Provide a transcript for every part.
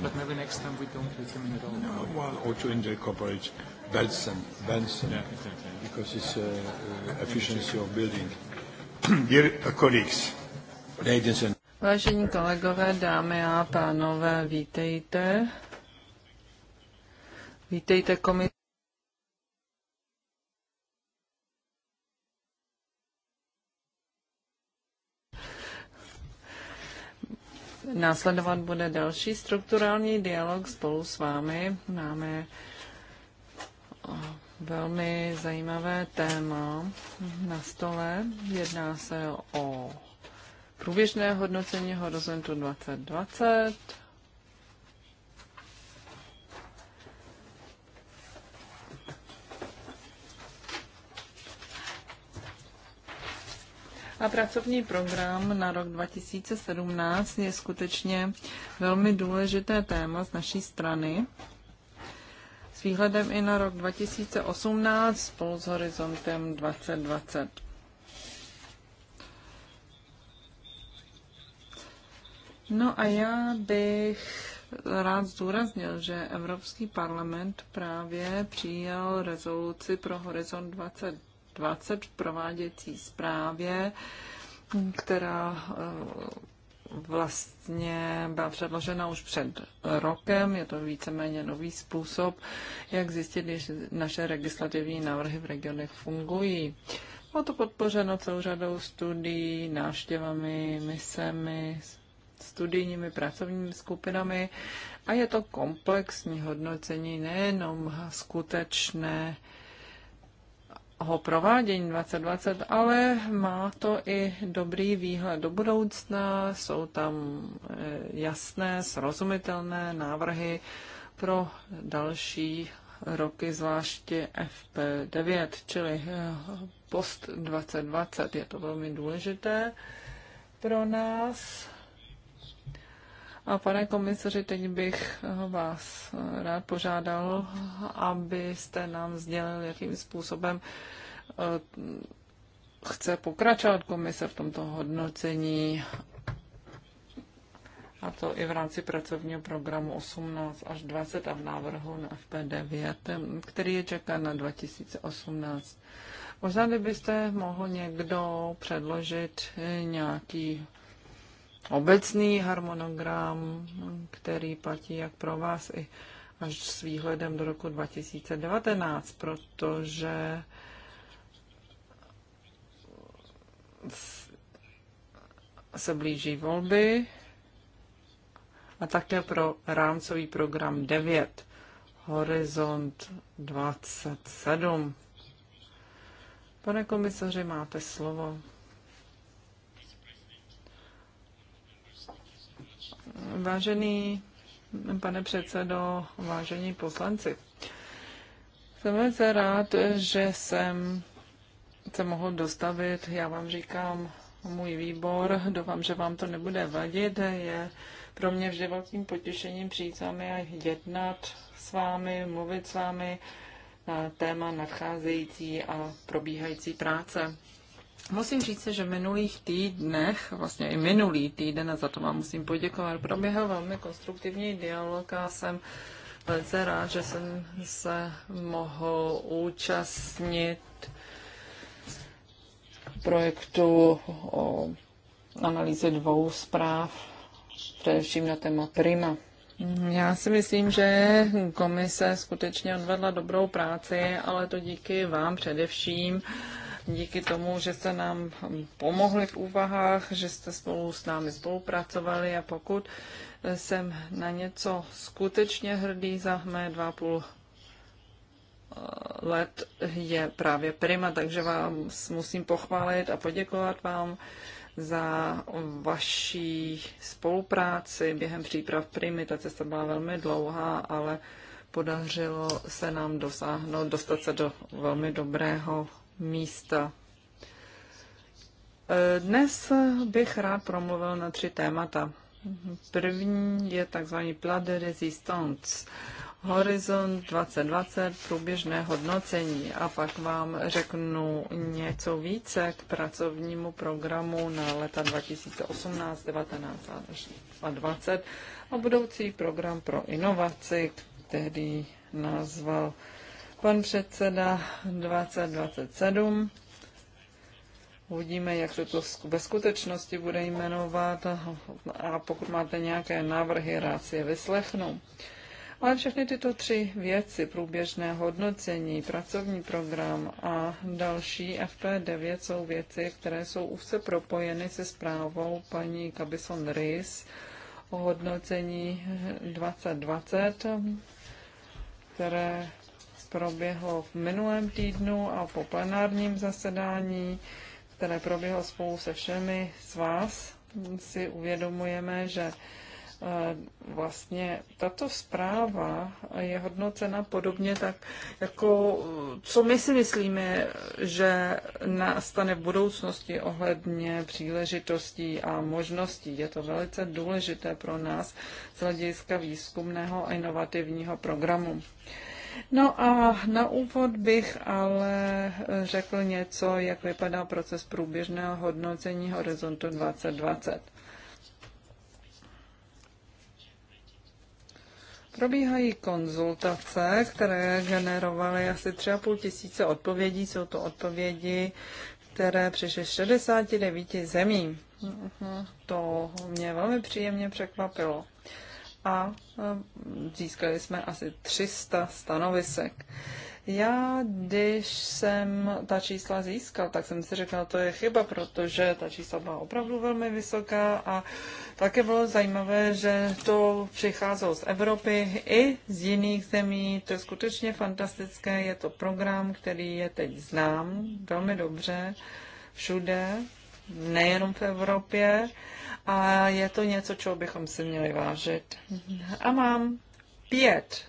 Britain. But maybe next time we don't use them at all. No, well, or to incorporate Benson, Benson yeah, exactly. because it's uh, uh, efficiency of building. Dear uh, colleagues, ladies and Vážení kolegové, dámy a pánové, vítejte. Vítejte komisi. Následovat bude další strukturální dialog spolu s vámi. Máme eh, velmi zajímavé téma na stole. Jedná se o průběžné hodnocení Horizontu 2020, A pracovní program na rok 2017 je skutečně velmi důležité téma z naší strany. S výhledem i na rok 2018 spolu s horizontem 2020. No a já bych rád zdůraznil, že Evropský parlament právě přijal rezoluci pro Horizont 2020 20 v prováděcí zprávě, která eh, vlastně byla předložena už před rokem. Je to víceméně nový způsob, jak zjistit, jestli naše legislativní návrhy v regionech fungují. Bylo to podpořeno celou řadou studií, návštěvami, misemi, studijními pracovními skupinami a je to komplexní hodnocení nejenom skutečné ho provádění 2020, ale má to i dobrý výhled do budoucna, jsou tam e, jasné, srozumitelné návrhy pro další roky, zvláště FP9, čili e, post 2020. Je to velmi důležité pro nás a pane komisaři, teď bych vás rád požádal, abyste nám sdělil, jakým způsobem eh, chce pokračovat komise v tomto hodnocení a to i v rámci pracovního programu 18 až 20 a v návrhu na FP9, který je čeká na 2018. Možná, kdybyste mohl někdo předložit nějaký obecný harmonogram, který platí jak pro vás, i až s výhledem do roku 2019, protože se blíží volby a také pro rámcový program 9 Horizont 27. Pane komisaři, máte slovo. Vážený pane předsedo, vážení poslanci, jsem velice rád, že jsem se mohl dostavit. Já vám říkám, můj výbor, doufám, že vám to nebude vadit, je pro mě vždy velkým potěšením přijít s vámi a jednat s vámi, mluvit s vámi na téma nadcházející a probíhající práce. Musím říct, že v minulých týdnech, vlastně i minulý týden, a za to vám musím poděkovat, proběhl velmi konstruktivní dialog a jsem velice rád, že jsem se mohl účastnit projektu o analýze dvou zpráv, především na téma Prima. Já si myslím, že komise skutečně odvedla dobrou práci, ale to díky vám především díky tomu, že jste nám pomohli v úvahách, že jste spolu s námi spolupracovali a pokud jsem na něco skutečně hrdý za mé dva půl eh, let je právě Prima, takže vám musím pochválit a poděkovat vám za vaší spolupráci během příprav Primy. Ta cesta byla velmi dlouhá, ale podařilo se nám dosáhnout, dostat se do velmi dobrého místa. E, dnes bych rád promluvil na tři témata. První je tzv. plat de resistance, horizont 2020, průběžné hodnocení a pak vám řeknu něco více k pracovnímu programu na leta 2018, 19 a 2020 a budoucí program pro inovaci, který nazval Pan předseda 2027. Uvidíme, jak se to ve skutečnosti bude jmenovat a pokud máte nějaké návrhy, rád si je vyslechnu. Ale všechny tyto tři věci, průběžné hodnocení, pracovní program a další FP9 jsou věci, které jsou úzce propojeny se zprávou paní Cabison Rys o hodnocení 2020, které proběhlo v minulém týdnu a po plenárním zasedání, které proběhlo spolu se všemi z vás, si uvědomujeme, že eh, vlastně tato zpráva je hodnocena podobně tak, jako eh, co my si myslíme, že nastane v budoucnosti ohledně příležitostí a možností. Je to velice důležité pro nás z hlediska výzkumného a inovativního programu. No a na úvod bych ale eh, řekl něco, jak vypadá proces průběžného hodnocení Horizontu 2020. Probíhají konzultace, které generovaly asi 3,5 tisíce odpovědí. Jsou to odpovědi, které přišly z 69 zemí. Mhm. To mě velmi příjemně překvapilo a získali jsme asi 300 stanovisek. Já, když jsem ta čísla získal, tak jsem si řekl, to je chyba, protože ta čísla byla opravdu velmi vysoká a také bylo zajímavé, že to přicházelo z Evropy i z jiných zemí. To je skutečně fantastické. Je to program, který je teď znám velmi dobře všude nejenom v Evropě a je to něco, čeho bychom si měli vážit. A mám pět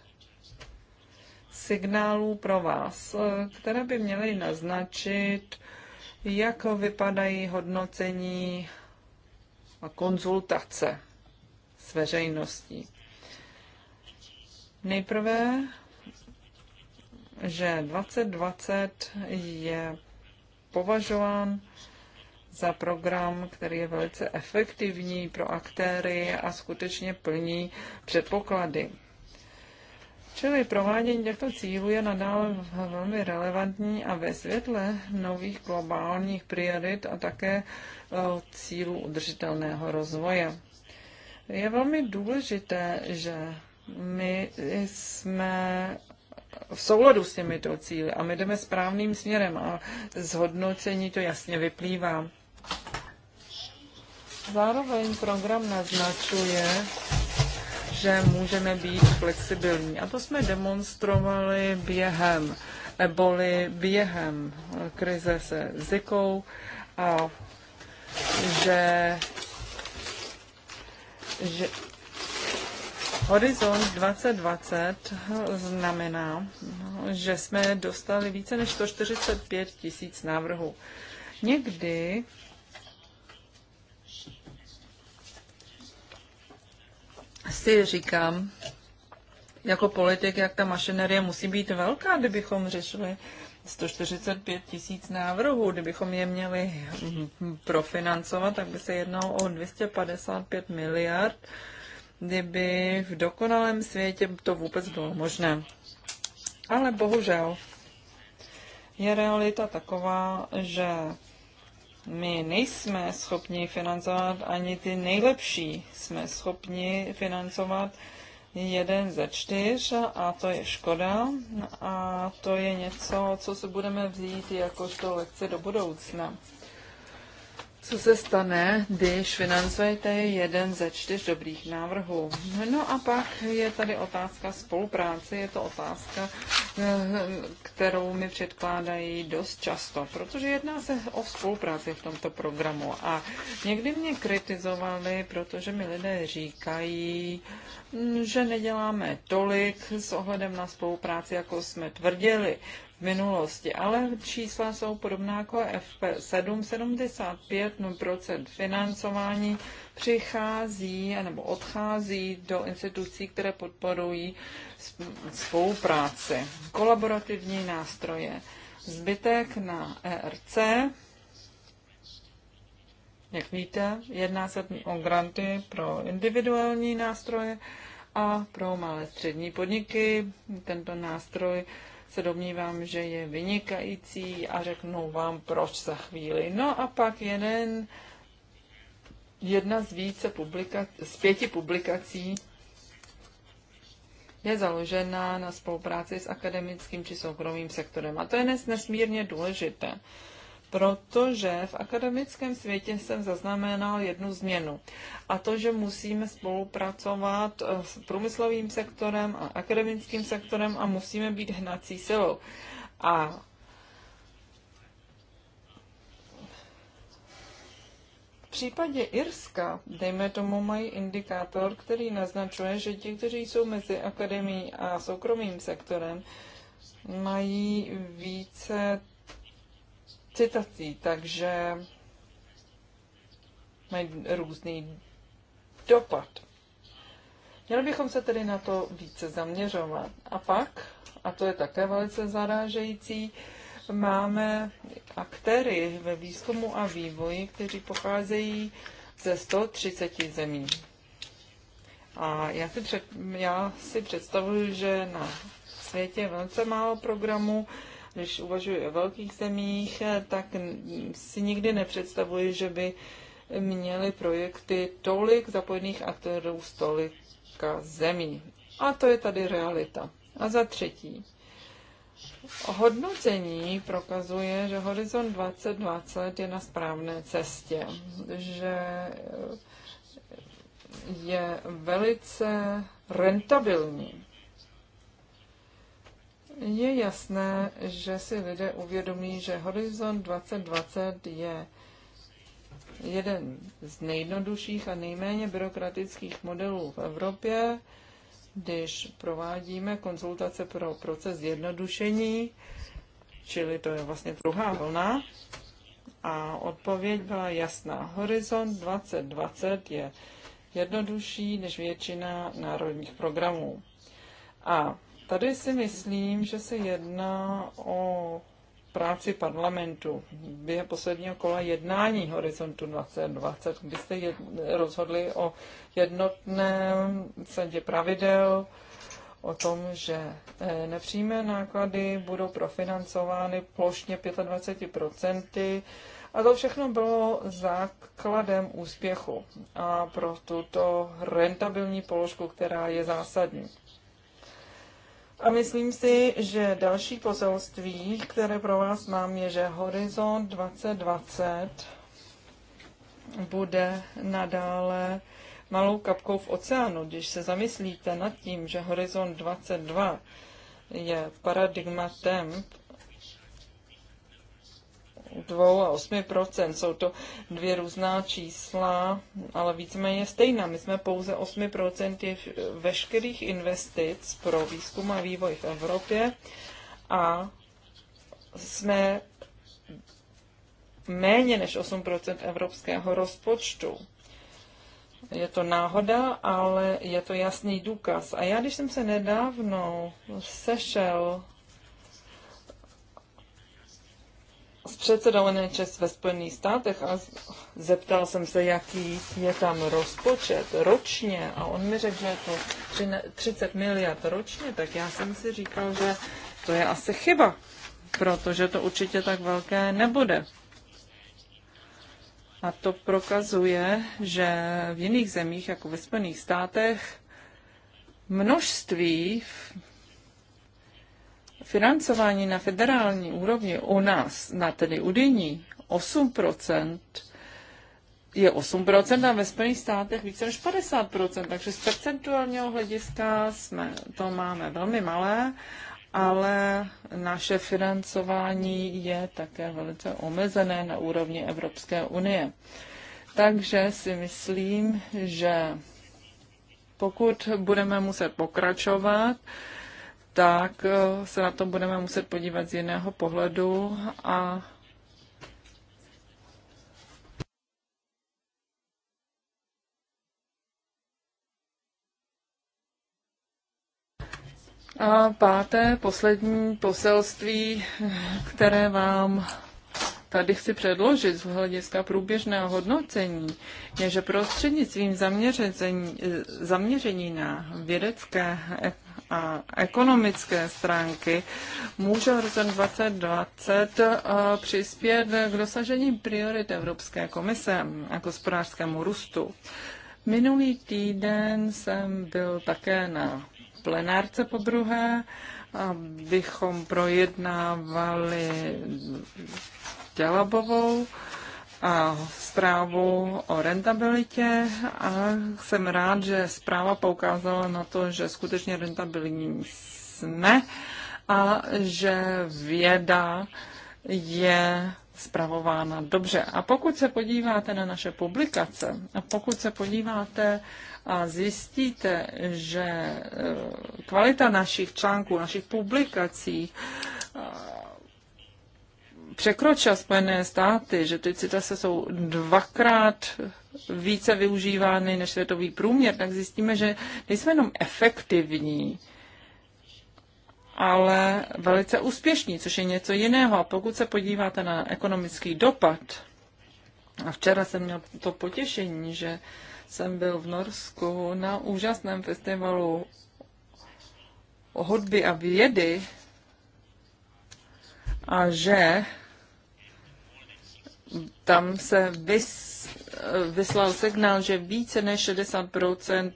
signálů pro vás, které by měly naznačit, jak vypadají hodnocení a konzultace s veřejností. Nejprve, že 2020 je považován za program, který je velice efektivní pro aktéry a skutečně plní předpoklady. Čili provádění těchto cílů je nadále velmi relevantní a ve světle nových globálních priorit a také eh, cílů udržitelného rozvoje. Je velmi důležité, že my jsme v souladu s těmito cíly a my jdeme správným směrem a z to jasně vyplývá. Zároveň program naznačuje, že můžeme být flexibilní. A to jsme demonstrovali během eboli, během eh, krize se zikou a že, že Horizont 2020 znamená, že jsme dostali více než 145 tisíc návrhů. Někdy si říkám, jako politik, jak ta mašinerie musí být velká, kdybychom řešili 145 tisíc návrhů. Kdybychom je měli profinancovat, tak by se jednalo o 255 miliard, kdyby v dokonalém světě to vůbec bylo možné. Ale bohužel je realita taková, že my nejsme schopni financovat ani ty nejlepší. Jsme schopni financovat jeden ze čtyř a to je škoda a to je něco, co se budeme vzít jakožto lekce do budoucna. Co se stane, když financujete jeden ze čtyř dobrých návrhů? No a pak je tady otázka spolupráce, je to otázka kterou mi předkládají dost často, protože jedná se o spolupráci v tomto programu. A někdy mě kritizovali, protože mi lidé říkají, že neděláme tolik s ohledem na spolupráci, jako jsme tvrdili v minulosti, ale čísla jsou podobná jako FP7. 75% no, financování přichází nebo odchází do institucí, které podporují svou práci. Kolaborativní nástroje. Zbytek na ERC, jak víte, jedná se o granty pro individuální nástroje a pro malé střední podniky. Tento nástroj se domnívám, že je vynikající a řeknu vám proč za chvíli. No a pak jeden, jedna z více publikací, z pěti publikací je založena na spolupráci s akademickým či soukromým sektorem. A to je nesmírně důležité protože v akademickém světě jsem zaznamenal jednu změnu. A to, že musíme spolupracovat s průmyslovým sektorem a akademickým sektorem a musíme být hnací silou. A v případě Irska, dejme tomu, mají indikátor, který naznačuje, že ti, kteří jsou mezi akademií a soukromým sektorem, mají více citací, takže mají různý dopad. Měli bychom se tedy na to více zaměřovat. A pak, a to je také velice zarážející, máme aktéry ve výzkumu a vývoji, kteří pocházejí ze 130 zemí. A já si, před, já si představuji, že na světě je velice málo programů, když uvažuji o velkých zemích, tak si nikdy nepředstavuji, že by měly projekty tolik zapojených aktérů z tolika zemí. A to je tady realita. A za třetí, hodnocení prokazuje, že Horizon 2020 je na správné cestě, že je velice rentabilní. Je jasné, že si lidé uvědomí, že Horizont 2020 je jeden z nejjednodušších a nejméně byrokratických modelů v Evropě, když provádíme konzultace pro proces jednodušení, čili to je vlastně druhá vlna. A odpověď byla jasná. Horizont 2020 je jednodušší než většina národních programů. A Tady si myslím, že se jedná o práci parlamentu během posledního kola jednání Horizontu 2020, kdy jste jed, rozhodli o jednotném sadě pravidel, o tom, že eh, nepřímé náklady budou profinancovány plošně 25%. A to všechno bylo základem úspěchu a pro tuto rentabilní položku, která je zásadní. A myslím si, že další poselství, které pro vás mám, je, že Horizont 2020 bude nadále malou kapkou v oceánu. Když se zamyslíte nad tím, že Horizont 22 je paradigmatem 2 a 8 Jsou to dvě různá čísla, ale víceméně stejná. My jsme pouze 8 veškerých investic pro výzkum a vývoj v Evropě a jsme méně než 8 evropského rozpočtu. Je to náhoda, ale je to jasný důkaz. A já, když jsem se nedávno sešel s předsedou NHS ve Spojených státech a zeptal jsem se, jaký je tam rozpočet ročně a on mi řekl, že je to 30 miliard ročně, tak já jsem si říkal, že to je asi chyba, protože to určitě tak velké nebude. A to prokazuje, že v jiných zemích, jako ve Spojených státech, množství financování na federální úrovni u nás, na tedy unijní, 8% je 8% a ve Spojených státech více než 50%, takže z percentuálního hlediska jsme, to máme velmi malé, ale naše financování je také velice omezené na úrovni Evropské unie. Takže si myslím, že pokud budeme muset pokračovat, tak eh, se na to budeme muset podívat z jiného pohledu a A páté, poslední poselství, které vám tady chci předložit z hlediska průběžného hodnocení, je, že prostřednictvím zaměření, eh, zaměření na vědecké a ekonomické stránky může Horizon 2020 eh, přispět k dosažení priorit Evropské komise a k hospodářskému růstu. Minulý týden jsem byl také na plenárce po druhé, abychom projednávali dělabovou a zprávu o rentabilitě a jsem rád, že zpráva poukázala na to, že skutečně rentabilní jsme a že věda je zpravována dobře. A pokud se podíváte na naše publikace a pokud se podíváte a zjistíte, že eh, kvalita našich článků, našich publikací eh, překročil Spojené státy, že ty citace jsou dvakrát více využívány než světový průměr, tak zjistíme, že nejsme jenom efektivní, ale velice úspěšní, což je něco jiného. A pokud se podíváte na ekonomický dopad, a včera jsem měl to potěšení, že jsem byl v Norsku na úžasném festivalu hudby a vědy a že tam se vys, vyslal signál, že více než 60 eh,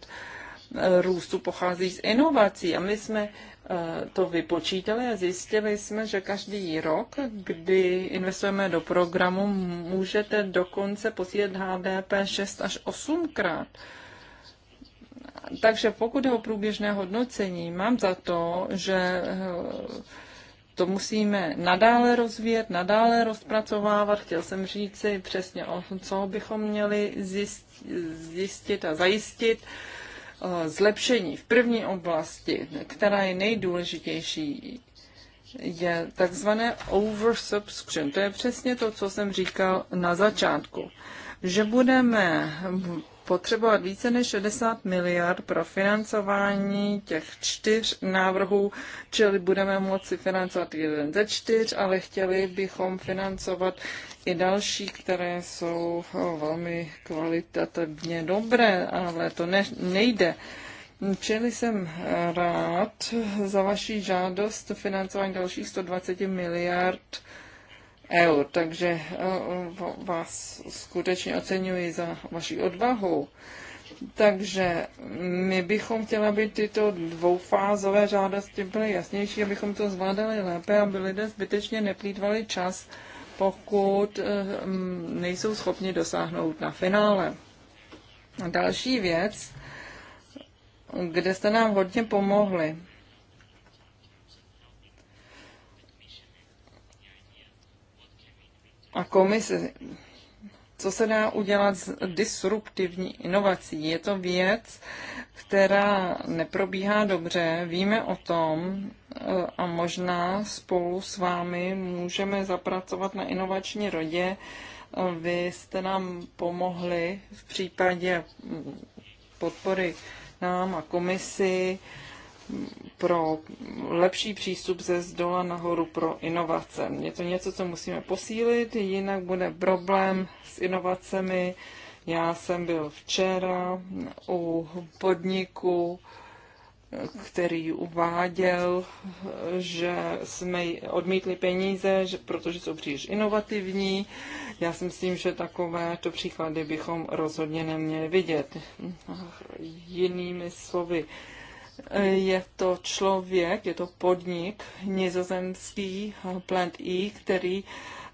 růstu pochází z inovací. A my jsme eh, to vypočítali a zjistili jsme, že každý rok, kdy investujeme do programu, můžete dokonce posílit HDP 6 až 8krát. Takže pokud je o průběžné hodnocení, mám za to, že eh, to musíme nadále rozvíjet, nadále rozpracovávat. Chtěl jsem říct, si přesně o co bychom měli zjistit a zajistit. Eh, zlepšení v první oblasti, která je nejdůležitější, je takzvané oversubscription. To je přesně to, co jsem říkal na začátku. Že budeme potřebovat více než 60 miliard pro financování těch čtyř návrhů, čili budeme moci financovat jeden ze čtyř, ale chtěli bychom financovat i další, které jsou eh, velmi kvalitativně dobré, ale to ne, nejde. Čili jsem rád za vaši žádost financování dalších 120 miliard eur. Takže eh, eh, vás skutečně oceňuji za vaši odvahu. Takže my bychom chtěli, aby tyto dvoufázové žádosti byly jasnější, abychom to zvládali lépe, aby lidé zbytečně neplýtvali čas, pokud eh, nejsou schopni dosáhnout na finále. Další věc, kde jste nám hodně pomohli, a komise, co se dá udělat s disruptivní inovací. Je to věc, která neprobíhá dobře, víme o tom eh, a možná spolu s vámi můžeme zapracovat na inovační rodě. Eh, vy jste nám pomohli v případě mm, podpory nám a komisi pro lepší přístup ze zdola nahoru pro inovace. Je to něco, co musíme posílit, jinak bude problém s inovacemi. Já jsem byl včera u podniku, který uváděl, že jsme odmítli peníze, že, protože jsou příliš inovativní. Já si myslím, že takové to příklady bychom rozhodně neměli vidět. Jinými slovy, je to člověk, je to podnik nizozemský eh, Plant E, který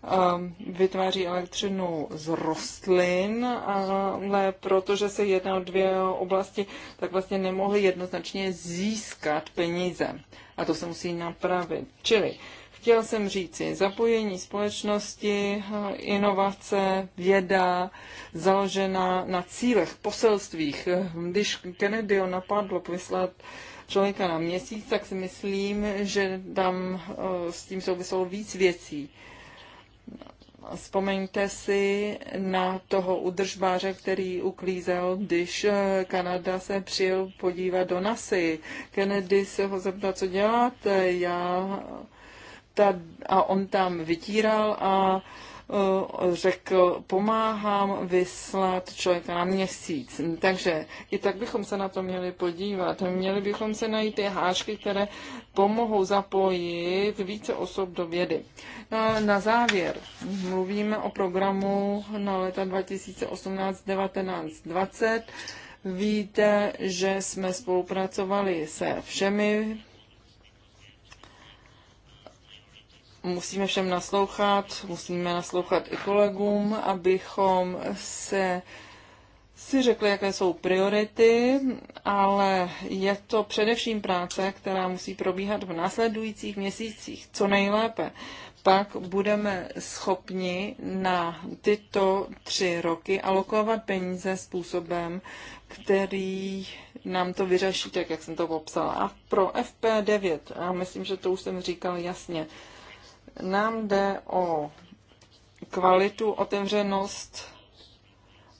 ehm, vytváří elektřinu z rostlin, ale protože se jedná o dvě oblasti, tak vlastně nemohli jednoznačně získat peníze. A to se musí napravit. Čili Chtěl jsem říci, zapojení společnosti, inovace, věda, založená na cílech, poselstvích. Když Kennedyho napadlo vyslat člověka na měsíc, tak si myslím, že tam eh, s tím souviselo víc věcí. Vzpomeňte si na toho udržbáře, který uklízel, když eh, Kanada se přijel podívat do NASA. Kennedy se ho zeptal, co děláte. Já ta, a on tam vytíral a e, řekl, pomáhám vyslat člověka na měsíc. Takže i tak bychom se na to měli podívat. Měli bychom se najít ty hášky, které pomohou zapojit více osob do vědy. Na, no na závěr mluvíme o programu na leta 2018, 19, 20. Víte, že jsme spolupracovali se všemi Musíme všem naslouchat, musíme naslouchat i kolegům, abychom se si řekli, jaké jsou priority, ale je to především práce, která musí probíhat v následujících měsících co nejlépe. Pak budeme schopni na tyto tři roky alokovat peníze způsobem, který nám to vyřeší, tak jak jsem to popsala. A pro FP9, já myslím, že to už jsem říkal jasně, nám jde o kvalitu, otevřenost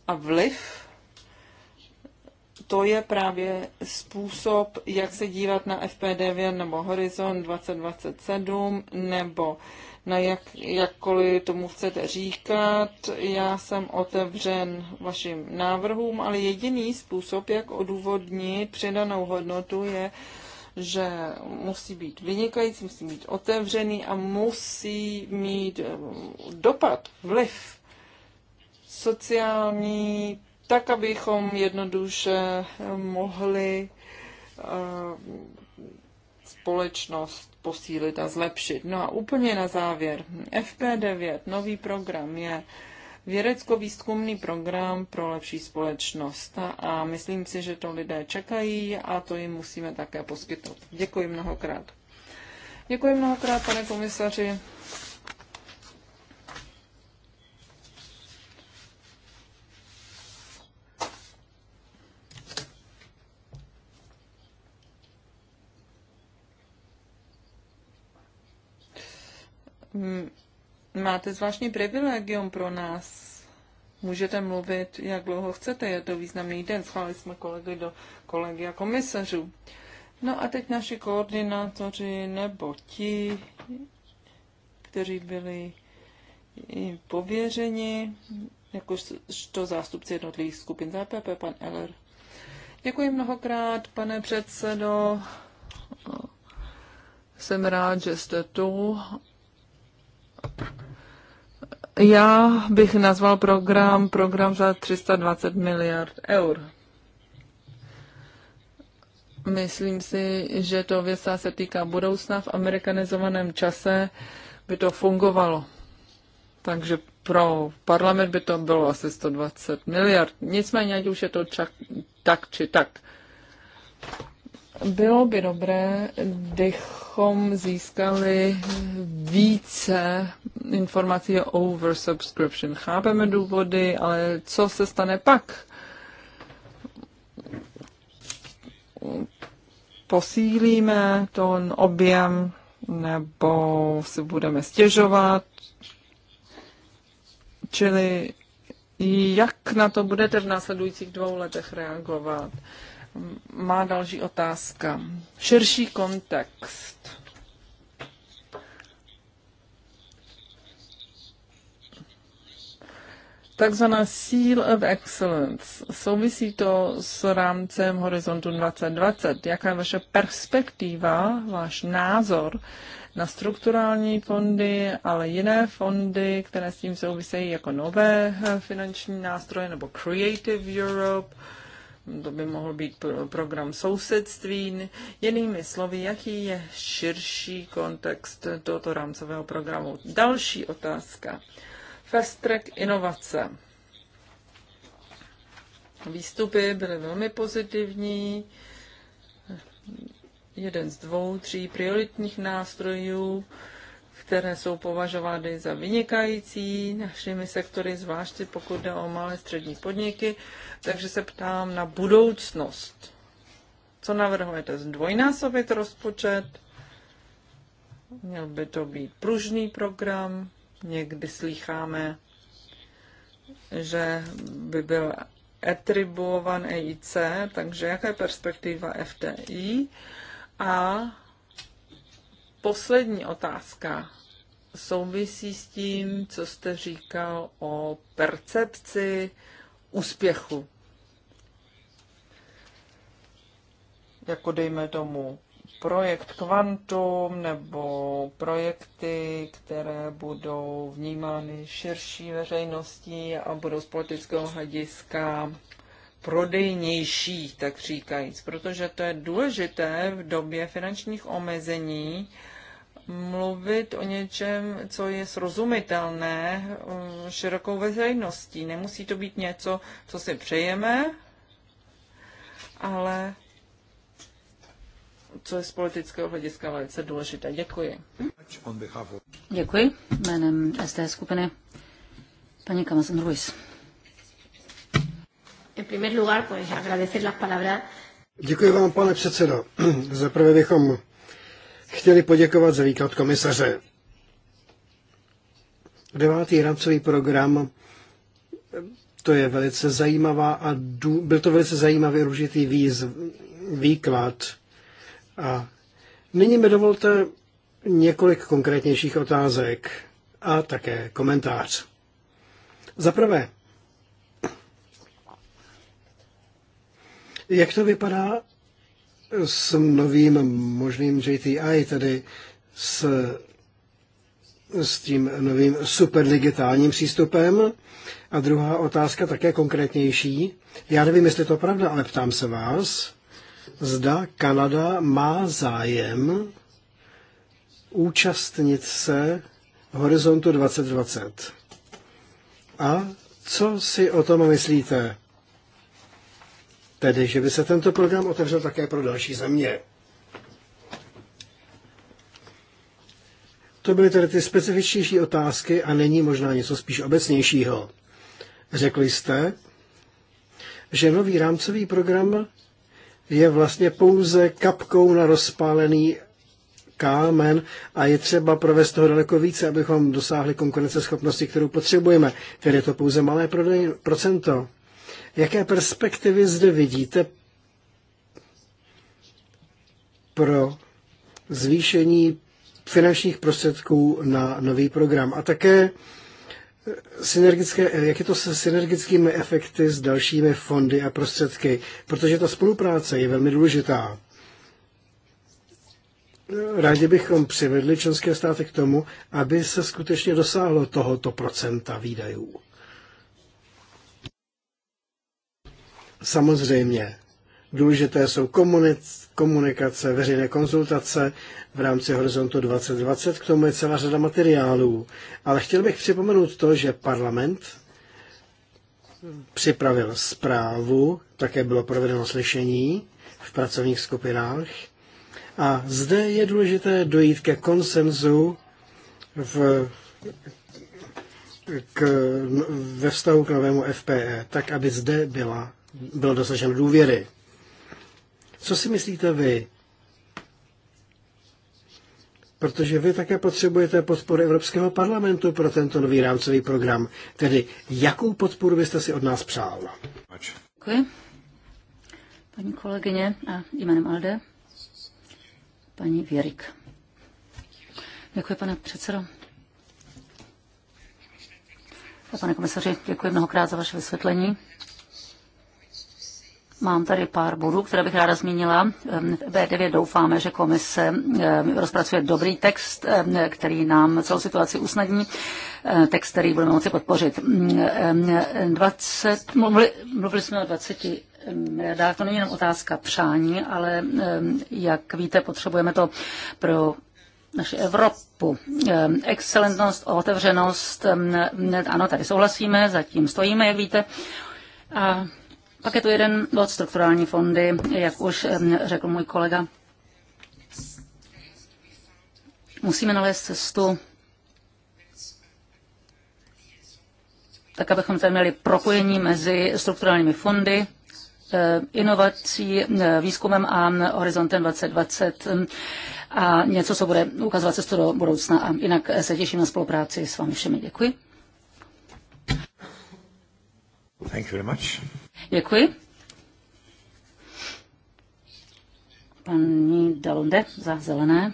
a vliv. To je právě způsob, jak se dívat na FP9 nebo Horizon 2027 nebo na jak, jakkoliv tomu chcete říkat. Já jsem otevřen vašim návrhům, ale jediný způsob, jak odůvodnit přidanou hodnotu, je že musí být vynikající, musí být otevřený a musí mít eh, dopad, vliv sociální, tak, abychom jednoduše eh, mohli eh, společnost posílit a zlepšit. No a úplně na závěr. FP9, nový program je vědecko-výzkumný program pro lepší společnost. A myslím si, že to lidé čekají a to jim musíme také poskytnout. Děkuji mnohokrát. Děkuji mnohokrát, pane komisaři. Hmm máte zvláštní privilegium pro nás. Můžete mluvit, jak dlouho chcete, je to významný den. Schválili jsme kolegy do kolegy a komisařů. No a teď naši koordinátoři nebo ti, kteří byli pověřeni, jakožto zástupci jednotlivých skupin ZPP, e pan Eller. Děkuji mnohokrát, pane předsedo. Jsem rád, že jste tu já bych nazval program program za 320 miliard eur. Myslím si, že to věc se týká budoucna. V amerikanizovaném čase by to fungovalo. Takže pro parlament by to bylo asi 120 miliard. Nicméně, ať už je to čak, tak či tak. Bylo by dobré, kdybychom získali více informací o oversubscription. Chápeme důvody, ale co se stane pak? Posílíme ten objem nebo si budeme stěžovat? Čili jak na to budete v následujících dvou letech reagovat? má další otázka. Širší kontext. Takzvaná Seal of Excellence. Souvisí to s rámcem Horizontu 2020. Jaká je vaše perspektiva, váš názor na strukturální fondy, ale jiné fondy, které s tím souvisejí jako nové finanční nástroje nebo Creative Europe? To by mohl být program sousedství. Jinými slovy, jaký je širší kontext tohoto rámcového programu? Další otázka. Fast track inovace. Výstupy byly velmi pozitivní. Jeden z dvou, tří prioritních nástrojů které jsou považovány za vynikající našimi sektory, zvláště pokud jde o malé střední podniky. Takže se ptám na budoucnost. Co navrhujete? Zdvojnásobit rozpočet? Měl by to být pružný program? Někdy slýcháme, že by byl atribuovan EIC, takže jaká je perspektiva FTI? A poslední otázka souvisí s tím, co jste říkal o percepci úspěchu. Jako dejme tomu projekt kvantum nebo projekty, které budou vnímány širší veřejností a budou z politického hlediska prodejnější, tak říkajíc, protože to je důležité v době finančních omezení, mluvit o něčem, co je srozumitelné um, širokou veřejností. Nemusí to být něco, co si přejeme, ale co je z politického hlediska velice důležité. Děkuji. Děkuji. Jménem SD skupiny paní Kamazan Ruiz. Děkuji vám, pane předsedo. Zaprvé bychom chtěli poděkovat za výklad komisaře. Devátý rámcový program, to je velice zajímavá a dů, byl to velice zajímavý určitý výz, výklad. A nyní mi dovolte několik konkrétnějších otázek a také komentář. Za prvé, jak to vypadá s novým možným JTI, tedy s, s tím novým superdigitálním přístupem. A druhá otázka, také konkrétnější. Já nevím, jestli je to pravda, ale ptám se vás, zda Kanada má zájem účastnit se Horizontu 2020. A co si o tom myslíte? Tedy, že by se tento program otevřel také pro další země. To byly tedy ty specifičnější otázky a není možná něco spíš obecnějšího. Řekli jste, že nový rámcový program je vlastně pouze kapkou na rozpálený kámen a je třeba provést toho daleko více, abychom dosáhli konkurenceschopnosti, kterou potřebujeme. Tedy je to pouze malé procento. Jaké perspektivy zde vidíte pro zvýšení finančních prostředků na nový program? A také eh, synergické, eh, jak je to se synergickými efekty s dalšími fondy a prostředky, protože ta spolupráce je velmi důležitá. Rádi bychom přivedli členské státy k tomu, aby se skutečně dosáhlo tohoto procenta výdajů. Samozřejmě, důležité jsou komunikace, veřejné konzultace v rámci Horizontu 2020, k tomu je celá řada materiálů. Ale chtěl bych připomenout to, že parlament připravil zprávu, také bylo provedeno slyšení v pracovních skupinách. A zde je důležité dojít ke konsenzu v, k, ve vztahu k novému FPE, tak aby zde byla bylo dosaženo důvěry. Co si myslíte vy? Protože vy také potřebujete podporu Evropského parlamentu pro tento nový rámcový program. Tedy jakou podporu byste si od nás přál? Děkuji. Paní kolegyně a jménem Alde, paní Věrik. Děkuji, pane předsedo. Pane komisaři, děkuji mnohokrát za vaše vysvětlení. Mám tady pár bodů, které bych ráda zmínila. V 9 doufáme, že komise rozpracuje dobrý text, který nám celou situaci usnadní. Eh, text, který budeme moci podpořit. 20, mluvili, mluvili jsme o 20 miliardách. To není jenom otázka přání, ale jak víte, potřebujeme to pro naši Evropu. Excelentnost, otevřenost, ano, tady souhlasíme, zatím stojíme, jak víte. A pak je tu jeden bod strukturální fondy, jak už řekl můj kolega. Musíme nalézt cestu, tak abychom tady měli propojení mezi strukturálními fondy, eh, inovací, eh, výzkumem a mm, horizontem 2020 mm, a něco, co bude ukazovat cestu do budoucna. A jinak eh, se těším na spolupráci s vámi všemi. Děkuji. Thank you very much. Děkuji. Paní Dalunde za zelené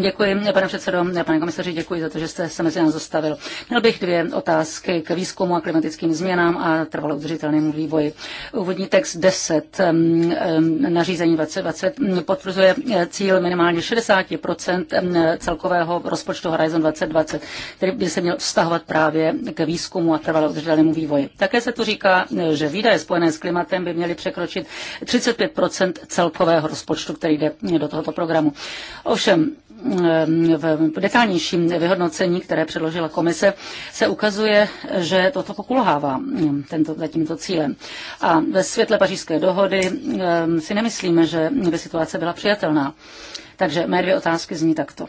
děkuji, pane předsedo, pane komisaři, děkuji za to, že jste se mezi nás zastavil. Měl bych dvě otázky k výzkumu a klimatickým změnám a trvalo udržitelnému vývoji. Úvodní text 10 um, um, nařízení 2020 um, potvrzuje uh, cíl minimálně 60 celkového rozpočtu Horizon 2020, který by se měl vztahovat právě k výzkumu a trvalo udržitelnému vývoji. Také se tu říká, že výdaje spojené s klimatem by měly překročit 35 celkového rozpočtu, který jde do tohoto programu. Ovšem, eh, v detálnějším vyhodnocení, které předložila komise, se ukazuje, že toto pokulhává mm, tento, za tímto cílem. A ve světle pařížské dohody eh, si nemyslíme, že by situace byla přijatelná. Takže mé dvě otázky zní takto.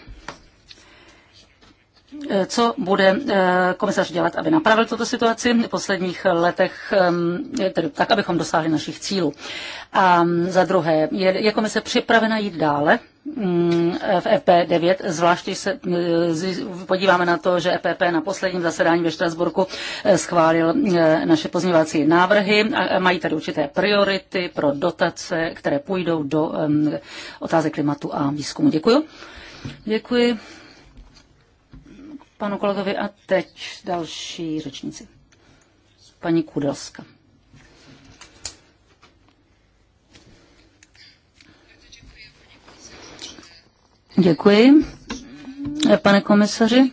Eh, co bude eh, komisař dělat, aby napravil tuto situaci v posledních letech, ehm, tedy tak, abychom dosáhli našich cílů. A mm, za druhé, je, je komise připravena jít dále mm, eh, v EP9, zvlášť když se podíváme na to, že EPP na posledním zasedání ve Štrasburku schválil naše pozměvací návrhy a mají tady určité priority pro dotace, které půjdou do ehm, otázek klimatu a výzkumu. Děkuji. Děkuji panu kolegovi a teď další řečníci. Paní Kudelska. Děkuji. Pane komisaři,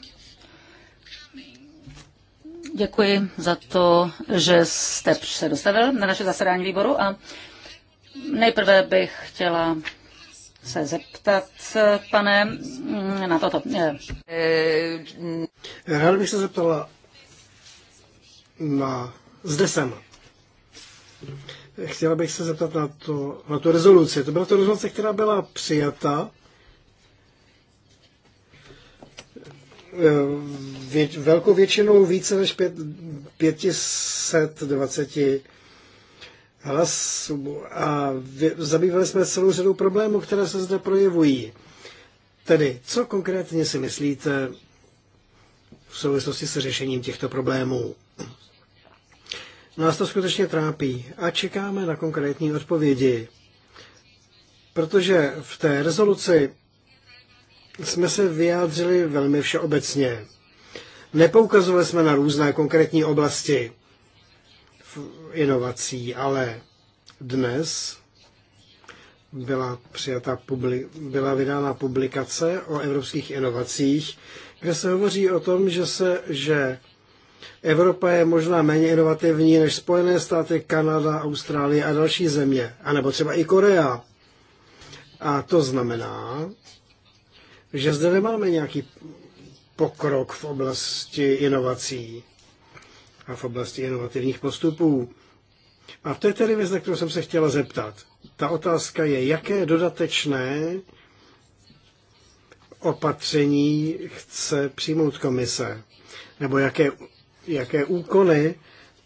děkuji za to, že jste se dostavil na naše zasedání výboru a nejprve bych chtěla se zeptat, pane, na toto. Rád bych se zeptala na... Zde jsem. Chtěla bych se zeptat na, to, na tu rezoluci. To byla to rezoluce, která byla přijata eh, vě, velkou většinou více než pět, 520 hlasu a zabývali jsme celou řadou problémů, které se zde projevují. Tedy, co konkrétně si myslíte v souvislosti s řešením těchto problémů? Nás to skutečně trápí a čekáme na konkrétní odpovědi. Protože v té rezoluci jsme se vyjádřili velmi všeobecně. Nepoukazovali jsme na různé konkrétní oblasti inovací, ale dnes byla, přijata byla vydána publikace o evropských inovacích, kde se hovoří o tom, že, se, že Evropa je možná méně inovativní než Spojené státy, Kanada, Austrálie a další země, anebo třeba i Korea. A to znamená, že zde nemáme nějaký pokrok v oblasti inovací a v oblasti inovativních postupů. A to je tedy věc, na kterou jsem se chtěla zeptat. Ta otázka je, jaké dodatečné opatření chce přijmout komise, nebo jaké, jaké úkony,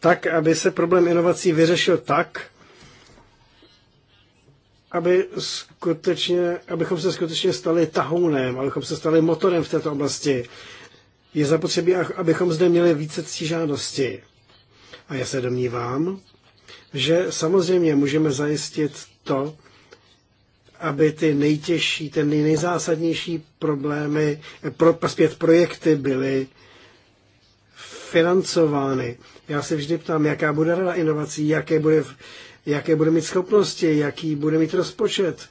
tak, aby se problém inovací vyřešil tak, aby skutečně, abychom se skutečně stali tahounem, abychom se stali motorem v této oblasti. Je zapotřebí, abychom zde měli více ctižádosti. A já se domnívám, že samozřejmě můžeme zajistit to, aby ty nejtěžší, ten nejzásadnější problémy, pro, zpět projekty byly financovány. Já se vždy ptám, jaká bude rada inovací, jaké bude, jaké bude mít schopnosti, jaký bude mít rozpočet.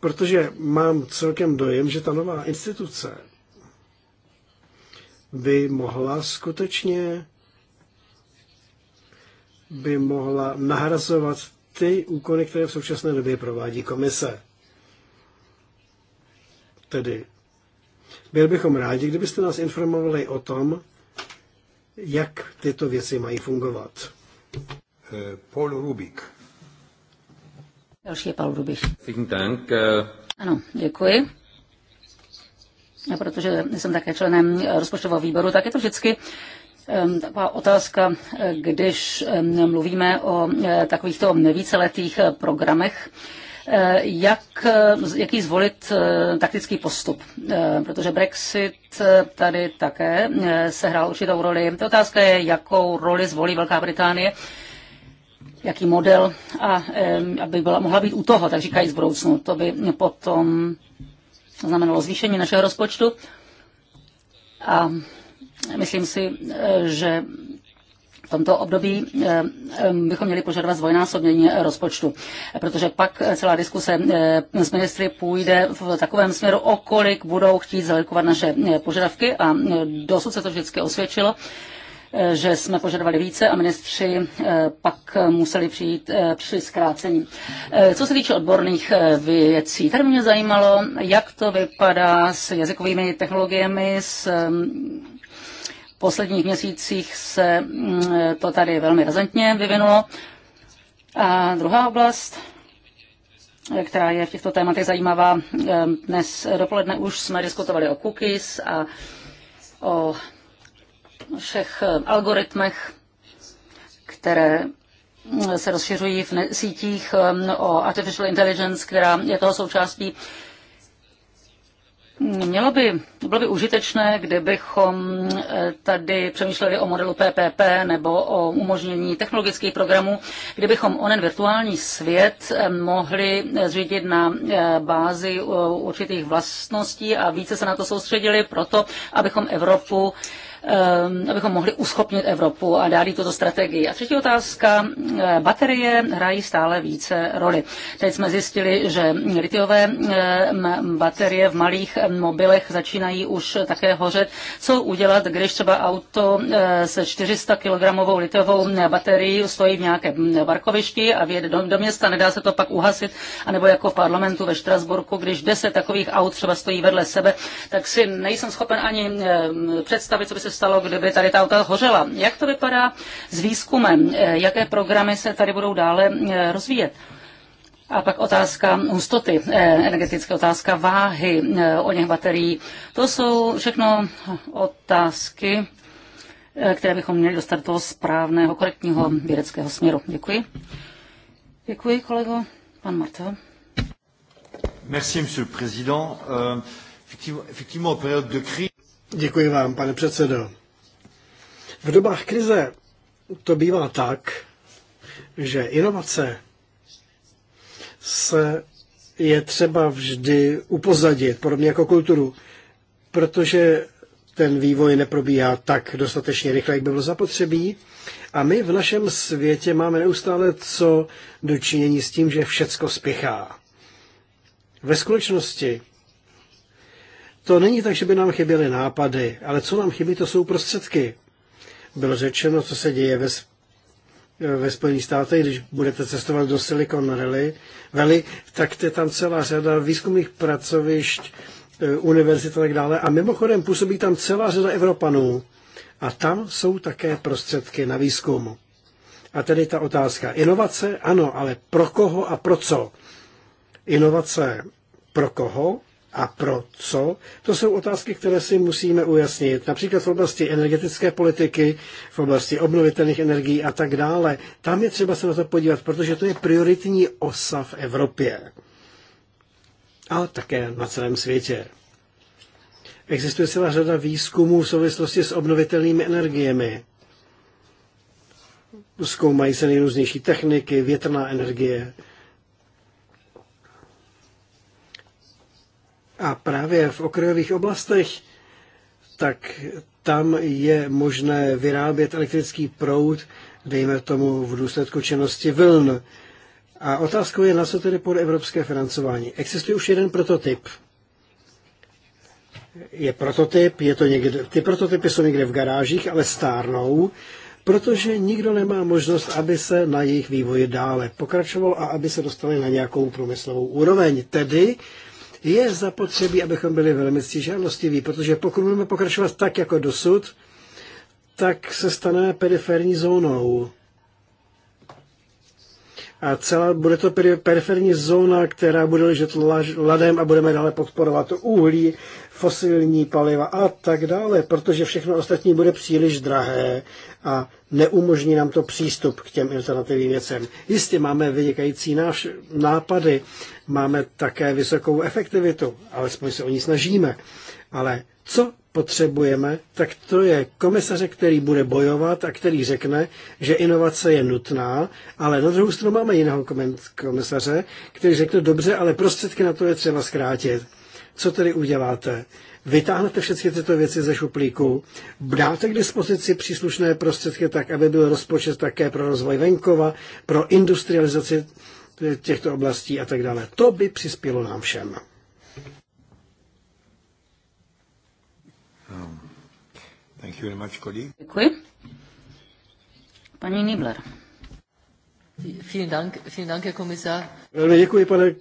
Protože mám celkem dojem, že ta nová instituce by mohla skutečně by mohla nahrazovat ty úkony, které v současné době provádí komise. Tedy, byl bychom rádi, kdybyste nás informovali o tom, jak tyto věci mají fungovat. Eh, Paul Rubik. Další je Paul Rubik. Eh. Ano, děkuji. A protože jsem také členem rozpočtového výboru, tak je to vždycky Ehm, taková otázka, eh, když ehm, mluvíme o eh, takovýchto víceletých eh, programech, jak, jaký zvolit taktický postup, protože Brexit tady také sehrál určitou roli. Ta otázka je, jakou roli zvolí Velká Británie, jaký model, a ehm, aby byla, mohla být u toho, tak říkají z budoucnu. To by potom znamenalo zvýšení našeho rozpočtu. A Myslím si, eh, že v tomto období eh, eh, bychom měli požadovat zvojnásobnění rozpočtu, protože pak celá diskuse s ministry půjde v takovém směru, o kolik budou chtít zalikovat naše požadavky a dosud se to vždycky osvědčilo že jsme požadovali více a ministři pak museli přijít při zkrácení. Co se týče odborných věcí, tady mě zajímalo, jak to vypadá s jazykovými technologiemi, s posledních měsících se mm, to tady velmi razantně vyvinulo. A druhá oblast, která je v těchto tématech zajímavá, eh, dnes dopoledne už jsme diskutovali o cookies a o všech eh, algoritmech, které mm, se rozšiřují v sítích eh, o artificial intelligence, která je toho součástí. Mělo by, bylo by užitečné, kdybychom eh, tady přemýšleli o modelu PPP nebo o umožnění technologických programů, kdybychom onen virtuální svět eh, mohli eh, zřídit na bázi určitých vlastností a více se na to soustředili proto, abychom Evropu Ehm, abychom mohli uschopnit Evropu a dát jí tuto strategii. A třetí otázka. Eh, baterie hrají stále více roli. Teď jsme zjistili, že litiové ehm, baterie v malých ehm, mobilech začínají už také hořet. Co udělat, když třeba auto eh, se 400 kg litiovou eh, baterií stojí v nějakém barkovišti mm, a vyjede do, do města, nedá se to pak uhasit, anebo jako v parlamentu ve Štrasburku, když 10 takových aut třeba stojí vedle sebe, tak si nejsem schopen ani představit, co by se stalo, kdyby tady ta auta hořela. Jak to vypadá s výzkumem? Eh, jaké programy se tady budou dále eh, rozvíjet? A pak otázka hustoty, eh, energetická otázka váhy o něch baterií. To jsou všechno otázky, které bychom měli dostat do správného, korektního vědeckého směru. Děkuji. Děkuji, kolego. Pan Martel. Merci, monsieur le président. Euh, effectivement, en période de crise... Děkuji vám, pane předsedo. V dobách krize to bývá tak, že inovace se je třeba vždy upozadit, podobně jako kulturu, protože ten vývoj neprobíhá tak dostatečně rychle, jak by bylo zapotřebí. A my v našem světě máme neustále co dočinění s tím, že všecko spěchá. Ve skutečnosti to není tak, že by nám chyběly nápady, ale co nám chybí, to jsou prostředky. Bylo řečeno, co se děje ve, ve Spojených státech, když budete cestovat do Silicon Valley, tak je tam celá řada výzkumných pracovišť, e, univerzit a tak dále. A mimochodem působí tam celá řada Evropanů. A tam jsou také prostředky na výzkum. A tedy ta otázka. Inovace, ano, ale pro koho a pro co? Inovace pro koho a pro co, to jsou otázky, které si musíme ujasnit. Například v oblasti energetické politiky, v oblasti obnovitelných energií a tak dále. Tam je třeba se na to podívat, protože to je prioritní osa v Evropě. a také na celém světě. Existuje celá řada výzkumů v souvislosti s obnovitelnými energiemi. Zkoumají se nejrůznější techniky, větrná energie, A právě v okrajových oblastech, tak tam je možné vyrábět elektrický proud, dejme tomu v důsledku činnosti vln. A otázkou je, na co tedy pod evropské financování. Existuje už jeden prototyp. Je prototyp, je to někde, ty prototypy jsou někde v garážích, ale stárnou, protože nikdo nemá možnost, aby se na jejich vývoji dále pokračoval a aby se dostali na nějakou průmyslovou úroveň. Tedy je zapotřebí, abychom byli velmi stížalostiví, protože pokud budeme pokračovat tak jako dosud, tak se stane periferní zónou. A celá, bude to periferní zóna, která bude ležet ladem a budeme dále podporovat uhlí fosilní paliva a tak dále, protože všechno ostatní bude příliš drahé a neumožní nám to přístup k těm alternativním věcem. Jistě máme vynikající náš nápady, máme také vysokou efektivitu, alespoň se o ní snažíme, ale co potřebujeme, tak to je komisaře, který bude bojovat a který řekne, že inovace je nutná, ale na druhou stranu máme jiného komisaře, který řekne dobře, ale prostředky na to je třeba zkrátit. Co tedy uděláte? Vytáhnete všechny tyto věci ze šuplíku, dáte k dispozici příslušné prostředky tak, aby byl rozpočet také pro rozvoj venkova, pro industrializaci těchto oblastí a tak dále. To by přispělo nám všem. Um, much, Děkuji. Paní Nibler. Vielen Dank, vielen Dank, Herr Kommissar. Velmi děkuji, pane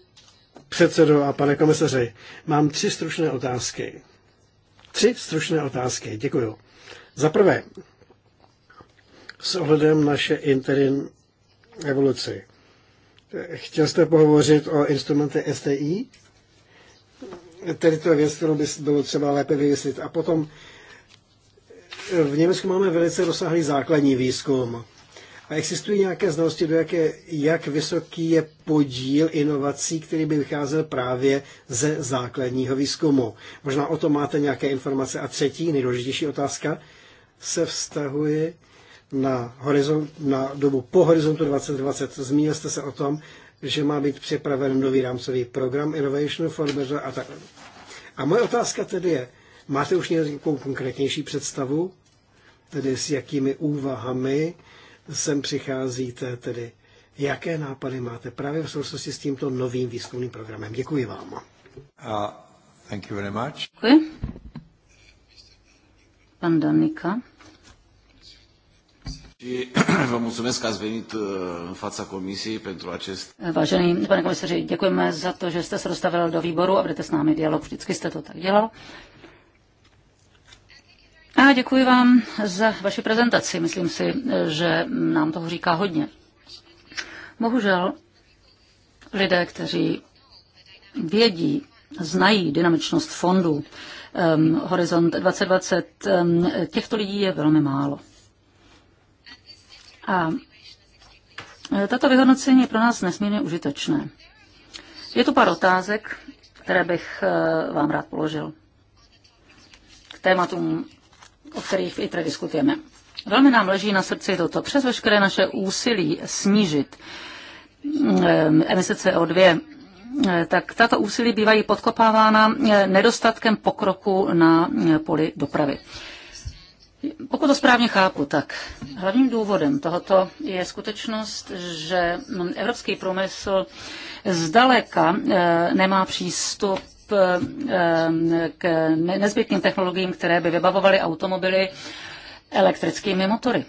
předsedo a pane komisaři, mám tři stručné otázky. Tři stručné otázky, děkuju. Za prvé, s ohledem naše interim evoluci. Chtěl jste pohovořit o instrumenty STI? Tedy to je věc, kterou by bylo třeba lépe vymyslit. A potom v Německu máme velice rozsáhlý základní výzkum. A existují nějaké znalosti, do jaké, jak vysoký je podíl inovací, který by vycházel právě ze základního výzkumu? Možná o tom máte nějaké informace. A třetí, nejdůležitější otázka, se vztahuje na, horizont, na dobu po horizontu 2020. Zmínil jste se o tom, že má být připraven nový rámcový program Innovation for Better a tak. A moje otázka tedy je, máte už nějakou konkrétnější představu, tedy s jakými úvahami sem přicházíte, tedy jaké nápady máte právě v souvislosti s tímto novým výzkumným programem. Děkuji vám. Uh, thank you very much. Děkuji. Pan Danika. Uh, Vážený pane komisaři, děkujeme za to, že jste se dostavil do výboru a budete s námi dialog. Vždycky jste to tak dělal. A děkuji vám za vaši prezentaci. Myslím si, že nám toho říká hodně. Bohužel lidé, kteří vědí, znají dynamičnost fondů um, Horizont 2020, um, ehm, těchto lidí je velmi málo. A e, tato vyhodnocení je pro nás nesmírně užitečné. Je tu pár otázek, které bych e, vám rád položil. K tématům o kterých i tady diskutujeme. Velmi nám leží na srdci toto. Přes veškeré naše úsilí snížit mm, eh, emise CO2 eh, tak tato úsilí bývají podkopávána eh, nedostatkem pokroku na poli dopravy. Pokud to správně chápu, tak hlavním důvodem tohoto je skutečnost, že mm, evropský průmysl zdaleka nemá přístup Ehm, k nezbytným technologiím, které by vybavovaly automobily elektrickými motory.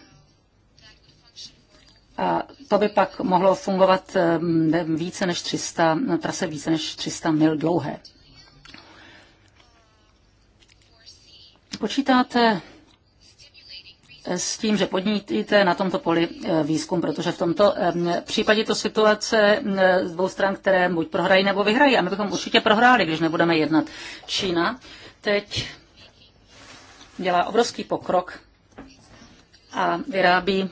A to by pak mohlo fungovat ehm, více než 300, na trase více než 300 mil dlouhé. Počítáte s tím, že podnítíte na tomto poli eh, výzkum, protože v tomto eh, případě to situace eh, z dvou stran, které buď prohrají nebo vyhrají. A my bychom určitě prohráli, když nebudeme jednat. Čína teď dělá obrovský pokrok a vyrábí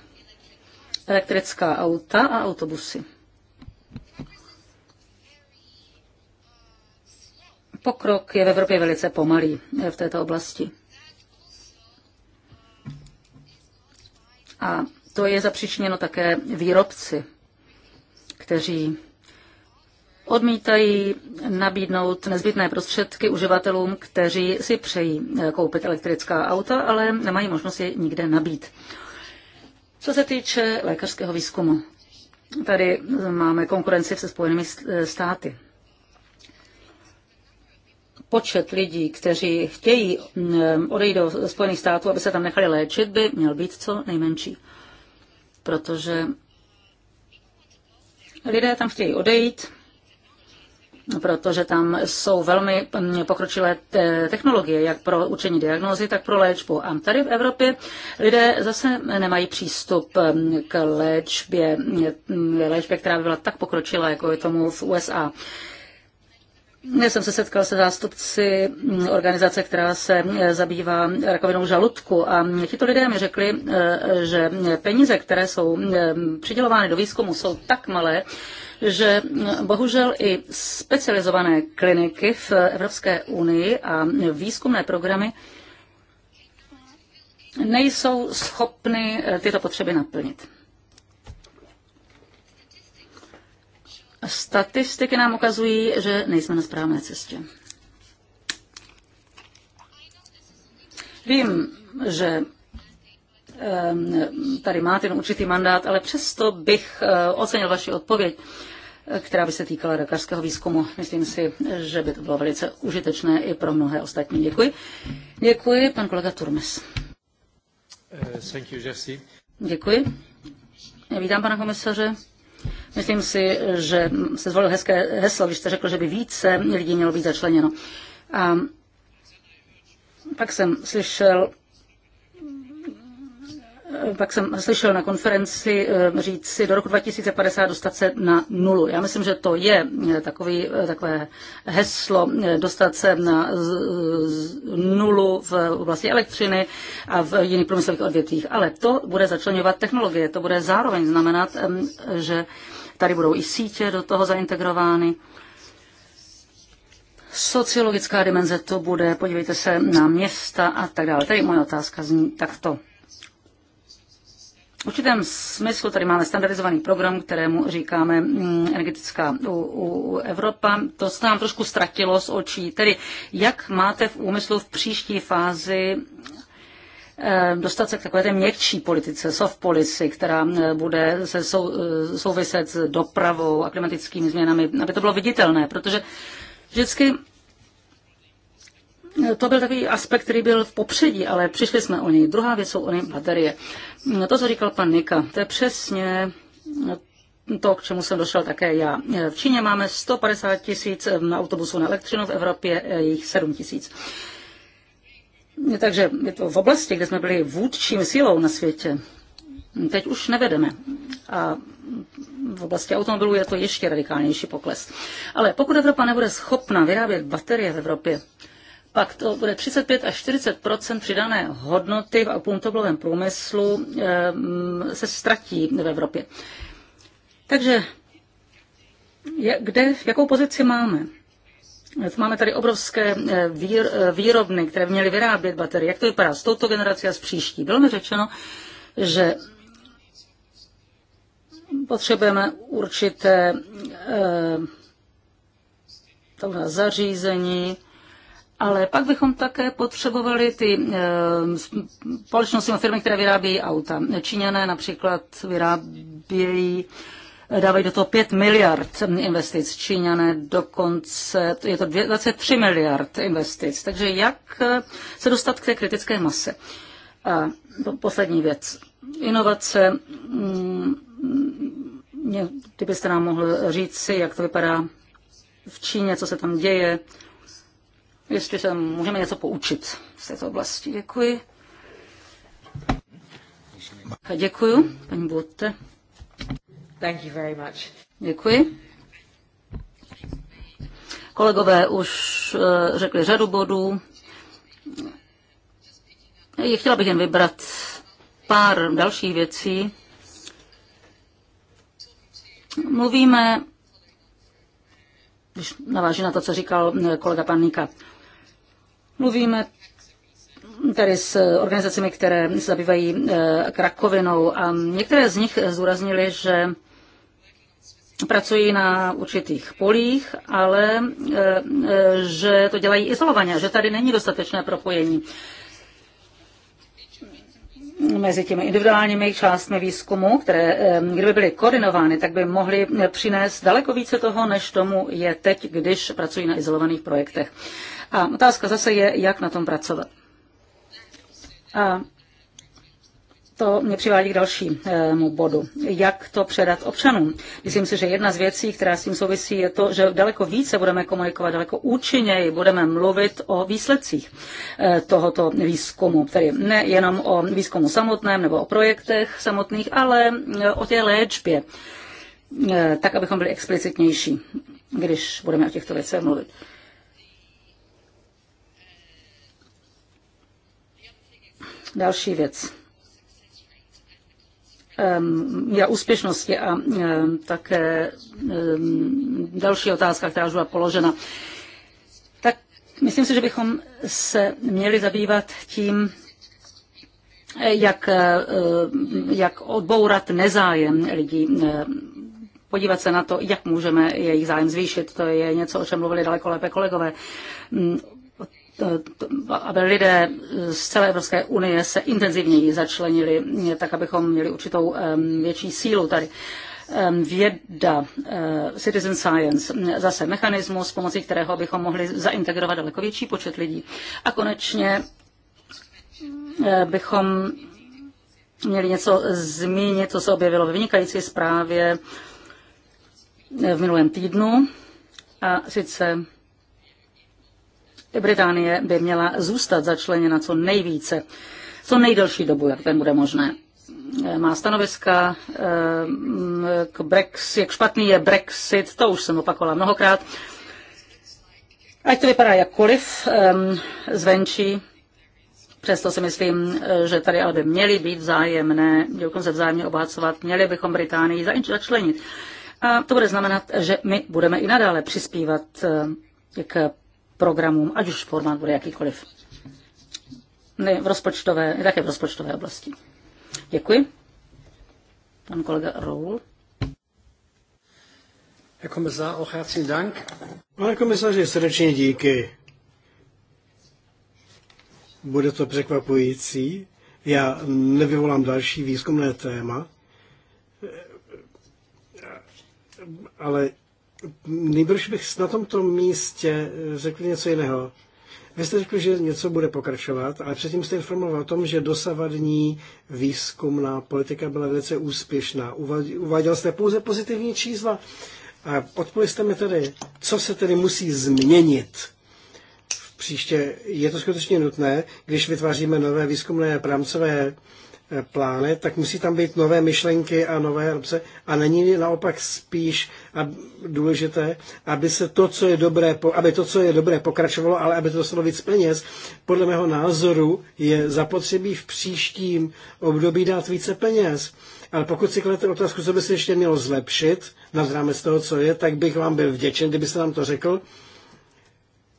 elektrická auta a autobusy. Pokrok je v Evropě velice pomalý v této oblasti. A to je zapříčněno také výrobci, kteří odmítají nabídnout nezbytné prostředky uživatelům, kteří si přejí eh, koupit elektrická auta, ale nemají možnost je nikde nabít. Co se týče lékařského výzkumu, tady máme konkurenci se Spojenými eh, státy počet lidí, kteří chtějí mm, odejít do Spojených států, aby se tam nechali léčit, by měl být co nejmenší. Protože lidé tam chtějí odejít, protože tam jsou velmi mm, pokročilé technologie, jak pro učení diagnózy, tak pro léčbu. A tady v Evropě lidé zase nemají přístup mm, k léčbě, léčbě, která by byla tak pokročilá, jako je tomu v USA. Já jsem se setkal se zástupci mm, organizace, která se mm, zabývá rakovinou žaludku a tito lidé mi řekli, eh, že peníze, které jsou mm, přidělovány do výzkumu, jsou tak malé, že bohužel i specializované kliniky v Evropské unii a výzkumné programy nejsou schopny eh, tyto potřeby naplnit. Statistiky nám ukazují, že nejsme na správné cestě. Vím, že ehm, tady máte ten určitý mandát, ale přesto bych eh, ocenil vaši odpověď, eh, která by se týkala lékařského výzkumu. Myslím si, že by to bylo velice užitečné i pro mnohé ostatní. Děkuji. Děkuji, pan kolega Turmes. Eh, Děkuji. vítám pana komisaře. Myslím si, že se zvolil hezké heslo, když jste řekl, že by více lidí mělo být začleněno. A pak jsem slyšel pak jsem slyšel na konferenci eh, říct si do roku 2050 dostat se na nulu. Já myslím, že to je eh, takový, eh, takové heslo dostat se na nulu v oblasti elektřiny a v jiných průmyslových odvětvích. Ale to bude začlenovat technologie. To bude zároveň znamenat, že Tady budou i sítě do toho zaintegrovány. Sociologická dimenze to bude, podívejte se na města a tak dále. Tady moje otázka zní takto. V určitém smyslu tady máme standardizovaný program, kterému říkáme mm, energetická u, u, u Evropa. To se nám trošku ztratilo z očí. Tedy jak máte v úmyslu v příští fázi Eh, dostat se k takové té měkčí politice, soft policy, která eh, bude se sou, eh, souviset s dopravou a klimatickými změnami, aby to bylo viditelné, protože vždycky to byl takový aspekt, který byl v popředí, ale přišli jsme o něj. Druhá věc jsou ony baterie. Mm, to, co říkal pan Nika, to je přesně to, k čemu jsem došel také já. V Číně máme 150 tisíc autobusů na elektřinu, v Evropě jich 7 tisíc. No, takže v oblasti, kde jsme byli vůdčím silou na světě, teď už nevedeme. A v oblasti automobilů je to ještě radikálnější pokles. Ale pokud Evropa nebude schopna vyrábět baterie v Evropě, pak to bude 35 až 40 přidané hodnoty v automobilovém průmyslu ehm, se ztratí v Evropě. Takže kde, v jakou pozici máme? Máme tady obrovské eh, výr, eh, výrobny, které měly vyrábět baterie. Jak to vypadá s touto generací a s příští? Bylo mi řečeno, že potřebujeme určité eh, zařízení, ale pak bychom také potřebovali ty e, společnosti a firmy, které vyrábějí auta. Číňané například vyrábějí dávají do toho 5 miliard investic. Číňané dokonce, je to 23 miliard investic. Takže jak se dostat k té kritické mase? A poslední věc. Inovace, kdybyste mm, nám mohl říct si, jak to vypadá v Číně, co se tam děje, jestli se můžeme něco poučit z této oblasti. Děkuji. Děkuji, paní Bote. Thank you very much. Děkuji. Kolegové už eh, řekli řadu bodů. Chtěla bych jen vybrat pár dalších věcí. Mluvíme, když naváží na to, co říkal eh, kolega Nika. mluvíme tady s organizacemi, které se zabývají krakovinou eh, a některé z nich zúraznili, že pracují na určitých polích, ale e, e, že to dělají izolovaně, že tady není dostatečné propojení mezi těmi individuálními částmi výzkumu, které e, kdyby byly koordinovány, tak by mohly přinést daleko více toho, než tomu je teď, když pracují na izolovaných projektech. A otázka zase je, jak na tom pracovat. A to mě přivádí k dalšímu bodu. Jak to předat občanům? Myslím si, že jedna z věcí, která s tím souvisí, je to, že daleko více budeme komunikovat, daleko účinněji budeme mluvit o výsledcích eh, tohoto výzkumu. Tedy nejenom o výzkumu samotném nebo o projektech samotných, ale eh, o té léčbě. Eh, tak, abychom byli explicitnější, když budeme o těchto věcech mluvit. Další věc míra úspěšnosti a také další otázka, která už byla položena. Tak myslím si, že bychom se měli zabývat tím, jak, jak odbourat nezájem lidí podívat se na to, jak můžeme jejich zájem zvýšit. To je něco, o čem mluvili daleko lépe kolegové aby lidé z celé Evropské unie se intenzivněji začlenili, tak abychom měli určitou větší sílu tady věda, eh, citizen science, zase mechanismus, pomocí kterého bychom mohli zaintegrovat daleko větší počet lidí. A konečně eh, bychom měli něco zmínit, co se objevilo ve vynikající zprávě v minulém týdnu, a sice Británie by měla zůstat začleněna co nejvíce, co nejdelší dobu, jak ten bude možné. Eh, má stanoviska eh, k Brexit, jak špatný je Brexit, to už jsem opakovala mnohokrát. Ať to vypadá jakkoliv ehm, zvenčí, Přesto si myslím, eh, že tady ale by měly být vzájemné, dokonce vzájemně obhacovat, měli bychom Británii začlenit. A to bude znamenat, že my budeme i nadále přispívat k programům, ať už formát bude jakýkoliv. Ne, v rozpočtové, také v rozpočtové oblasti. Děkuji. Pan kolega Roul. Herr Kommissar, auch herzlichen Dank. Pane komisaři, srdečně díky. Bude to překvapující. Já nevyvolám další výzkumné téma, ale nejbrž bych na tomto místě eh, řekl něco jiného. Vy jste řekl, že něco bude pokračovat, ale předtím jste informoval o tom, že dosavadní výzkumná politika byla velice úspěšná. Uváděl jste pouze pozitivní čísla. A odpověste mi tedy, co se tedy musí změnit v příště. Je to skutečně nutné, když vytváříme nové výzkumné rámcové plány, tak musí tam být nové myšlenky a nové hrbce. A není naopak spíš důležité, aby se to, co je dobré, aby to, co je dobré, pokračovalo, ale aby to dostalo víc peněz. Podle mého názoru je zapotřebí v příštím období dát více peněz. Ale pokud si kladete otázku, co by se ještě mělo zlepšit, nad rámec toho, co je, tak bych vám byl vděčen, kdybyste nám to řekl.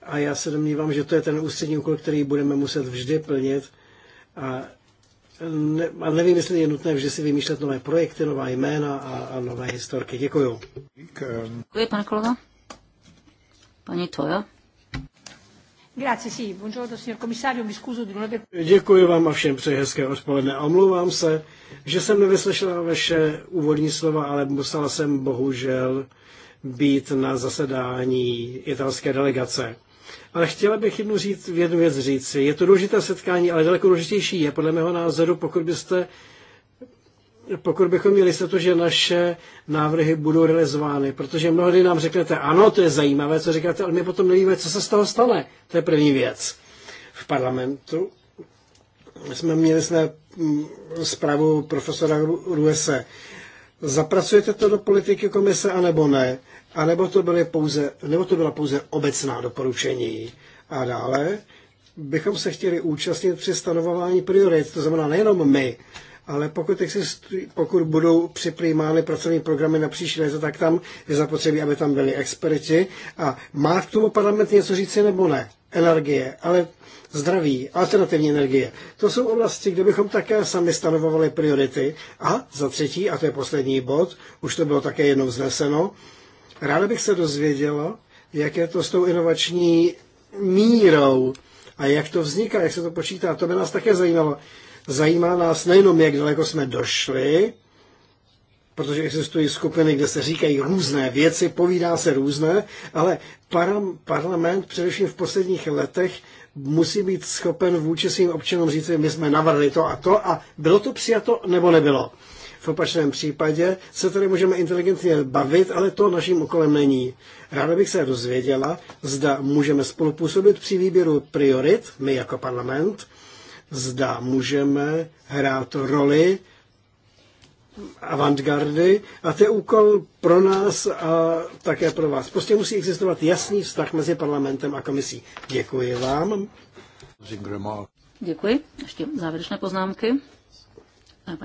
A já se domnívám, že to je ten ústřední úkol, který budeme muset vždy plnit. A ne, a nevím, jestli je nutné že si vymýšlet nové projekty, nová jména a, a nové historky. Děkuju. Děkuji, pane kolega. Pani Toja. Děkuji vám a všem přeji hezké odpoledne. Omlouvám se, že jsem nevyslyšela vaše úvodní slova, ale musela jsem bohužel být na zasedání italské delegace. Ale chtěla bych jednu, říct, jednu věc říct. Je to důležité setkání, ale daleko důležitější je podle mého názoru, pokud byste pokud bychom měli se to, že naše návrhy budou realizovány, protože mnohdy nám řeknete, ano, to je zajímavé, co říkáte, ale my potom nevíme, co se z toho stane. To je první věc. V parlamentu jsme měli jsme mm, zprávu profesora Ruese. Zapracujete to do politiky komise, anebo ne? a nebo to, byly pouze, nebo to byla pouze obecná doporučení. A dále bychom se chtěli účastnit při stanovování priorit, to znamená nejenom my, ale pokud, existují, pokud budou připlýmány pracovní programy na příští léto, tak tam je zapotřebí, aby tam byli experti. A má k tomu parlament něco říci nebo ne? Energie, ale zdraví, alternativní energie. To jsou oblasti, kde bychom také sami stanovovali priority. A za třetí, a to je poslední bod, už to bylo také jednou vzneseno, Ráda bych se dozvědělo, jak je to s tou inovační mírou a jak to vzniká, jak se to počítá. To by nás také zajímalo. Zajímá nás nejenom, jak daleko jsme došli, protože existují skupiny, kde se říkají různé věci, povídá se různé, ale param, parlament především v posledních letech musí být schopen vůči svým občanům říct, my jsme navrhli to a to a bylo to přijato nebo nebylo. V opačném případě se tady můžeme inteligentně bavit, ale to naším úkolem není. Ráda bych se dozvěděla, zda můžeme spolupůsobit při výběru priorit, my jako parlament, zda můžeme hrát roli avantgardy a to je úkol pro nás a také pro vás. Prostě musí existovat jasný vztah mezi parlamentem a komisí. Děkuji vám. Děkuji. Ještě závěrečné poznámky.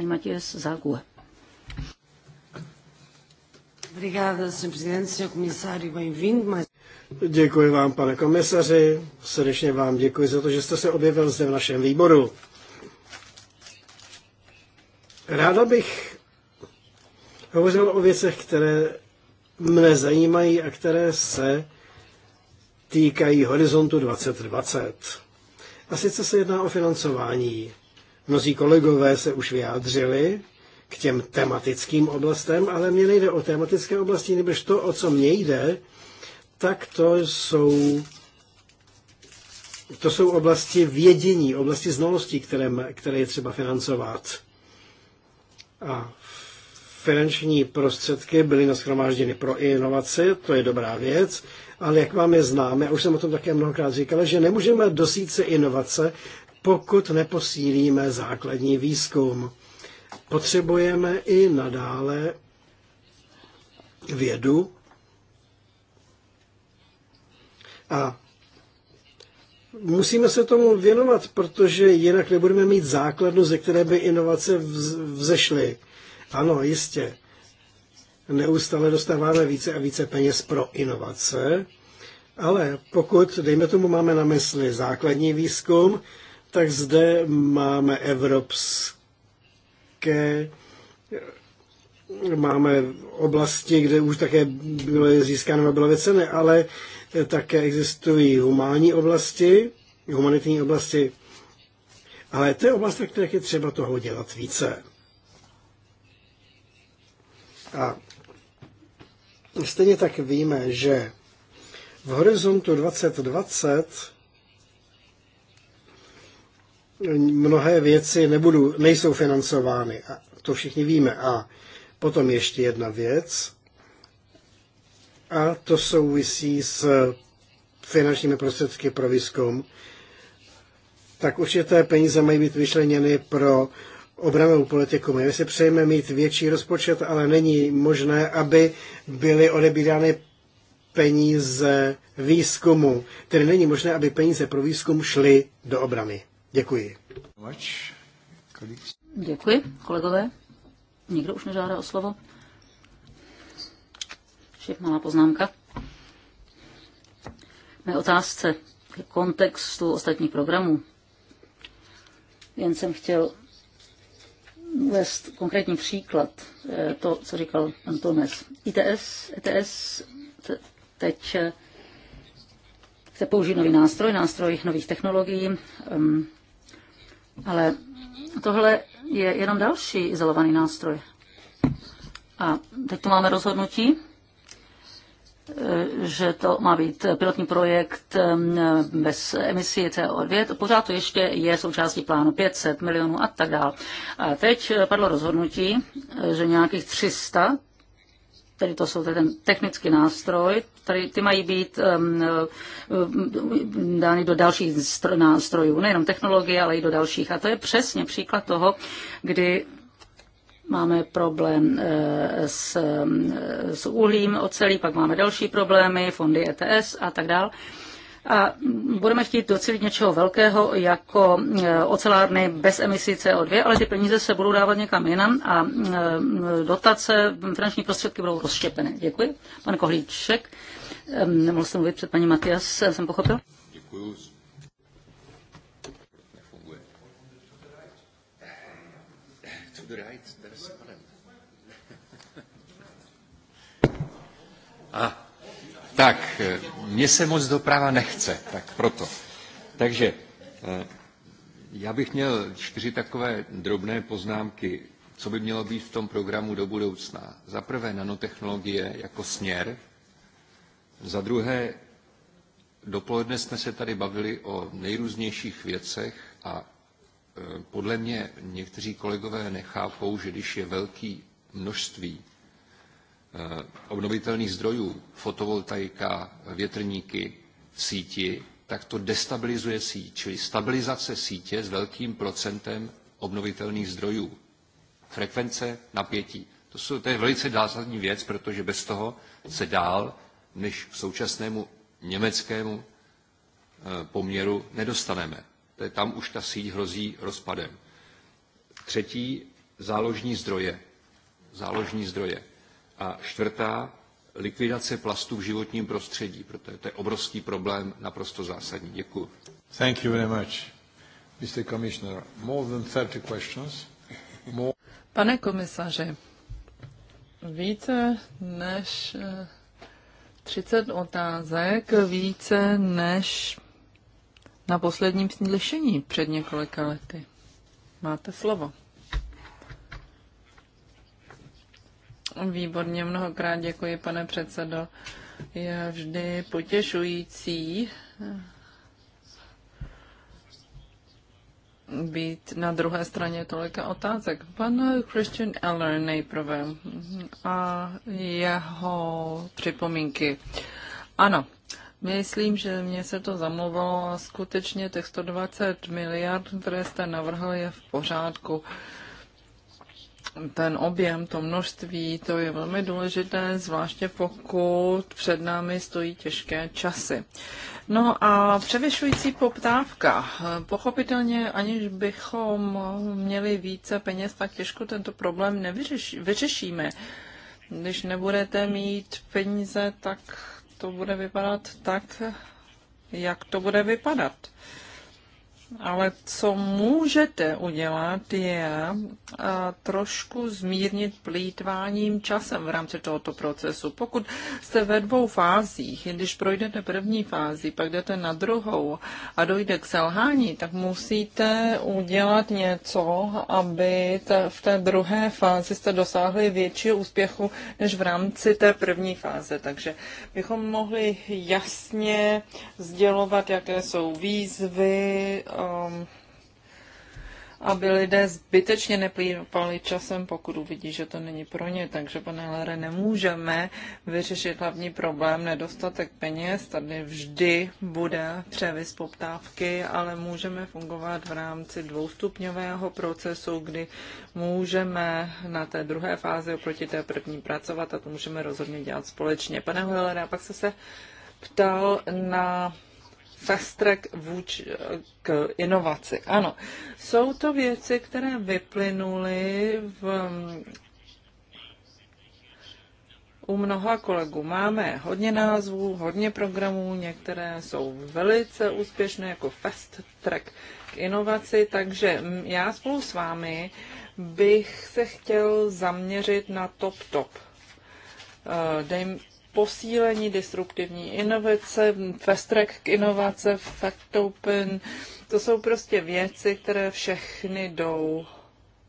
Matias Děkuji vám, pane komisaři. Srdečně vám děkuji za to, že jste se objevil zde v našem výboru. Ráda bych hovořil o věcech, které mne zajímají a které se týkají horizontu 2020. A sice se jedná o financování. Mnozí kolegové se už vyjádřili k těm tematickým oblastem, ale mně nejde o tematické oblasti, nebož to, o co mně jde, tak to jsou, to jsou oblasti vědění, oblasti znalostí, které, které je třeba financovat. A finanční prostředky byly nashromážděny pro inovace, to je dobrá věc, ale jak vám je známe, už jsem o tom také mnohokrát říkal, že nemůžeme dosít se inovace, pokud neposílíme základní výzkum. Potřebujeme i nadále vědu a musíme se tomu věnovat, protože jinak nebudeme mít základnu, ze které by inovace vzešly. Ano, jistě. Neustále dostáváme více a více peněz pro inovace, ale pokud, dejme tomu, máme na mysli základní výzkum, tak zde máme evropské máme oblasti, kde už také byly získány Nobelovy ceny, ale také existují humánní oblasti, humanitní oblasti, ale to je oblast, ve kterých je třeba toho dělat více. A stejně tak víme, že v horizontu 2020 mnohé věci nebudu, nejsou financovány. A to všichni víme. A potom ještě jedna věc. A to souvisí s finančními prostředky pro výzkum. Tak určité peníze mají být vyšleněny pro obranou politiku. My si přejeme mít větší rozpočet, ale není možné, aby byly odebírány peníze výzkumu. Tedy není možné, aby peníze pro výzkum šly do obrany. Děkuji. Děkuji, kolegové. Nikdo už nežádá o slovo. Všech malá poznámka. Mé otázce k kontextu ostatních programů. Jen jsem chtěl uvést konkrétní příklad, eh, to, co říkal Antones. ITS, ETS teď eh, se použít nový nástroj, nástroj nových technologií, ehm, ale tohle je jenom další izolovaný nástroj. A teď tu máme rozhodnutí, e, že to má být pilotní projekt e, bez emisí CO2. Pořád to ještě je součástí plánu 500 milionů a tak dále. A teď padlo rozhodnutí, e, že nějakých 300 tedy to jsou ten technický nástroj, tady ty mají být um, dány do dalších nástrojů, nejenom technologie, ale i do dalších. A to je přesně příklad toho, kdy máme problém eh, s, s uhlím, ocelí, pak máme další problémy, fondy ETS a tak dále a budeme chtít docílit něčeho velkého jako e, ocelárny bez emisí CO2, ale ty peníze se budou dávat někam jinam a e, dotace, finanční prostředky budou rozštěpeny. Děkuji. Pan Kohlíček, e, nemohl jsem mluvit před paní Matias, jsem pochopil. Děkuji. Ah. Tak, eh, mně se moc doprava nechce, tak proto. Takže eh, já bych měl čtyři takové drobné poznámky, co by mělo být v tom programu do budoucna. Za prvé nanotechnologie jako směr, za druhé dopoledne jsme se tady bavili o nejrůznějších věcech a eh, podle mě někteří kolegové nechápou, že když je velký množství Eh, obnovitelných zdrojů, fotovoltaika, větrníky, síti, tak to destabilizuje síť, čili stabilizace sítě s velkým procentem obnovitelných zdrojů. Frekvence, napětí. To, jsou, to je velice zásadní věc, protože bez toho se dál než k současnému německému eh, poměru nedostaneme. To je, tam už ta síť hrozí rozpadem. Třetí, záložní zdroje. Záložní zdroje a čtvrtá, likvidace plastů v životním prostředí, protože to je obrovský problém, naprosto zásadní. Děkuji. Thank you very much, Mr. Commissioner. More than 30 questions. More... Pane komisaře, více než 30 eh, otázek, více než na posledním slyšení před několika lety. Máte slovo. Výborně, mnohokrát děkuji, pane předsedo. Je vždy potěšující být na druhé straně tolika otázek. Pan Christian Eller nejprve a jeho připomínky. Ano, myslím, že mě se to zamluvalo a skutečně těch 120 miliard, které jste navrhl, je v pořádku. Uh, ten objem, to množství, to je velmi důležité, zvláště pokud před námi stojí těžké časy. No a převyšující poptávka. Pochopitelně, aniž bychom měli více peněz, tak těžko tento problém nevyřešíme. Když nebudete mít peníze, tak to bude vypadat tak, jak to bude vypadat. Ale co můžete udělat, je eh, trošku zmírnit plítváním časem v rámci tohoto procesu. Pokud jste ve dvou fázích, když projdete první fázi, pak jdete na druhou a dojde k selhání, tak musíte udělat něco, aby v té druhé fázi jste dosáhli větší úspěchu než v rámci té první fáze. Takže bychom mohli jasně sdělovat, jaké jsou výzvy, Um, aby lidé zbytečně neplývali časem, pokud uvidí, že to není pro ně. Takže, pane Lere, nemůžeme vyřešit hlavní problém nedostatek peněz. Tady vždy bude převis poptávky, ale můžeme fungovat v rámci dvoustupňového procesu, kdy můžeme na té druhé fázi oproti té první pracovat a to můžeme rozhodně dělat společně. Pane Lere, a pak se se ptal na fast vůč k inovaci. Ano, jsou to věci, které vyplynuly v, u mnoha kolegů. Máme hodně názvů, hodně programů, některé jsou velice úspěšné jako fast track k inovaci, takže já spolu s vámi bych se chtěl zaměřit na top top. Eh, dej, posílení disruptivní inovace, fast track k inovace, fact open. To jsou prostě věci, které všechny jdou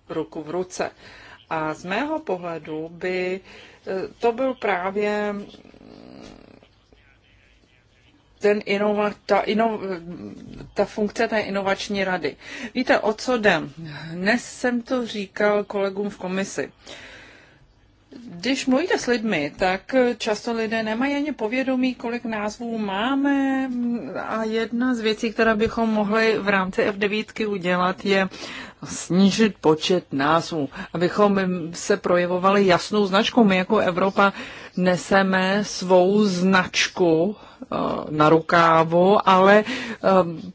ruku v ruce. A z mého pohledu by eh, to byl právě mm, ten inova, ta, ino, ta funkce té inovační rady. Víte, o co jde? Dnes jsem to říkal kolegům v komisi. Uh, když mluvíte s lidmi, tak často lidé nemají ani povědomí, kolik názvů máme a jedna z věcí, která bychom mohli v rámci F9 udělat, je snížit počet názvů, abychom se projevovali jasnou značkou. My jako Evropa neseme svou značku eh, na rukávu, ale eh,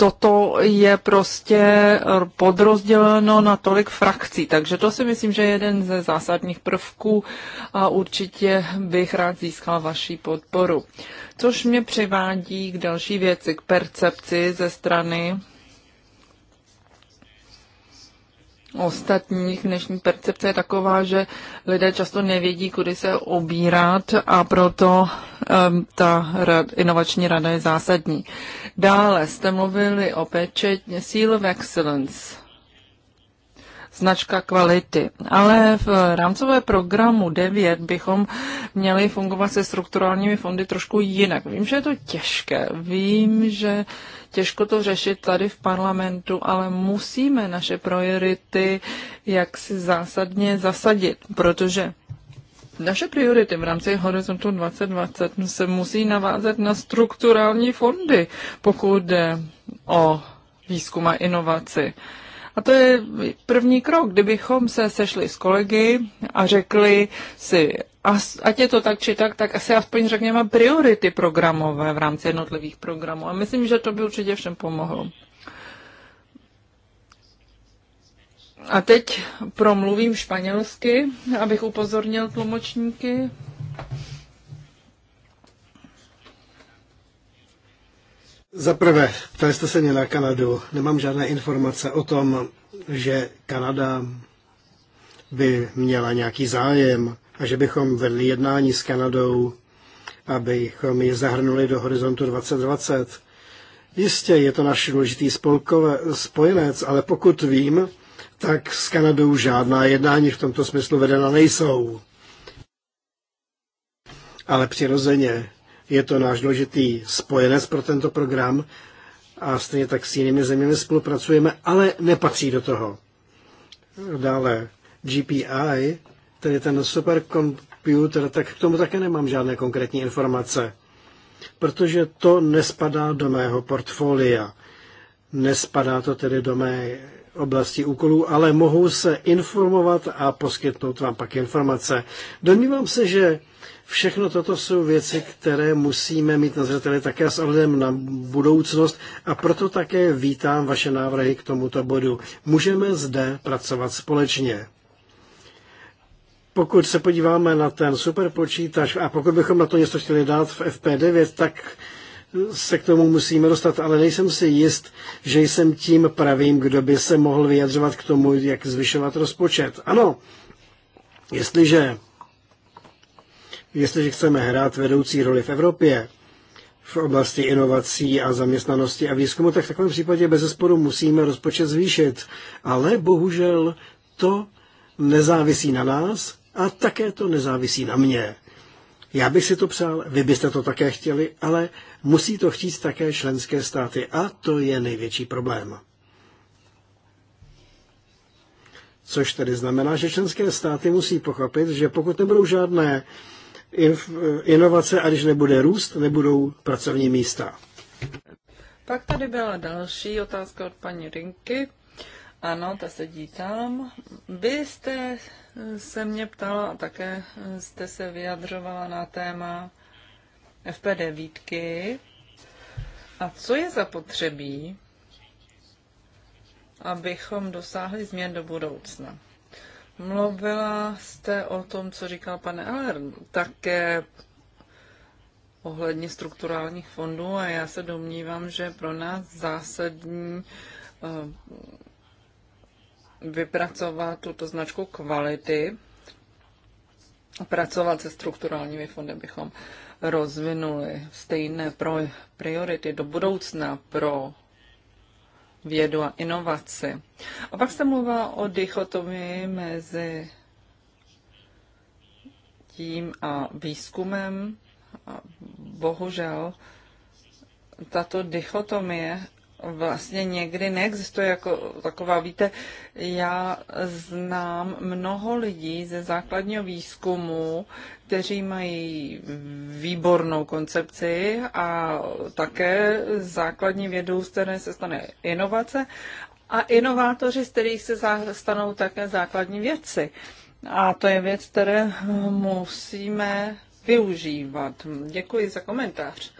toto je prostě eh, podrozděleno na tolik frakcí. Takže to si myslím, že je jeden ze zásadních prvků a určitě bych rád získal vaši podporu. Což mě přivádí k další věci, k percepci ze strany ostatních. Dnešní percepce je taková, že lidé často nevědí, kudy se obírat a proto um, ta rad, inovační rada je zásadní. Dále jste mluvili o pečetně Seal of Excellence, značka kvality. Ale v rámcové programu 9 bychom měli fungovat se strukturálními fondy trošku jinak. Vím, že je to těžké, vím, že uh, Těžko to řešit tady v parlamentu, ale musíme naše priority jaksi zásadně zasadit, protože naše priority v rámci Horizontu 2020 se musí navázat na strukturální fondy, pokud jde o výzkum a inovaci. A to je první krok. Kdybychom se sešli s kolegy a řekli si, ať je to tak či tak, tak asi aspoň řekněme priority programové v rámci jednotlivých programů. A myslím, že to by určitě všem pomohlo. A teď promluvím španělsky, abych upozornil tlumočníky. Za prvé, ptali jste se mě na Kanadu. Nemám žádné informace o tom, že Kanada by měla nějaký zájem a že bychom vedli jednání s Kanadou, abychom ji zahrnuli do horizontu 2020. Jistě je to náš důležitý spolkové, spojenec, ale pokud vím, tak s Kanadou žádná jednání v tomto smyslu vedena nejsou. Ale přirozeně je to náš důležitý spojenec pro tento program a stejně tak s jinými zeměmi spolupracujeme, ale nepatří do toho. Dále GPI tedy ten superkomputer, tak k tomu také nemám žádné konkrétní informace, protože to nespadá do mého portfolia. Nespadá to tedy do mé oblasti úkolů, ale mohu se informovat a poskytnout vám pak informace. Domnívám se, že všechno toto jsou věci, které musíme mít na zřeteli také s ohledem na budoucnost a proto také vítám vaše návrhy k tomuto bodu. Můžeme zde pracovat společně pokud se podíváme na ten superpočítač a pokud bychom na to něco chtěli dát v FP9, tak se k tomu musíme dostat, ale nejsem si jist, že jsem tím pravým, kdo by se mohl vyjadřovat k tomu, jak zvyšovat rozpočet. Ano, jestliže, jestliže chceme hrát vedoucí roli v Evropě, v oblasti inovací a zaměstnanosti a výzkumu, tak v takovém případě bez zesporu musíme rozpočet zvýšit. Ale bohužel to nezávisí na nás, a také to nezávisí na mě. Já bych si to přál, vy byste to také chtěli, ale musí to chtít také členské státy a to je největší problém. Což tedy znamená, že členské státy musí pochopit, že pokud nebudou žádné inovace a když nebude růst, nebudou pracovní místa. Pak tady byla další otázka od paní Rinky. Ano, ta sedí tam. Vy jste se mě ptala a také jste se vyjadřovala na téma FPD výtky. A co je zapotřebí, abychom dosáhli změn do budoucna? Mluvila jste o tom, co říkal pane Aller, také ohledně strukturálních fondů a já se domnívám, že pro nás zásadní eh, vypracovat tuto značku kvality a pracovat se strukturálními fondy, bychom rozvinuli stejné pro priority do budoucna pro vědu a inovaci. A pak se mluvila o dichotomii mezi tím a výzkumem. A bohužel tato dichotomie vlastně někdy neexistuje jako taková. Víte, já znám mnoho lidí ze základního výzkumu, kteří mají výbornou koncepci a také základní vědu, z které se stane inovace a inovátoři, z kterých se stanou také základní věci. A to je věc, které musíme využívat. Děkuji za komentář.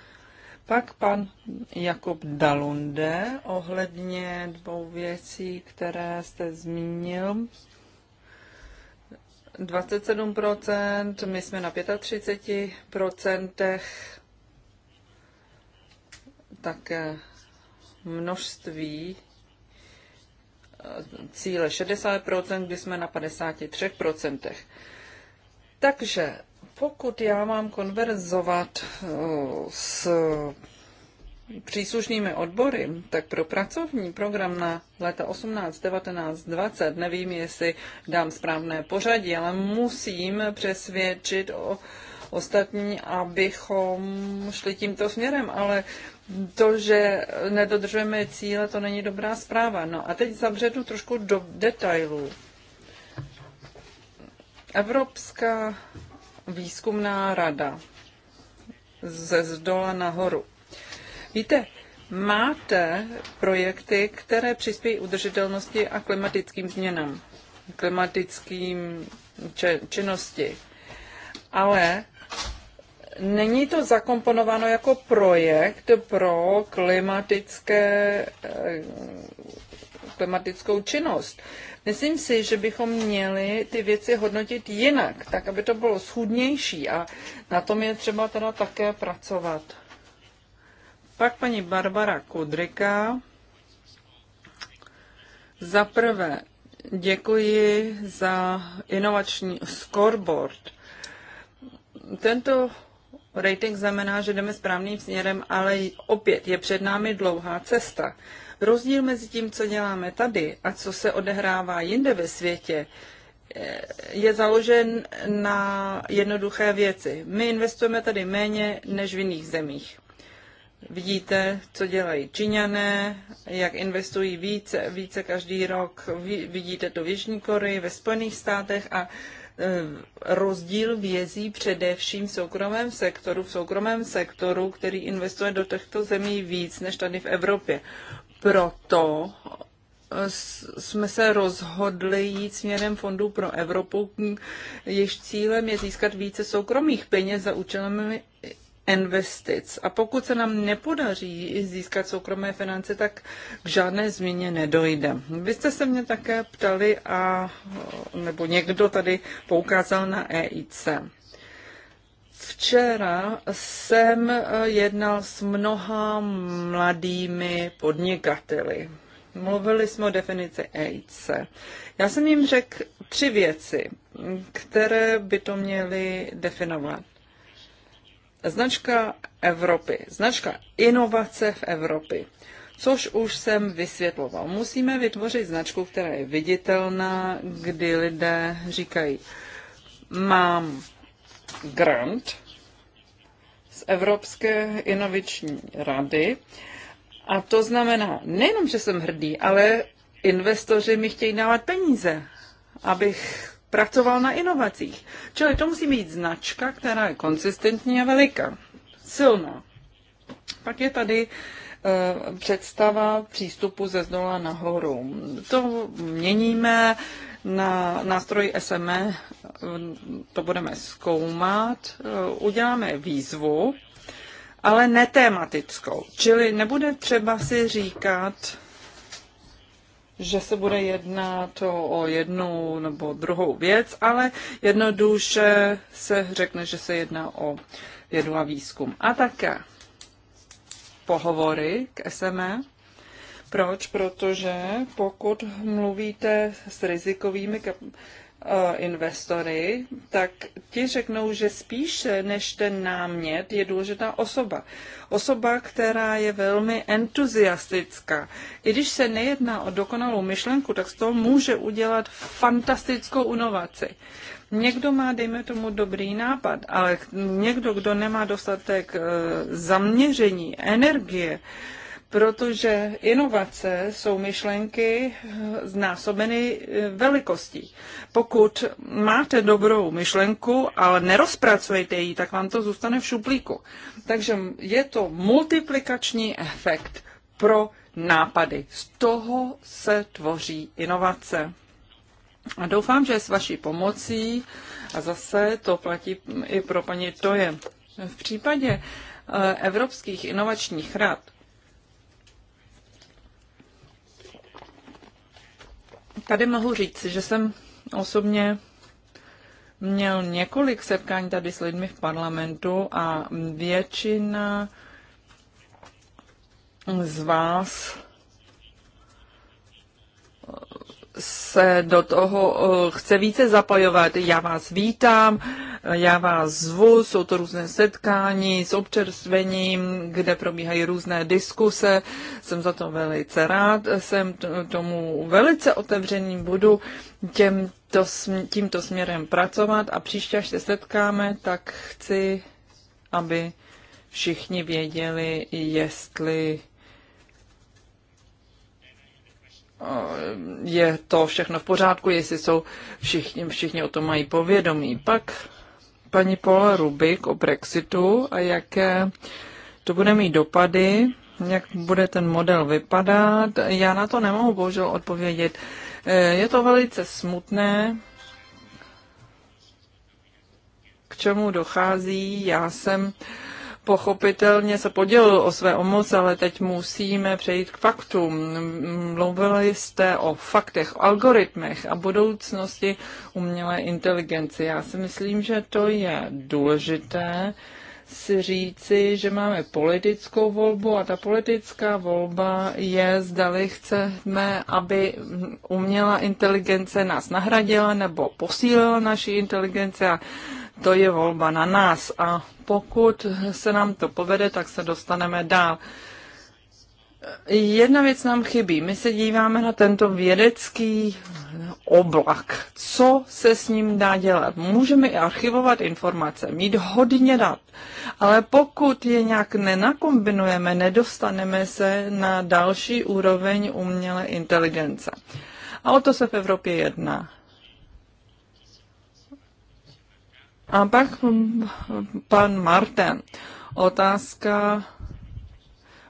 Pak pan Jakub Dalunde ohledně dvou věcí, které jste zmínil. 27%, my jsme na 35%, tak množství eh, cíle 60%, kdy jsme na 53%. Takže pokud já mám konverzovat eh, s příslušnými odbory, tak pro pracovní program na leta 18, 19, 20, nevím, jestli dám správné pořadí, ale musím přesvědčit o ostatní, abychom šli tímto směrem, ale to, že nedodržujeme cíle, to není dobrá zpráva. No a teď zabřednu trošku do detailů. Evropská výzkumná rada ze zdola nahoru. Víte, máte projekty, které přispějí udržitelnosti a klimatickým změnám, klimatickým činnosti. Ale není to zakomponováno jako projekt pro klimatické eh, klimatickou činnost. Myslím si, že bychom měli ty věci hodnotit jinak, tak aby to bylo schůdnější a na tom je třeba teda také pracovat. Pak paní Barbara Kudrika. Za prvé, děkuji za inovační scoreboard. Tento Rating znamená, že jdeme správným směrem, ale opět je před námi dlouhá cesta. Rozdíl mezi tím, co děláme tady a co se odehrává jinde ve světě, eh, je založen na jednoduché věci. My investujeme tady méně než v jiných zemích. Vidíte, co dělají Číňané, jak investují více, více každý rok. Vidíte to v Jižní Koreji, ve Spojených státech a Eh, rozdíl vězí především v soukromém sektoru, v soukromém sektoru, který investuje do těchto zemí víc než tady v Evropě. Proto eh, jsme se rozhodli jít směrem Fondu pro Evropu, jež cílem je získat více soukromých peněz za účelem investic. A pokud se nám nepodaří získat soukromé finance, tak k žádné změně nedojde. Vy jste se mě také ptali, a, nebo někdo tady poukázal na EIC. Včera jsem eh, jednal s mnoha mladými podnikateli. Mluvili jsme o definici EIC. Já jsem jim řekl tři věci, které by to měly definovat. Značka Evropy, značka inovace v Evropě, což už jsem vysvětloval. Musíme vytvořit značku, která je viditelná, kdy lidé říkají, mám grant z Evropské inovační rady a to znamená nejenom, že jsem hrdý, ale investoři mi chtějí dávat peníze, abych pracoval na inovacích. Čili to musí být značka, která je konsistentní a veliká. Silná. Pak je tady eh, představa přístupu ze zdola nahoru. To měníme na nástroj SME, to budeme zkoumat, eh, uděláme výzvu, ale netématickou. Čili nebude třeba si říkat, že se bude jednat o jednu nebo druhou věc, ale jednoduše se řekne, že se jedná o vědu a výzkum. A také pohovory k SME. Proč? Protože pokud mluvíte s rizikovými Eh, investory, tak ti řeknou, že spíše než ten námět je důležitá osoba. Osoba, která je velmi entuziastická. I když se nejedná o dokonalou myšlenku, tak z toho může udělat fantastickou inovaci. Někdo má, dejme tomu, dobrý nápad, ale někdo, kdo nemá dostatek eh, zaměření, energie, protože inovace jsou myšlenky znásobeny eh, velikostí. Pokud máte dobrou myšlenku, ale nerozpracujete ji, tak vám to zůstane v šuplíku. Takže je to multiplikační efekt pro nápady. Z toho se tvoří inovace. A doufám, že s vaší pomocí, a zase to platí i pro paní Toje, v případě eh, evropských inovačních rad Tady mohu říct, že jsem osobně měl několik setkání tady s lidmi v parlamentu a většina z vás se do toho eh, chce více zapojovat. Já vás vítám, já vás zvu, jsou to různé setkání s občerstvením, kde probíhají různé diskuse. Jsem za to velice rád, jsem tomu velice otevřený, budu těmto, tímto směrem pracovat a příště, až se setkáme, tak chci, aby všichni věděli, jestli je to všechno v pořádku, jestli jsou všichni, všichni o tom mají povědomí. Pak paní Paula Rubik o Brexitu a jaké to bude mít dopady, jak bude ten model vypadat. Já na to nemohu bohužel odpovědět. Eh, je to velice smutné, k čemu dochází. Já jsem uh, pochopitelně se podělil o své omoc, ale teď musíme přejít k faktům. Mluvili jste o faktech, o algoritmech a budoucnosti umělé inteligence. Já si myslím, že to je důležité si říci, že máme politickou volbu a ta politická volba je, zdali chceme, aby umělá inteligence nás nahradila nebo posílila naši inteligenci. a to je volba na nás a pokud se nám to povede, tak se dostaneme dál. Jedna věc nám chybí. My se díváme na tento vědecký oblak. Co se s ním dá dělat? Můžeme i archivovat informace, mít hodně dat, ale pokud je nějak nenakombinujeme, nedostaneme se na další úroveň umělé inteligence. A o to se v Evropě jedná. A pak hm, pan Marten. Otázka.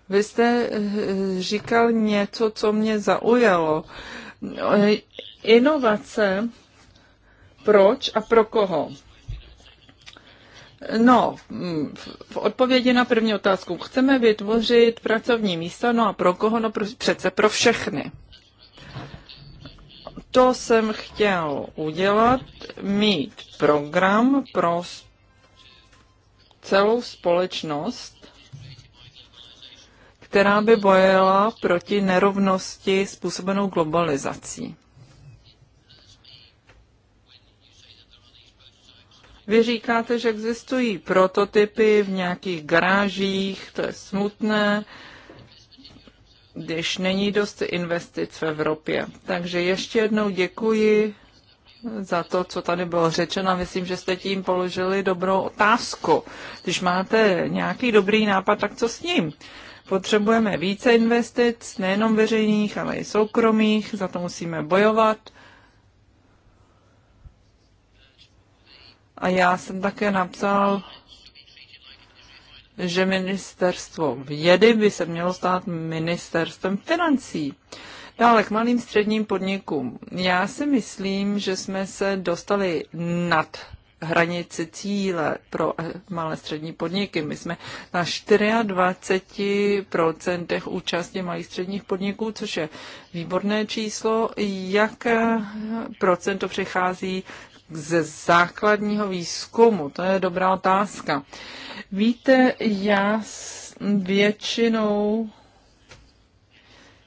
Vy jste eh, říkal něco, co mě zaujalo. Eh, inovace. Proč a pro koho? No, hm, v odpovědi na první otázku. Chceme vytvořit pracovní místa, no a pro koho? No pro, přece pro všechny to jsem chtěl udělat, mít program pro celou společnost, která by bojela proti nerovnosti způsobenou globalizací. Vy říkáte, že existují prototypy v nějakých garážích, to je smutné, když není dost investic v Evropě. Takže ještě jednou děkuji za to, co tady bylo řečeno. Myslím, že jste tím položili dobrou otázku. Když máte nějaký dobrý nápad, tak co s ním? Potřebujeme více investic, nejenom veřejných, ale i soukromých, za to musíme bojovat. A já jsem také napsal že ministerstvo vědy by se mělo stát ministerstvem financí. Dále k malým středním podnikům. Já si myslím, že jsme se dostali nad hranici cíle pro eh, malé střední podniky. My jsme na 24% účasti malých středních podniků, což je výborné číslo. Jak eh, procento přichází ze základního výzkumu? To je dobrá otázka. Víte, já s většinou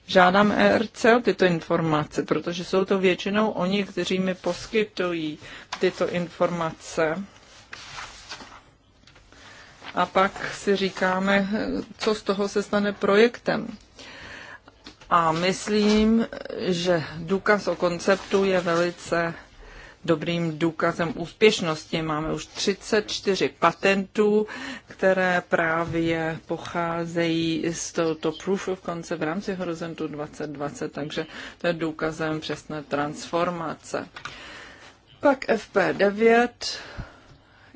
žádám ERC o tyto informace, protože jsou to většinou oni, kteří mi poskytují tyto informace. A pak si říkáme, co z toho se stane projektem. A myslím, že důkaz o konceptu je velice dobrým důkazem úspěšnosti. Máme už 34 patentů, které právě pocházejí z tohoto proof of concept v rámci Horizontu 2020, takže to je důkazem přesné transformace. Pak FP9,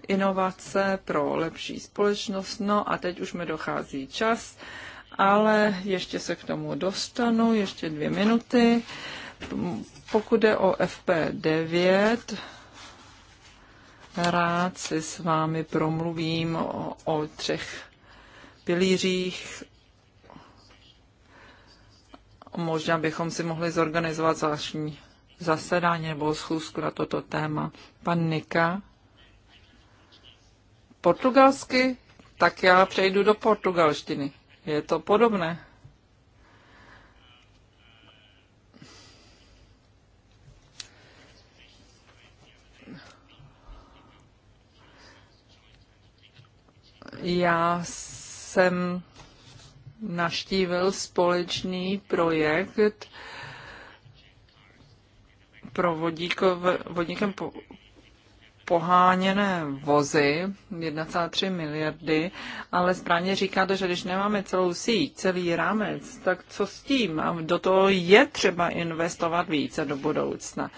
inovace pro lepší společnost. No a teď už mi dochází čas, ale ještě se k tomu dostanu, ještě dvě minuty. Pokud je o FP9, rád si s vámi promluvím o, o třech pilířích. Možná bychom si mohli zorganizovat zvláštní zasedání nebo schůzku na toto téma. Pan Nika. Portugalsky? Tak já přejdu do portugalštiny. Je to podobné. Já jsem naštívil společný projekt pro vodíkov, vodíkem po, poháněné vozy, 1,3 miliardy, ale správně říkáte, že když nemáme celou síť, celý rámec, tak co s tím? A do toho je třeba investovat více do budoucna.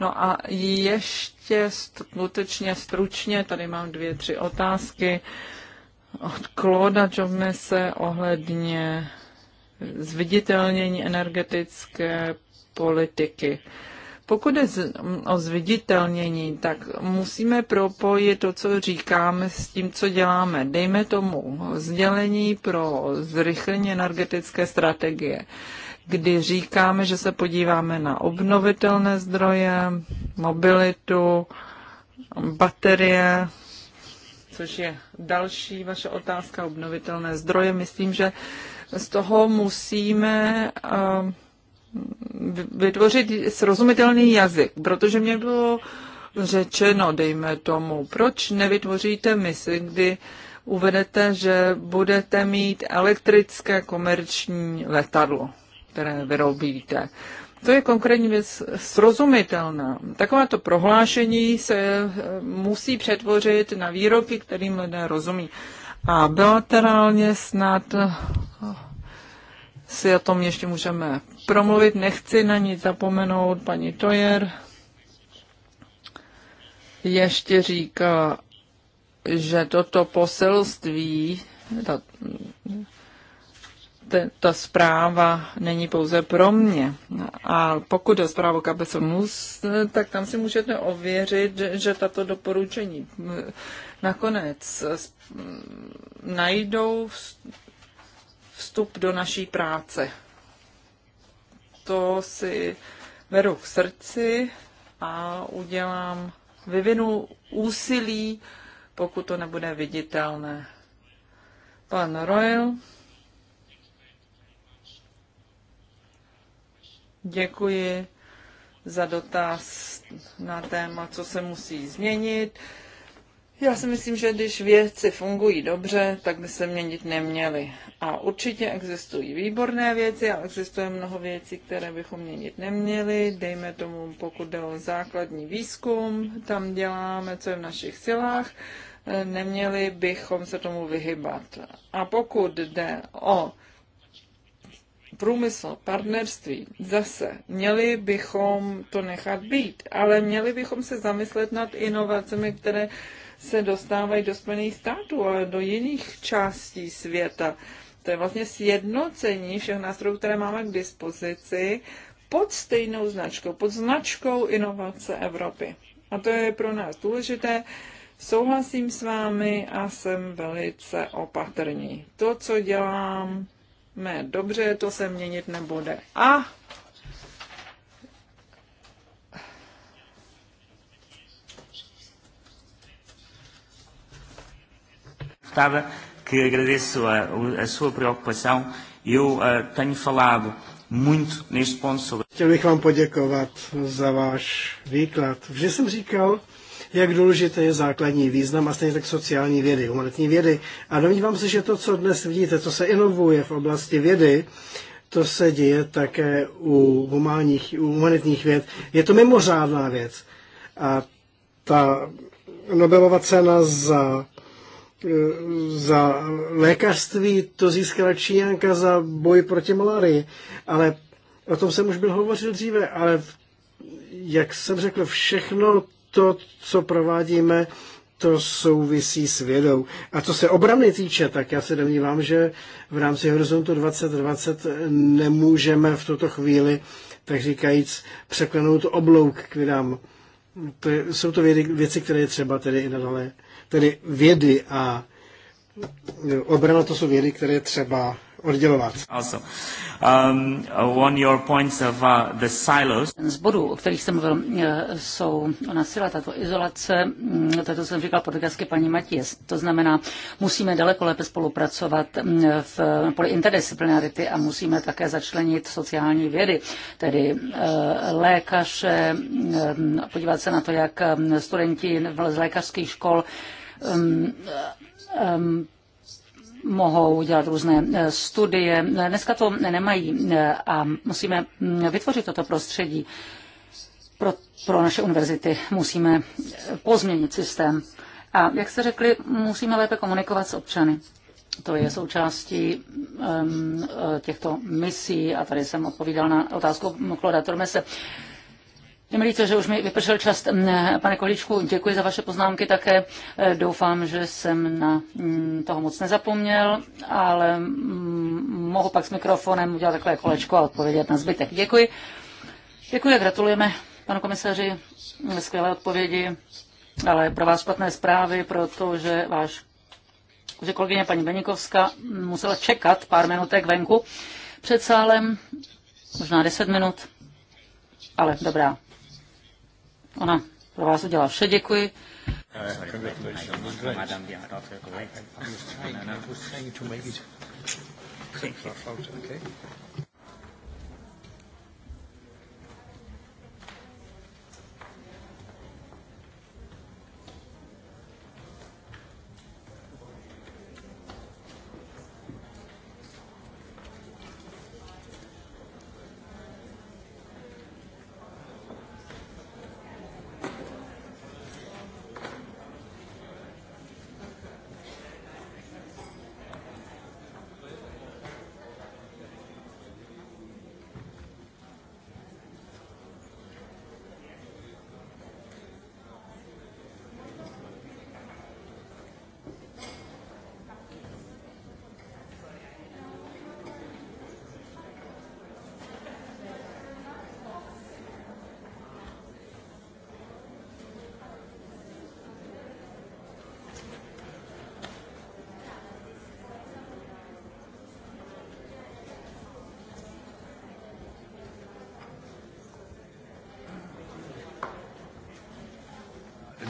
No a ještě skutečně stručně, tady mám dvě, tři otázky. Uh, od Kloda Jovnese ohledně zviditelnění energetické politiky. Pokud je o zviditelnění, tak musíme propojit to, co říkáme, s tím, co děláme. Dejme tomu sdělení pro zrychlení energetické strategie, kdy říkáme, že se podíváme na obnovitelné zdroje, mobilitu, baterie, což je další vaše otázka, obnovitelné zdroje. Myslím, že z toho musíme um, vytvořit srozumitelný jazyk, protože mě bylo řečeno, dejme tomu, proč nevytvoříte misi, kdy uvedete, že budete mít elektrické komerční letadlo, které vyrobíte. To je konkrétní věc srozumitelná. Takováto prohlášení se eh, musí přetvořit na výroky, kterým lidé rozumí. A bilaterálně snad eh, si o tom ještě můžeme promluvit. Nechci na nic zapomenout. Paní Tojer ještě říká, že toto poselství, ta zpráva není pouze pro mě. A pokud je o zprávu Cabezomus, tak tam si můžete ověřit, že tato doporučení nakonec najdou vstup do naší práce. To si beru k srdci a udělám, vyvinu úsilí, pokud to nebude viditelné. Pan Royal. Děkuji za dotaz na téma, co se musí změnit. Já si myslím, že když věci fungují dobře, tak by se měnit neměly. A určitě existují výborné věci a existuje mnoho věcí, které bychom měnit neměli. Dejme tomu, pokud jde o základní výzkum, tam děláme, co je v našich silách, neměli bychom se tomu vyhybat. A pokud jde o průmysl, partnerství. Zase, měli bychom to nechat být, ale měli bychom se zamyslet nad inovacemi, které se dostávají do Spojených států, ale do jiných částí světa. To je vlastně sjednocení všech nástrojů, které máme k dispozici pod stejnou značkou, pod značkou inovace Evropy. A to je pro nás důležité. Souhlasím s vámi a jsem velice opatrný. To, co dělám, ne, dobře, to se měnit nebude. A estava que agradeço a, a sua preocupação. Eu uh, tenho falado muito neste ponto sobre. Chtěl bych vám poděkovat za váš výklad. Vždy jsem říkal, jak důležité je základní význam a stejně tak sociální vědy, humanitní vědy. A domnívám se, že to, co dnes vidíte, co se inovuje v oblasti vědy, to se děje také u, humánních, u humanitních věd. Je to mimořádná věc. A ta Nobelova cena za za lékařství to získala Číňanka za boj proti malárii, ale o tom jsem už byl hovořil dříve, ale jak jsem řekl, všechno to, co provádíme, to souvisí s vědou. A co se obrany týče, tak já se domnívám, že v rámci Horizontu 2020 nemůžeme v tuto chvíli, tak říkajíc, překlenout oblouk k vědám. To jsou to vědy, věci, které je třeba tedy i nadále, tedy vědy a obrana to jsou vědy, které je třeba oddělovat. Also, um, uh, one your points of, uh, the silos. Z bodů, o kterých jsem mluvil, uh, jsou ona sila, tato izolace, mm, to to jsem říkal portugalsky paní Matías, to znamená, musíme daleko lépe spolupracovat mm, v poli interdisciplinarity a musíme také začlenit sociální vědy, tedy uh, lékaře, mm, podívat se na to, jak studenti z lékařských škol um, um, mohou dělat různé eh, studie. Dneska to nemají eh, a musíme mm, vytvořit toto prostředí pro, pro naše univerzity. Musíme eh, pozměnit systém. A jak jste řekli, musíme lépe komunikovat s občany. To je součástí um, těchto misí a tady jsem odpovídal na otázku Kloda Tormese. Uh, je mi líto, že už mi vypršel čas. Pane Kolíčku, děkuji za vaše poznámky také. Eh, doufám, že jsem na mm, toho moc nezapomněl, ale mohu pak s mikrofonem udělat takové kolečko a odpovědět na zbytek. Děkuji. Děkuji a gratulujeme panu komisaři. Skvělé odpovědi, ale pro vás špatné zprávy, protože váš že kolegyně paní Benikovská musela čekat pár minutek venku před sálem, možná 10 minut, ale dobrá, Ona pro vás udělá vše, děkuji. Uh,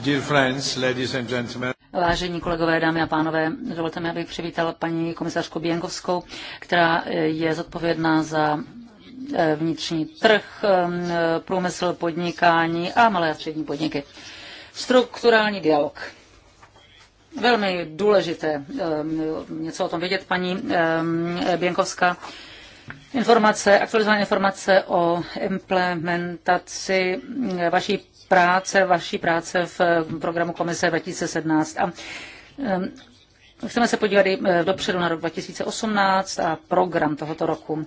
Dear friends, ladies and gentlemen. Vážení kolegové, dámy a pánové, dovolte mi, abych přivítal paní komisařku Běnkovskou, která eh, je zodpovědná za eh, vnitřní trh, eh, průmysl, podnikání a malé a střední podniky. Strukturální dialog. Velmi důležité něco o tom vědět, paní Běnkovská. Informace, aktualizované informace o implementaci vaší práce, vaší práce v eh, programu Komise 2017. A eh, chceme se podívat i eh, dopředu na rok 2018 a program tohoto roku.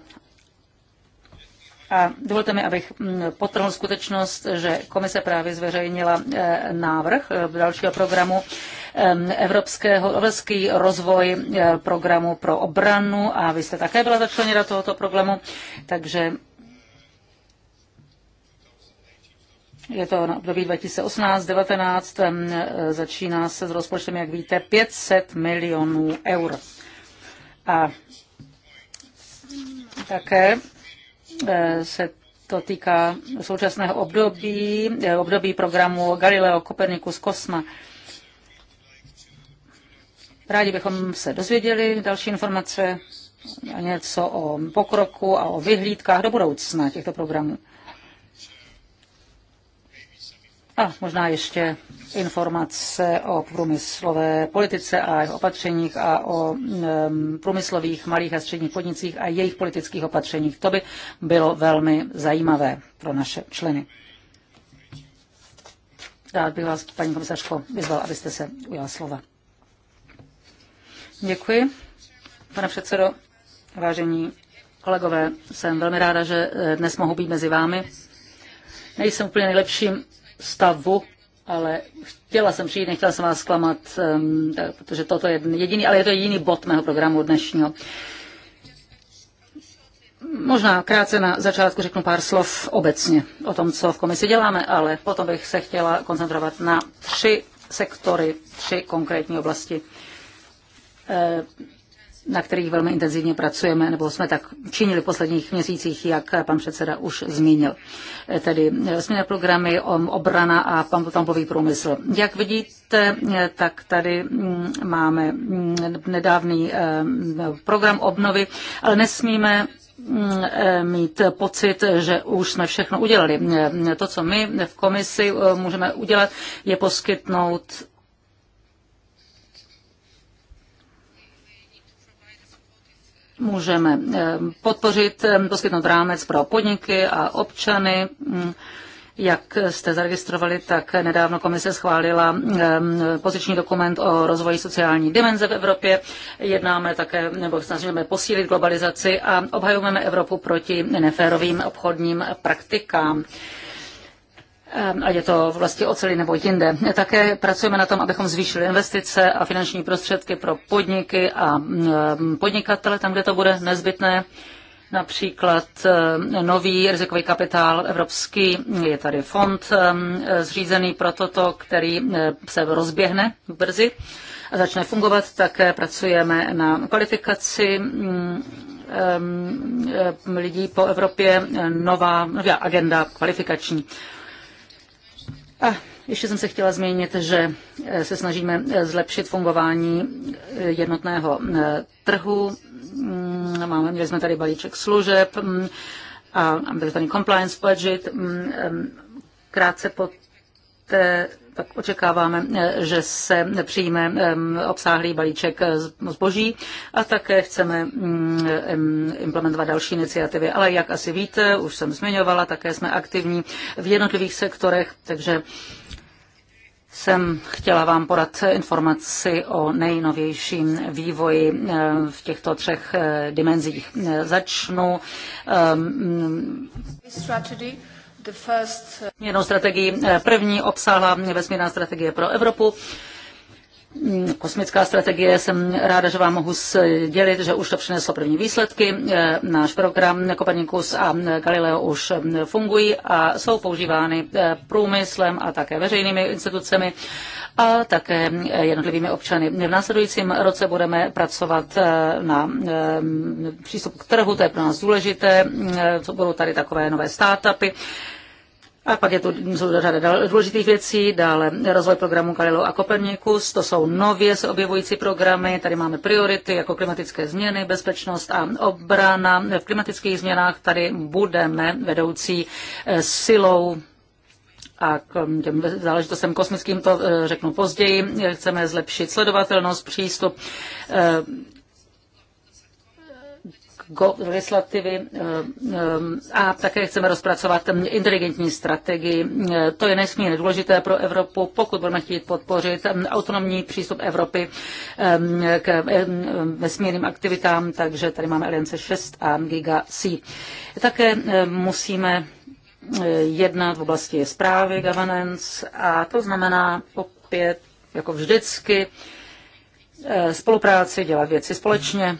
A dovolte mi, abych mm, potrhl skutečnost, že komise právě zveřejnila návrh dalšího programu Evropského evropský rozvoj programu pro obranu a vy jste také byla začleněna tohoto programu, takže Je to na období 2018-2019, e, začíná se s rozpočtem, jak víte, 500 milionů eur. A také e, se to týká současného období, e, období programu Galileo Copernicus Cosma. Rádi bychom se dozvěděli další informace a něco o pokroku a o vyhlídkách do budoucna těchto programů. A možná ještě informace o průmyslové politice a jeho opatřeních a o um, průmyslových malých a středních podnicích a jejich politických opatřeních. To by bylo velmi zajímavé pro naše členy. Rád bych vás, paní komisařko, vyzval, abyste se ujala slova. Děkuji. Pane předsedo, vážení kolegové, jsem velmi ráda, že dnes mohu být mezi vámi. Nejsem úplně nejlepším stavu, ale chtěla jsem přijít, nechtěla jsem vás zklamat, protože toto je jediný, ale je to jediný bod mého programu dnešního. Možná krátce na začátku řeknu pár slov obecně o tom, co v komisi děláme, ale potom bych se chtěla koncentrovat na tři sektory, tři konkrétní oblasti. Eh, na kterých velmi intenzivně pracujeme, nebo jsme tak činili v posledních měsících, jak pan předseda už zmínil. Tedy jsme programy obrana a pampový průmysl. Jak vidíte, tak tady mm, máme mm, nedávný eh, program obnovy, ale nesmíme mm, mít pocit, že už jsme všechno udělali. To, co my v komisi eh, můžeme udělat, je poskytnout můžeme eh, podpořit, eh, poskytnout rámec pro podniky a občany. Mm, jak jste zaregistrovali, tak nedávno komise schválila ehm, poziční dokument o rozvoji sociální dimenze v Evropě. Jednáme také, nebo snažíme posílit globalizaci a obhajujeme Evropu proti neférovým obchodním praktikám. Ehm, ať je to vlastně oceli nebo jinde. Také pracujeme na tom, abychom zvýšili investice a finanční prostředky pro podniky a ehm, podnikatele tam, kde to bude nezbytné například ehm, nový rizikový kapitál evropský, je tady fond zřízený pro toto, který se rozběhne brzy a začne fungovat. Také pracujeme na kvalifikaci lidí po Evropě, nová, nová agenda kvalifikační. A ještě jsem se chtěla zmínit, že eh, se snažíme eh, zlepšit fungování eh, jednotného trhu. Mm, máme, měli jsme tady balíček služeb mm, a byl tady compliance budget. Mm, krátce po té tak očekáváme, eh, že se přijme obsáhlý balíček eh, zboží a také chceme mm, implementovat další iniciativy. Ale jak asi víte, už jsem zmiňovala, také jsme aktivní v jednotlivých sektorech, takže jsem chtěla vám podat informaci o nejnovějším vývoji eh, v těchto třech dimenzích. Začnu. Um, First... Uh, strategii eh, první obsáhla vesmírná strategie pro Evropu kosmická strategie. Jsem ráda, že vám mohu sdělit, že už to přineslo první výsledky. Eh, náš program Copernicus a Galileo už eh, fungují a jsou používány eh, průmyslem a také veřejnými institucemi a také jednotlivými občany. V následujícím roce budeme pracovat na přístupu k trhu, to je pro nás důležité, co budou tady takové nové startupy a pak je tu jsou řada důležitých věcí, dále rozvoj programu Galileo a Copernicus, to jsou nově se objevující programy, tady máme priority jako klimatické změny, bezpečnost a obrana. V klimatických změnách tady budeme vedoucí eh, silou a k mm, těm záležitostem kosmickým to eh, řeknu později. Chceme zlepšit sledovatelnost, přístup eh, go legislativy eh, eh, a také chceme rozpracovat inteligentní strategii. Eh, to je nesmírně důležité pro Evropu, pokud budeme chtít podpořit autonomní přístup Evropy k vesmírným aktivitám, takže tady máme Aliance 6 a Giga C. Také musíme jednat v oblasti zprávy, governance a to znamená opět, jako vždycky, spolupráci, dělat věci společně,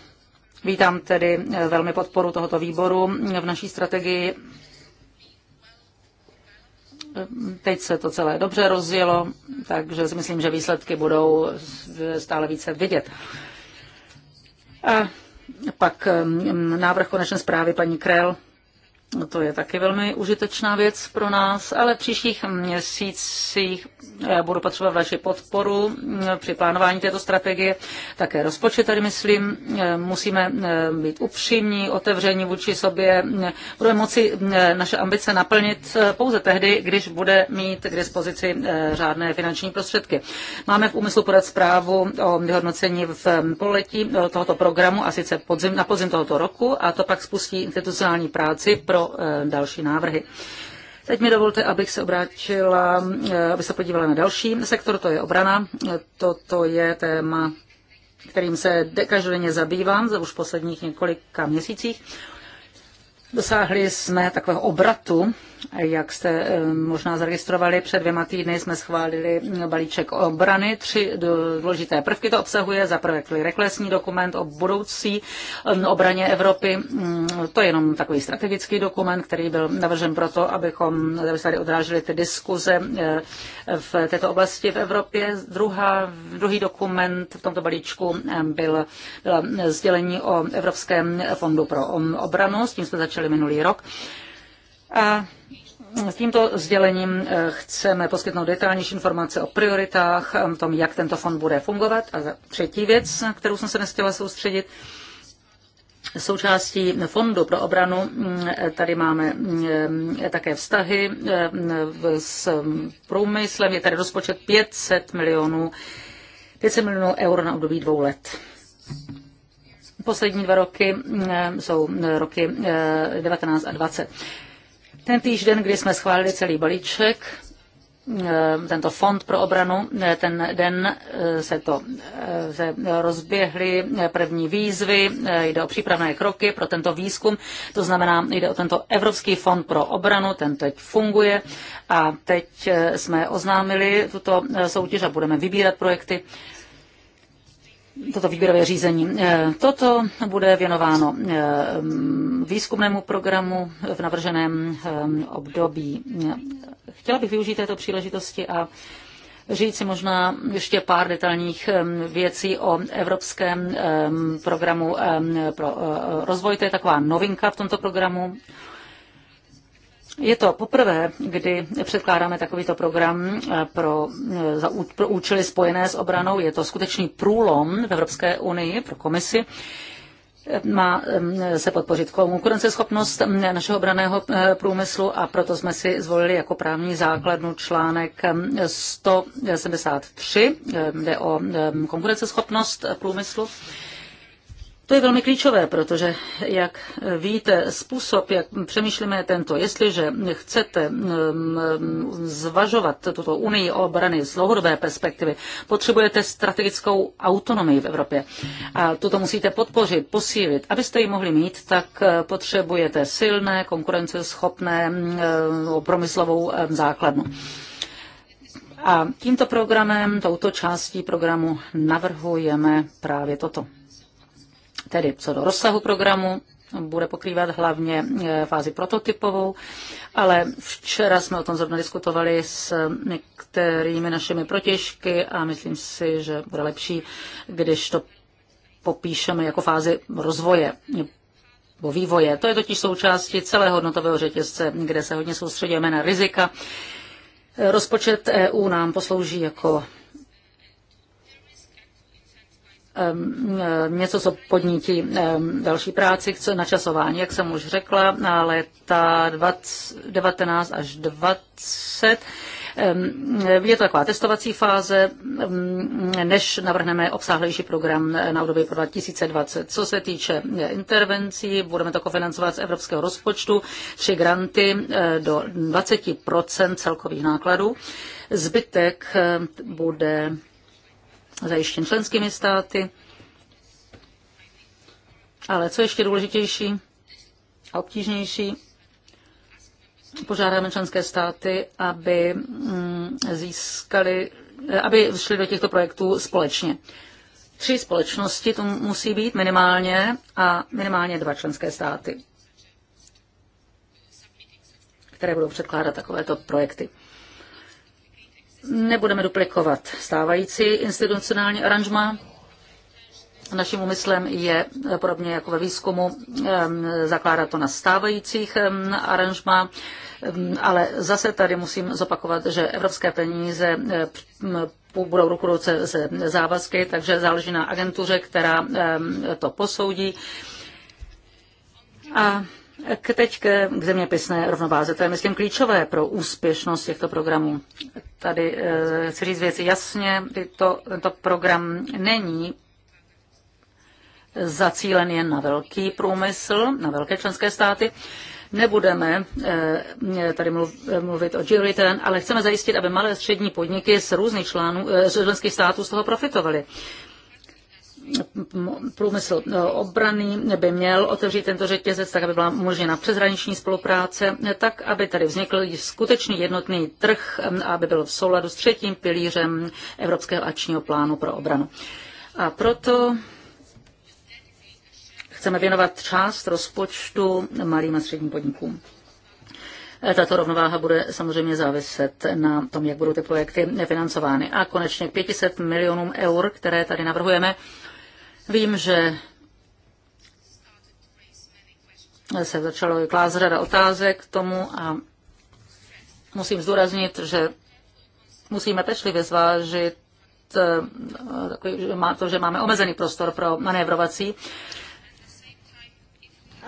Vítám tedy eh, velmi podporu tohoto výboru eh, v naší strategii. Eh, teď se to celé dobře rozjelo, takže si myslím, že výsledky budou stále více vidět. A pak návrh konečné zprávy paní Krell No, to je taky velmi užitečná věc pro nás, ale v příštích měsících eh, budu potřebovat vaši podporu eh, při plánování této strategie. Také rozpočet tady, myslím, eh, musíme být upřímní, otevření vůči sobě. Budeme moci naše ambice naplnit pouze tehdy, když bude mít k dispozici řádné finanční prostředky. Máme v úmyslu podat zprávu o vyhodnocení v poletí tohoto programu, a sice podzim, na podzim tohoto roku, a to pak spustí institucionální práci pro Eh, další návrhy. Teď mi dovolte, abych se obrátila, eh, aby se podívala na další sektor, to je obrana. Eh, toto je téma, kterým se každodenně zabývám za už posledních několika měsících. Dosáhli jsme takového obratu jak jste eh, možná zaregistrovali, před dvěma týdny jsme schválili balíček obrany. Tři důležité prvky to obsahuje. Za prvé reklesní dokument o budoucí eh, obraně Evropy. Mm, to je jenom takový strategický dokument, který byl navržen proto, abychom tady odrážili ty diskuze eh, v této oblasti v Evropě. Druhá, druhý dokument v tomto balíčku byl, byl sdělení o Evropském fondu pro mm, obranu. S tím jsme začali minulý rok. A s tímto sdělením eh, chceme poskytnout detailnější informace o prioritách, o eh, tom, jak tento fond bude fungovat. A třetí věc, na kterou jsem se dnes chtěla soustředit, Součástí Fondu pro obranu mm, eh, tady máme mm, také vztahy mm, s průmyslem. Je tady rozpočet 500 milionů, 500 milionů eur na období dvou let. Poslední dva roky jsou roky 19 a 20. Ten týž den, kdy jsme schválili celý balíček, eh, tento fond pro obranu, eh, ten den eh, se to se rozběhly první výzvy, jde o přípravné kroky pro tento výzkum, to znamená, jde o tento Evropský fond pro obranu, ten teď funguje a teď jsme oznámili tuto soutěž a budeme vybírat projekty toto výběrové řízení. Eh, toto bude věnováno eh, výzkumnému programu v navrženém eh, období. Chtěla bych využít této příležitosti a říct si možná ještě pár detailních věcí o evropském programu pro rozvoj. To je taková novinka v tomto programu. Je to poprvé, kdy předkládáme takovýto program eh, pro, eh, za, pro účely spojené s obranou. Je to skutečný průlom v Evropské unii pro komisi eh, má se podpořit konkurenceschopnost našeho obraného průmyslu a proto jsme si zvolili jako právní základnu článek 173, jde o konkurenceschopnost průmyslu. To je velmi klíčové, protože, jak víte, způsob, jak přemýšlíme, je tento. Jestliže chcete mm, mm, zvažovat tuto unii obrany z dlouhodobé perspektivy, potřebujete strategickou autonomii v Evropě. A tuto musíte podpořit, posílit. Abyste ji mohli mít, tak eh, potřebujete silné, konkurenceschopné eh, promyslovou eh, základnu. A tímto programem, touto částí programu navrhujeme právě toto. Tedy co do rozsahu programu, bude pokrývat hlavně e, fázi prototypovou, ale včera jsme o tom zrovna diskutovali s některými našimi protěžky a myslím si, že bude lepší, když to popíšeme jako fázi rozvoje nebo vývoje. To je totiž součástí celého hodnotového řetězce, kde se hodně soustředíme na rizika. Rozpočet EU nám poslouží jako něco, co podnítí další práci, co načasování, jak jsem už řekla, na léta 19 až 20. Je to taková testovací fáze, než navrhneme obsáhlejší program na období pro 2020. Co se týče e, intervencí, budeme to kofinancovat z evropského rozpočtu, tři granty e, do 20 celkových nákladů. Zbytek e, bude zajištěn členskými státy. Ale co ještě důležitější a obtížnější, požádáme členské státy, aby mm, získali, aby šli do těchto projektů společně. Tři společnosti to musí být minimálně a minimálně dva členské státy, které budou předkládat takovéto projekty. Nebudeme duplikovat stávající institucionální aranžma. Naším úmyslem je, podobně jako ve výzkumu, zakládat to na stávajících aranžma, ale zase tady musím zopakovat, že evropské peníze budou ruku ruce ze závazky, takže záleží na agentuře, která to posoudí. A k teď k zeměpisné rovnováze, to je, myslím, klíčové pro úspěšnost těchto programů. Tady e, chci říct věci jasně, to, tento program není zacílen jen na velký průmysl, na velké členské státy. Nebudeme eh, tady eh, mluvit o G-Return, ale chceme zajistit, aby malé a střední podniky z různých článů, z členských států z toho profitovaly průmysl no, obrany by měl otevřít tento řetězec tak, aby byla možná přeshraniční spolupráce, tak, aby tady vznikl skutečný jednotný trh, aby byl v souladu s třetím pilířem Evropského akčního plánu pro obranu. A proto chceme věnovat část rozpočtu malým a středním podnikům. E, tato rovnováha bude samozřejmě záviset na tom, jak budou ty projekty financovány. A konečně 500 milionům eur, které tady navrhujeme, Vím, že se začalo klást řada otázek k tomu a musím zdůraznit, že musíme pečlivě zvážit eh, takový, to, že máme omezený prostor pro manévrovací.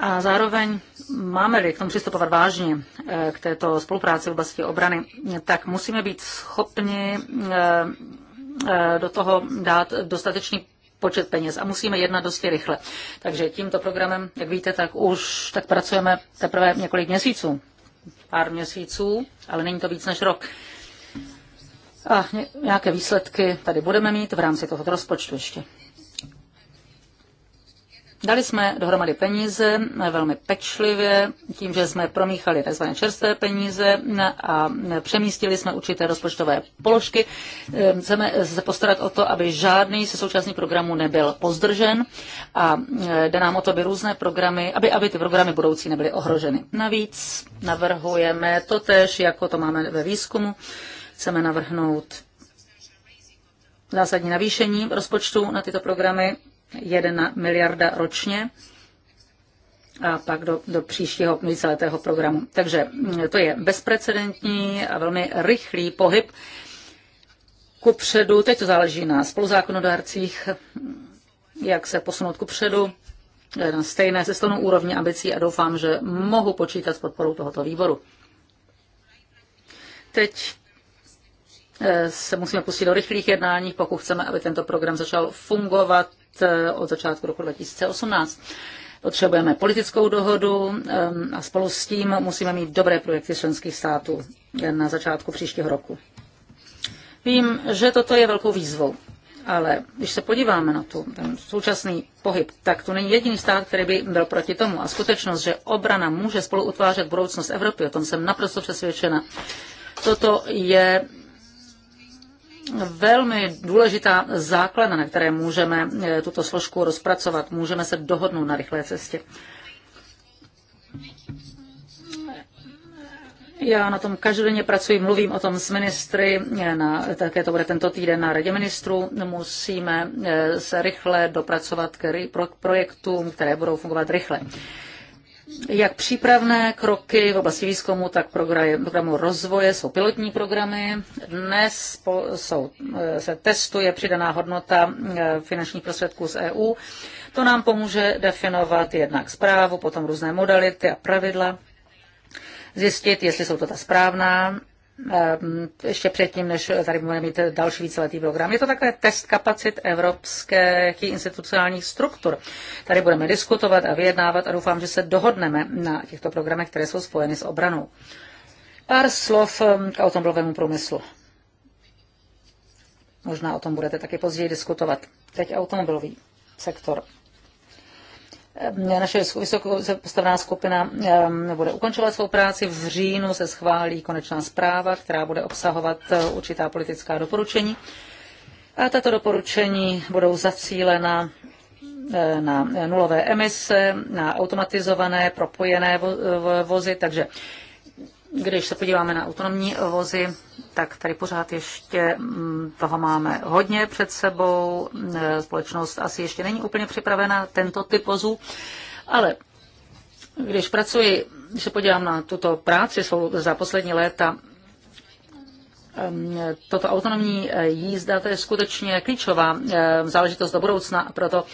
A zároveň máme-li k tomu přistupovat vážně eh, k této spolupráci v oblasti obrany, tak musíme být schopni eh, do toho dát dostatečný počet peněz a musíme jednat dosti rychle. Takže tímto programem, jak víte, tak už tak pracujeme teprve několik měsíců. Pár měsíců, ale není to víc než rok. A nějaké výsledky tady budeme mít v rámci tohoto rozpočtu ještě. Dali jsme dohromady peníze velmi pečlivě, tím, že jsme promíchali tzv. čerstvé peníze a přemístili jsme určité rozpočtové položky. Ehm, chceme se postarat o to, aby žádný ze současných programů nebyl pozdržen a eh, jde nám o to, aby různé programy, aby, aby ty programy budoucí nebyly ohroženy. Navíc navrhujeme to tež, jako to máme ve výzkumu. Chceme navrhnout zásadní navýšení rozpočtu na tyto programy 1 miliarda ročně a pak do, do příštího celého programu. Takže to je bezprecedentní a velmi rychlý pohyb ku předu. Teď to záleží na spoluzákonodárcích, jak se posunout ku předu eh, na stejné se stejnou úrovni ambicí a doufám, že mohu počítat s podporou tohoto výboru. Teď eh, se musíme pustit do rychlých jednání, pokud chceme, aby tento program začal fungovat Eh, od začátku roku 2018. Potřebujeme politickou dohodu eh, a spolu s tím musíme mít dobré projekty členských států na začátku příštího roku. Vím, že toto je velkou výzvou, ale když se podíváme na tu, ten současný pohyb, tak to není jediný stát, který by byl proti tomu. A skutečnost, že obrana může spolu utvářet budoucnost Evropy, o tom jsem naprosto přesvědčena. Toto je velmi důležitá základna, na které můžeme eh, tuto složku rozpracovat. Můžeme se dohodnout na rychlé cestě. Já na tom každodenně pracuji, mluvím o tom s ministry, eh, na, také to bude tento týden na radě ministrů. Musíme eh, se rychle dopracovat k projektům, které budou fungovat rychle jak přípravné kroky v oblasti výzkumu, tak programu rozvoje jsou pilotní programy. Dnes jsou, eh, se testuje přidaná hodnota eh, finančních prostředků z EU. To nám pomůže definovat jednak zprávu, potom různé modality a pravidla, zjistit, jestli jsou to ta správná Ehm, ještě předtím, než tady budeme mít další víceletý program. Je to takové test kapacit evropských institucionálních struktur. Tady budeme diskutovat a vyjednávat a doufám, že se dohodneme na těchto programech, které jsou spojeny s obranou. Pár slov ehm, k automobilovému průmyslu. Možná o tom budete taky později diskutovat. Teď automobilový sektor. Eh, naše vysokou postavená skupina bude ukončovat svou práci. V říjnu se schválí konečná zpráva, která bude obsahovat eh, určitá politická doporučení. A tato doporučení budou zacílena eh, na nulové emise, na automatizované propojené vozy, takže když se podíváme na autonomní vozy, tak tady pořád ještě mm, toho máme hodně před sebou. E, společnost asi ještě není úplně připravena tento typ vozů, ale když pracuji, když se podívám na tuto práci za poslední léta, toto autonomní jízda, to je skutečně klíčová záležitost do budoucna, proto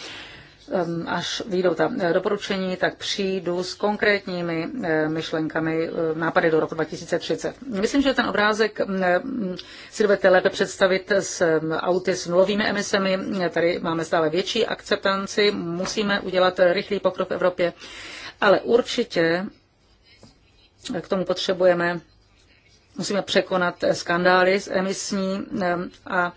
až vyjdou ta eh, doporučení, tak přijdu s konkrétními eh, myšlenkami eh, nápady do roku 2030. Myslím, že ten obrázek mm, mm, si dovedete lépe představit s mm, auty s nulovými emisemi. Tady máme stále větší akceptanci, musíme udělat rychlý pokrok v Evropě, ale určitě k tomu potřebujeme musíme překonat skandály s emisní a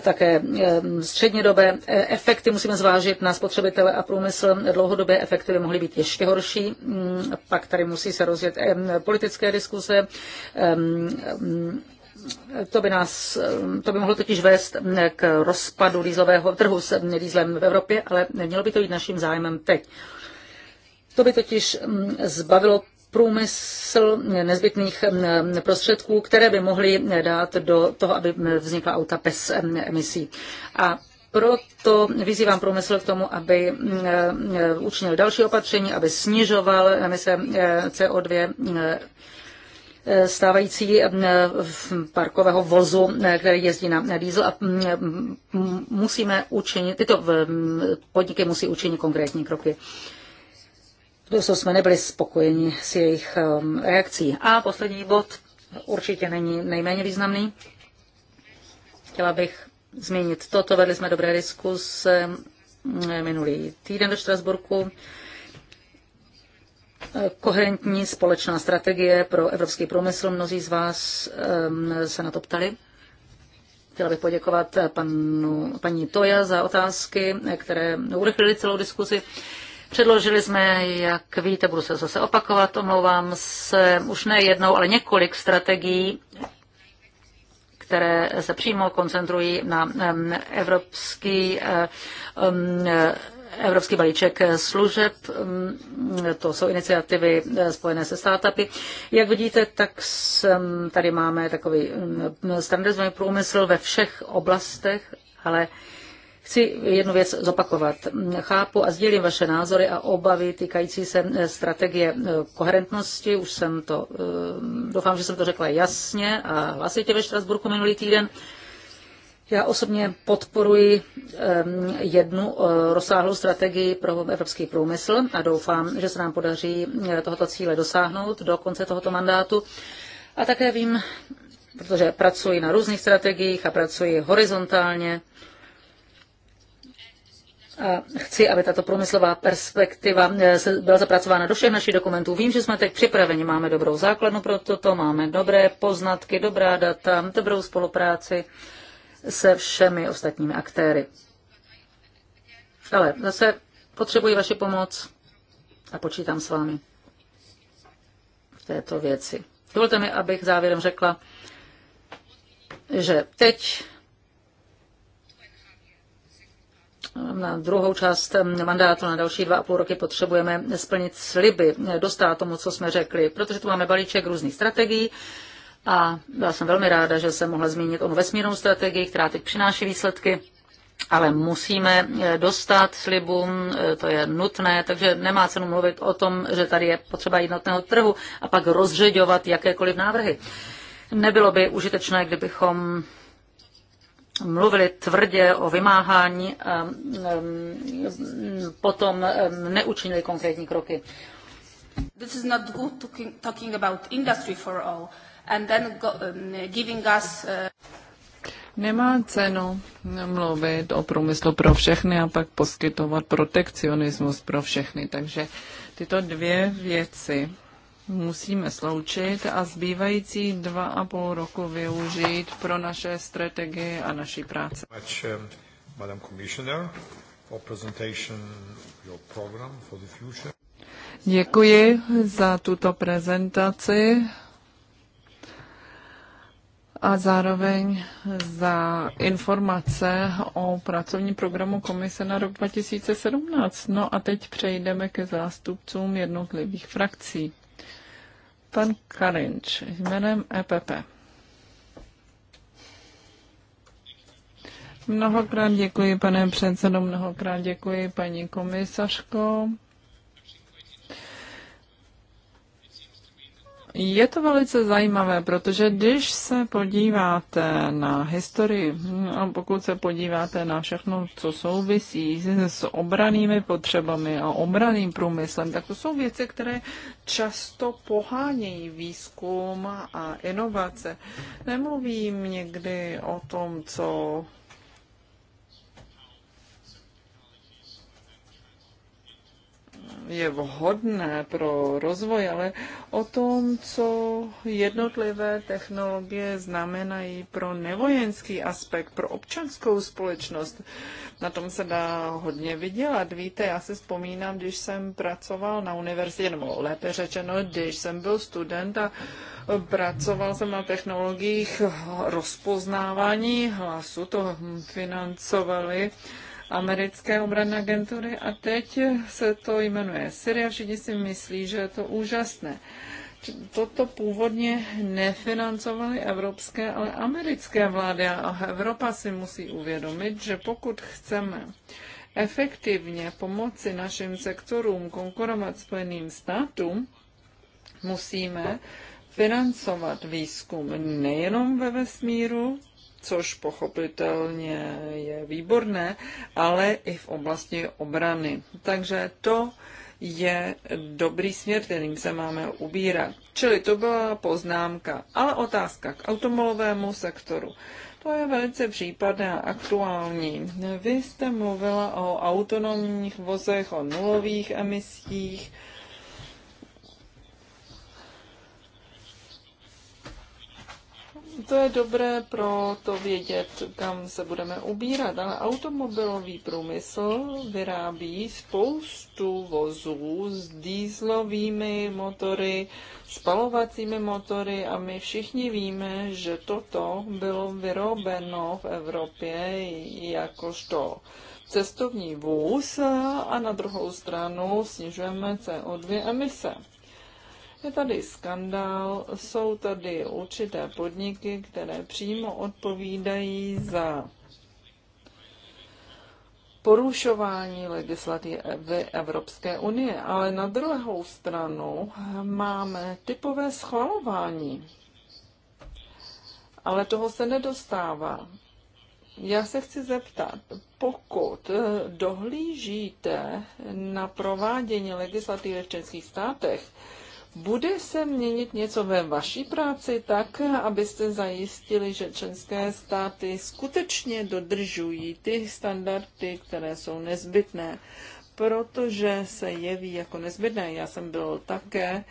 také eh, střednědobé eh, efekty musíme zvážit na spotřebitele a průmysl. Dlouhodobé efekty by mohly být ještě horší. Mm, pak tady musí se rozjet politické diskuse. To by, nás, to by mohlo totiž vést mm, k rozpadu dýzlového trhu s mm, dýzlem v Evropě, ale nemělo by to jít naším zájmem teď. To by totiž zbavilo průmysl nezbytných prostředků, které by mohly dát do toho, aby vznikla auta bez emisí. A proto vyzývám průmysl k tomu, aby učinil další opatření, aby snižoval emise CO2 stávající parkového vozu, který jezdí na diesel a musíme učinit, tyto podniky musí učinit konkrétní kroky. Dosud jsme nebyli spokojeni s jejich um, reakcí. A poslední bod určitě není nejméně významný. Chtěla bych zmínit toto. Vedli jsme dobré diskuse mm, minulý týden do Štrasburku koherentní společná strategie pro evropský průmysl. Mnozí z vás um, se na to ptali. Chtěla bych poděkovat panu, paní Toja za otázky, které urychlily celou diskuzi. Předložili jsme, jak víte, budu se zase opakovat, omlouvám se, už ne jednou, ale několik strategií, které se přímo koncentrují na evropský eh, Evropský balíček služeb, to jsou iniciativy eh, spojené se startupy. Jak vidíte, tak tady máme takový standardizovaný průmysl ve všech oblastech, ale Chci jednu věc zopakovat. Chápu a sdílím vaše názory a obavy týkající se eh, strategie eh, koherentnosti. Už jsem to, eh, doufám, že jsem to řekla jasně a hlasitě ve Štrasburku minulý týden. Já osobně podporuji jednu rozsáhlou strategii pro evropský průmysl a doufám, že se nám podaří tohoto cíle dosáhnout do konce tohoto mandátu. A také vím, protože pracuji na různých strategiích a pracuji horizontálně, a chci, aby tato průmyslová perspektiva eh, byla zapracována do všech našich dokumentů. Vím, že jsme teď připraveni, máme dobrou základnu pro toto, máme dobré poznatky, dobrá data, dobrou spolupráci se všemi ostatními aktéry. Ale zase potřebuji vaši pomoc a počítám s vámi v této věci. Dovolte mi, abych závěrem řekla, že teď na druhou část mandátu na další dva a půl roky potřebujeme splnit sliby, dostat tomu, co jsme řekli, protože tu máme balíček různých strategií a byla jsem velmi ráda, že jsem mohla zmínit onu vesmírnou strategii, která teď přináší výsledky ale musíme eh, dostat slibům, eh, to je nutné, takže nemá cenu mluvit o tom, že tady je potřeba jednotného trhu a pak rozředovat jakékoliv návrhy. Nebylo by užitečné, kdybychom mluvili tvrdě o vymáhání potom neučinili konkrétní kroky. This is not good talking about industry for all and then go, giving us uh, Nemá cenu mluvit o průmyslu pro všechny a pak poskytovat protekcionismus pro všechny. Takže tyto dvě věci musíme sloučit a zbývající dva a půl roku využít pro naše strategie a naší práce. Um, Děkuji za tuto prezentaci a zároveň za informace o pracovním programu Komise na rok 2017. No a teď přejdeme ke zástupcům jednotlivých frakcí. Pan Karinč jménem EPP. Mnohokrát děkuji, pane předsedo, mnohokrát děkuji, paní komisařko. Je to velice zajímavé, protože když se podíváte na historii, a pokud se podíváte na všechno, co souvisí s obranými potřebami a obraným průmyslem, tak to jsou věci, které často pohánějí výzkum a inovace. Nemluvím někdy o tom, co je vhodné pro rozvoj, ale o tom, co jednotlivé technologie znamenají pro nevojenský aspekt, pro občanskou společnost. Na tom se dá hodně vydělat. Víte, já si vzpomínám, když jsem pracoval na univerzitě, nebo lépe řečeno, když jsem byl student a pracoval jsem na technologiích rozpoznávání hlasu, to financovali americké obranné agentury a teď se to jmenuje Syria. Všichni si myslí, že je to úžasné. Toto původně nefinancovaly evropské, ale americké vlády a Evropa si musí uvědomit, že pokud chceme efektivně pomoci našim sektorům konkurovat Spojeným státům, musíme financovat výzkum nejenom ve vesmíru, což pochopitelně je výborné, ale i v oblasti obrany. Takže to je dobrý směr, kterým se máme ubírat. Čili to byla poznámka, ale otázka k automobilovému sektoru. To je velice případné a aktuální. Vy jste mluvila o autonomních vozech, o nulových emisích, To je dobré pro to vědět, kam se budeme ubírat, ale automobilový průmysl vyrábí spoustu vozů s dýzlovými motory, spalovacími motory a my všichni víme, že toto bylo vyrobeno v Evropě jakožto cestovní vůz a na druhou stranu snižujeme CO2 emise. Je tady skandál, jsou tady určité podniky, které přímo odpovídají za porušování legislativy Evropské unie, ale na druhou stranu máme typové schvalování. Ale toho se nedostává. Já se chci zeptat, pokud eh, dohlížíte na provádění legislativy v českých státech, bude se měnit něco ve vaší práci tak, abyste zajistili, že členské státy skutečně dodržují ty standardy, které jsou nezbytné, protože se jeví jako nezbytné. Já jsem byl také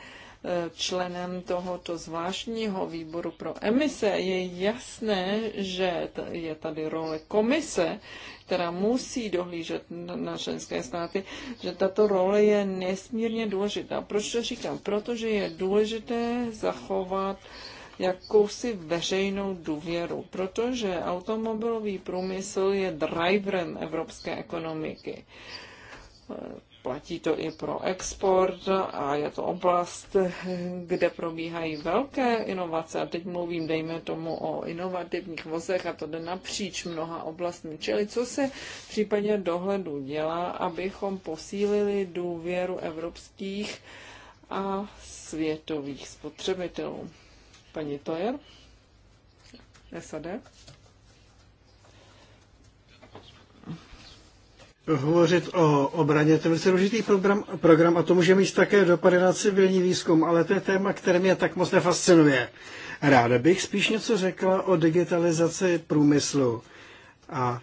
členem tohoto zvláštního výboru pro emise, je jasné, že je tady role komise, která musí dohlížet na členské státy, že tato role je nesmírně důležitá. Proč to říkám? Protože je důležité zachovat jakousi veřejnou důvěru, protože automobilový průmysl je driverem evropské ekonomiky Platí to i pro export a je to oblast, kde probíhají velké inovace. A teď mluvím, dejme tomu, o inovativních vozech a to jde napříč mnoha oblastmi. Čili co se v případě dohledu dělá, abychom posílili důvěru evropských a světových spotřebitelů? Paní Tojer? SAD? hovořit o obraně. To je velice důležitý program, program a to může mít také dopady na civilní výzkum, ale to je téma, které mě tak moc nefascinuje. Ráda bych spíš něco řekla o digitalizaci průmyslu a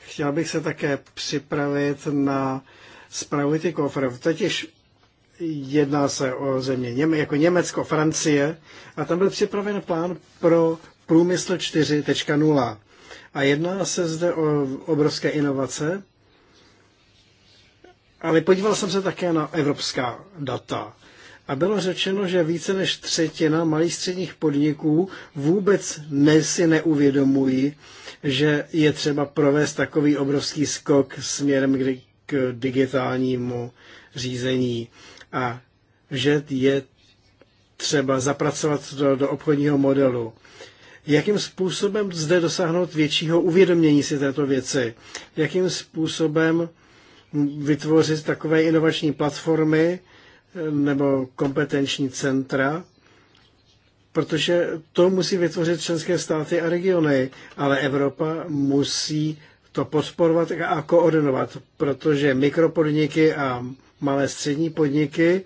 chtěl bych se také připravit na zprávu ty konference. Totiž jedná se o země Něme, jako Německo, Francie a tam byl připraven plán pro průmysl 4.0. A jedná se zde o obrovské inovace, ale podíval jsem se také na evropská data. A bylo řečeno, že více než třetina malých středních podniků vůbec ne, si neuvědomují, že je třeba provést takový obrovský skok směrem k, k digitálnímu řízení a že je třeba zapracovat do, do obchodního modelu. Jakým způsobem zde dosáhnout většího uvědomění si této věci? Jakým způsobem vytvořit takové inovační platformy eh, nebo kompetenční centra, protože to musí vytvořit členské státy a regiony, ale Evropa musí to podporovat a koordinovat, protože mikropodniky a malé střední podniky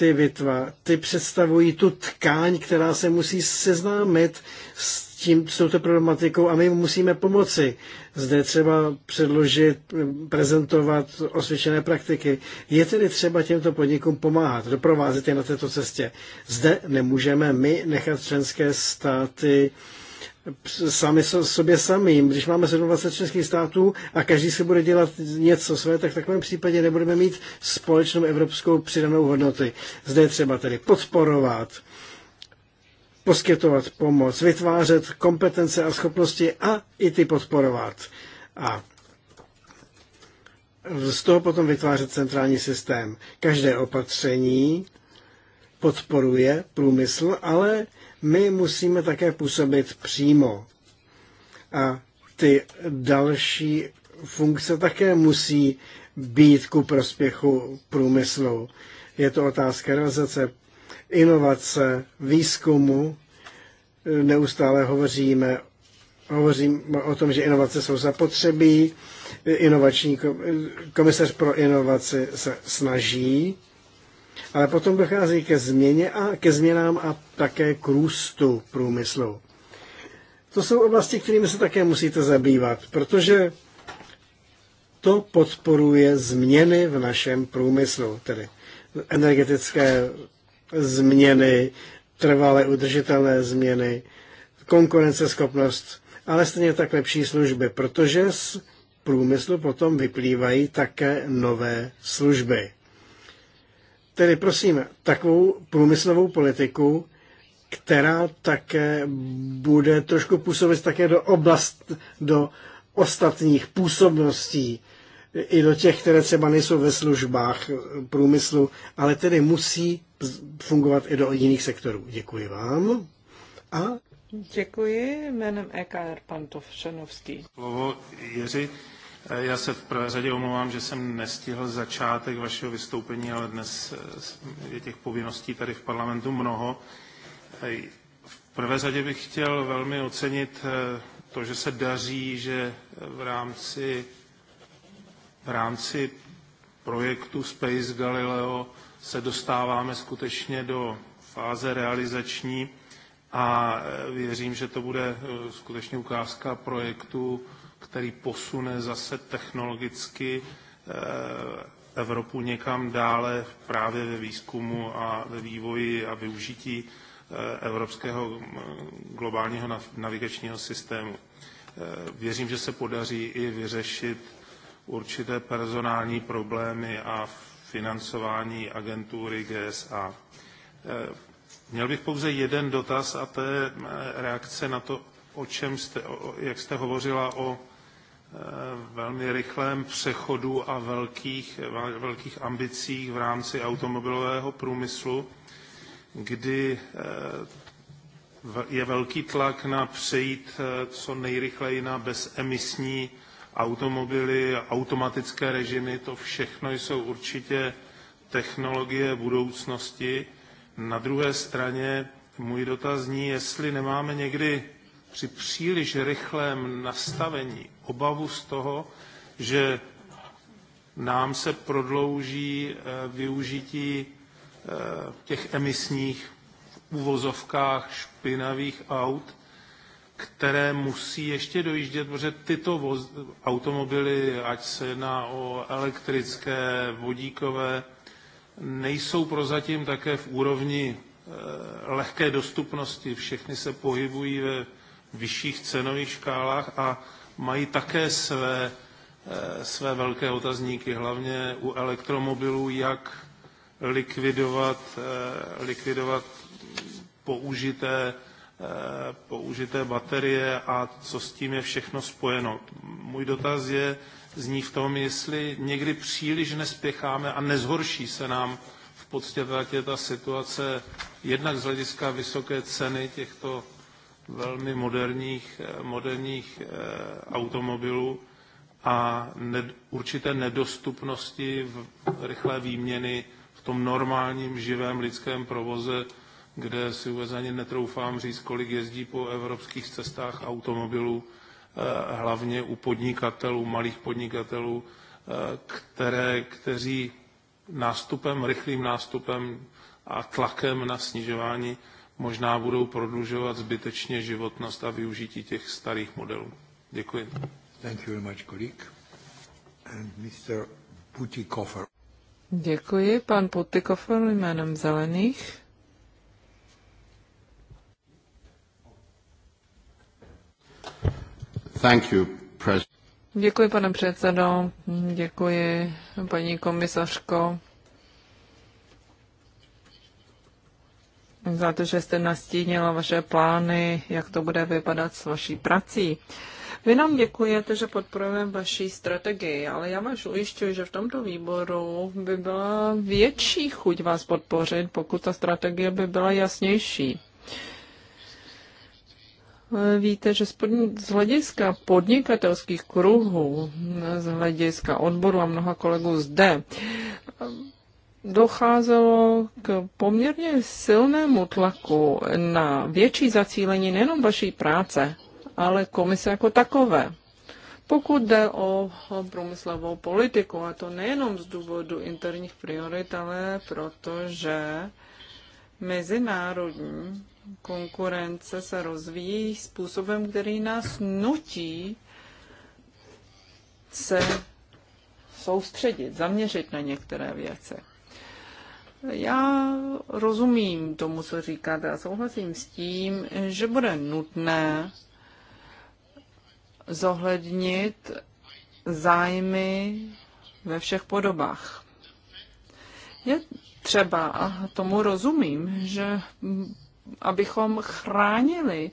ty vitva, ty představují tu tkáň, která se musí seznámit s, tím, s touto problematikou a my musíme pomoci. Zde třeba předložit, prezentovat osvědčené praktiky. Je tedy třeba těmto podnikům pomáhat, doprovázet je na této cestě. Zde nemůžeme my nechat členské státy uh, sami sobě samým. Když máme 27 členských států a každý se bude dělat něco své, tak v takovém případě nebudeme mít společnou evropskou přidanou hodnoty. Zde je třeba tedy podporovat poskytovat pomoc, vytvářet kompetence a schopnosti a i ty podporovat. A z toho potom vytvářet centrální systém. Každé opatření podporuje průmysl, ale my musíme také působit přímo. A ty další funkce také musí být ku prospěchu průmyslu. Je to otázka realizace inovace, výzkumu. Neustále hovoříme, hovořím o tom, že inovace jsou zapotřebí. Inovační komisař pro inovaci se snaží ale potom dochází ke změně a ke změnám a také k růstu průmyslu. To jsou oblasti, kterými se také musíte zabývat, protože to podporuje změny v našem průmyslu, tedy energetické změny, trvalé udržitelné změny, konkurenceschopnost, ale stejně tak lepší služby, protože z průmyslu potom vyplývají také nové služby. Tedy prosím, takovou průmyslovou politiku, která také bude trošku působit také do oblast, do ostatních působností, i do těch, které třeba nejsou ve službách průmyslu, ale tedy musí fungovat i do jiných sektorů. Děkuji vám. A Děkuji. Jménem EKR pan Tovšenovský. Slovo Jiři. Eh, já se v prvé řadě omlouvám, že jsem nestihl začátek vašeho vystoupení, ale dnes eh, je těch povinností tady v parlamentu mnoho. Eh, v prvé řadě bych chtěl velmi ocenit to, že se daří, že v rámci, v rámci projektu Space Galileo se dostáváme skutečně do fáze realizační a věřím, že to bude skutečně ukázka projektu který posune zase technologicky eh, Evropu někam dále právě ve výzkumu a ve vývoji a využití eh, evropského eh, globálního navigačního systému. Věřím, že se podaří i vyřešit určité personální problémy a financování agentury GSA. Měl bych pouze jeden dotaz a to je reakce na to, o čem jste, jak jste hovořila o Eh, velmi rychlém přechodu a velkých, velkých ambicích v rámci automobilového průmyslu, kdy eh, je velký tlak na přejít eh, co nejrychleji na bezemisní automobily, automatické režimy, to všechno jsou určitě technologie budoucnosti. Na druhé straně můj dotaz zní, jestli nemáme někdy při příliš rychlém nastavení obavu z toho, že nám se prodlouží eh, využití eh, těch emisních uvozovkách špinavých aut, které musí ještě dojíždět, protože tyto voz, automobily, ať se jedná o elektrické, vodíkové, nejsou prozatím také v úrovni eh, lehké dostupnosti. Všechny se pohybují ve vyšších cenových škálách a mají také své, eh, své velké otazníky, hlavně u elektromobilů, jak likvidovat, eh, likvidovat použité, eh, použité baterie a co s tím je všechno spojeno. Můj dotaz je, zní v tom, jestli někdy příliš nespěcháme a nezhorší se nám v podstatě ta situace jednak z hlediska vysoké ceny těchto velmi moderních, eh, moderních eh, automobilů a ne, určité nedostupnosti v rychlé výměny v tom normálním živém lidském provoze, kde si vůbec ani netroufám říct, kolik jezdí po evropských cestách automobilů, eh, hlavně u podnikatelů, malých podnikatelů, které, kteří nástupem, rychlým nástupem a tlakem na snižování možná budou prodlužovat zbytečně životnost a využití těch starých modelů. Děkuji. Thank you very much, colleague. And Mr. Putikofer. Děkuji, pan Putikofer jménem Zelených. Thank you, President. Děkuji, pane předsedo. Děkuji, paní komisařko. za to, že jste nastínila vaše plány, jak to bude vypadat s vaší prací. Vy nám děkujete, že podporujeme vaší strategii, ale já vás ujišťuji, že v tomto výboru by byla větší chuť vás podpořit, pokud ta strategie by byla jasnější. Víte, že z hlediska podnikatelských kruhů, z hlediska odboru a mnoha kolegů zde, docházelo k poměrně silnému tlaku na větší zacílení nejenom vaší práce, ale komise jako takové. Pokud jde o průmyslovou politiku, a to nejenom z důvodu interních priorit, ale protože mezinárodní konkurence se rozvíjí způsobem, který nás nutí se soustředit, zaměřit na některé věci. Já rozumím tomu, co říkáte a souhlasím s tím, že bude nutné zohlednit zájmy ve všech podobách. Je třeba, a tomu rozumím, že abychom chránili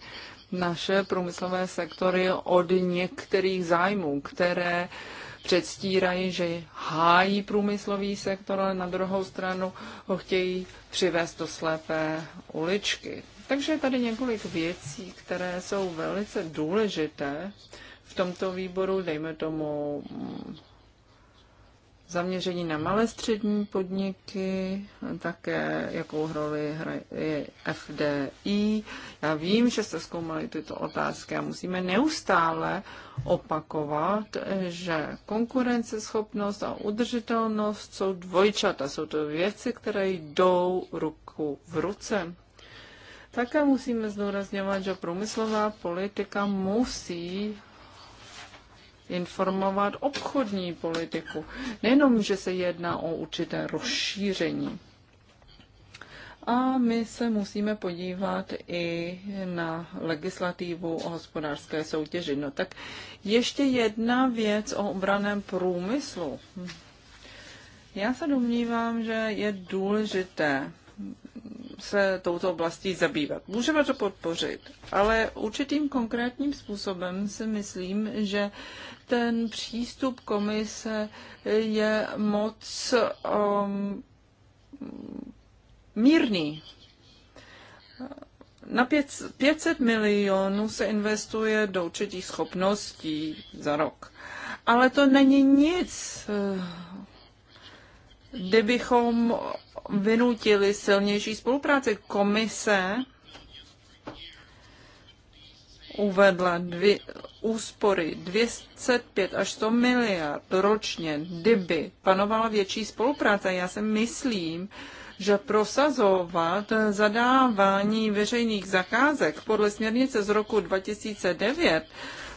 naše průmyslové sektory od některých zájmů, které uh, předstírají, že hájí průmyslový sektor, ale na druhou stranu ho chtějí přivést do slepé uličky. Takže je tady několik věcí, které jsou velice důležité v tomto výboru, dejme tomu zaměření na malé střední podniky, také jakou roli hraje FDI. Já vím, že jste zkoumali tyto otázky a musíme neustále opakovat, že konkurenceschopnost a udržitelnost jsou dvojčata, jsou to věci, které jdou ruku v ruce. Také musíme zdůrazňovat, že průmyslová politika musí informovat obchodní politiku. Nejenom, že se jedná o určité rozšíření. A my se musíme podívat i na legislativu o hospodářské soutěži. No tak ještě jedna věc o obraném průmyslu. Já se domnívám, že je důležité se touto oblastí zabývat. Můžeme to podpořit, ale určitým konkrétním způsobem si myslím, že ten přístup komise je moc um, mírný. Na 500 milionů se investuje do určitých schopností za rok. Ale to není nic eh, kdybychom vynutili silnější spolupráci. Komise uvedla dvě, úspory 205 až 100 miliard ročně, kdyby panovala větší spolupráce. Já si myslím, že prosazovat zadávání veřejných zakázek podle směrnice z roku 2009,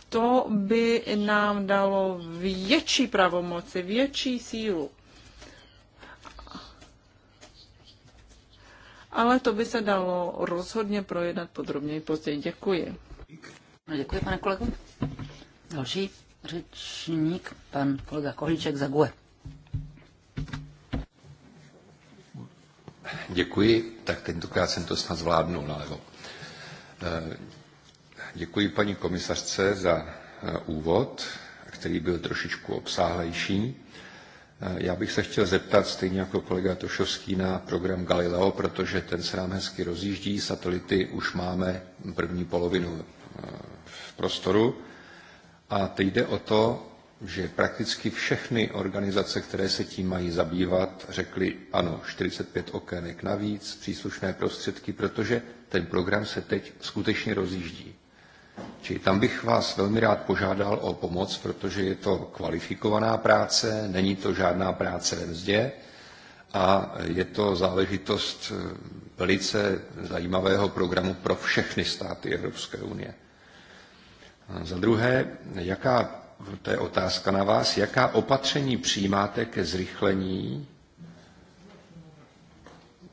to by nám dalo větší pravomoci, větší sílu. ale to by se dalo rozhodně projednat podrobněji později. Děkuji. No, děkuji, pane kolego. Další řečník, pan kolega Kohlíček za GUE. Děkuji, tak tentokrát jsem to snad zvládnul nalevo. No. Eh, děkuji paní komisařce za eh, úvod, který byl trošičku obsáhlejší. Eh, já bych se chtěl zeptat, stejně jako kolega Tošovský, na program Galileo, protože ten se nám hezky rozjíždí. Satelity už máme první polovinu eh, v prostoru. A teď jde o to, že prakticky všechny organizace, které se tím mají zabývat, řekly ano, 45 okének navíc, příslušné prostředky, protože ten program se teď skutečně rozjíždí. Čili tam bych vás velmi rád požádal o pomoc, protože je to kvalifikovaná práce, není to žádná práce ve mzdě a je to záležitost eh, velice zajímavého programu pro všechny státy Evropské unie. Eh, za druhé, jaká, to je otázka na vás, jaká opatření přijímáte ke zrychlení,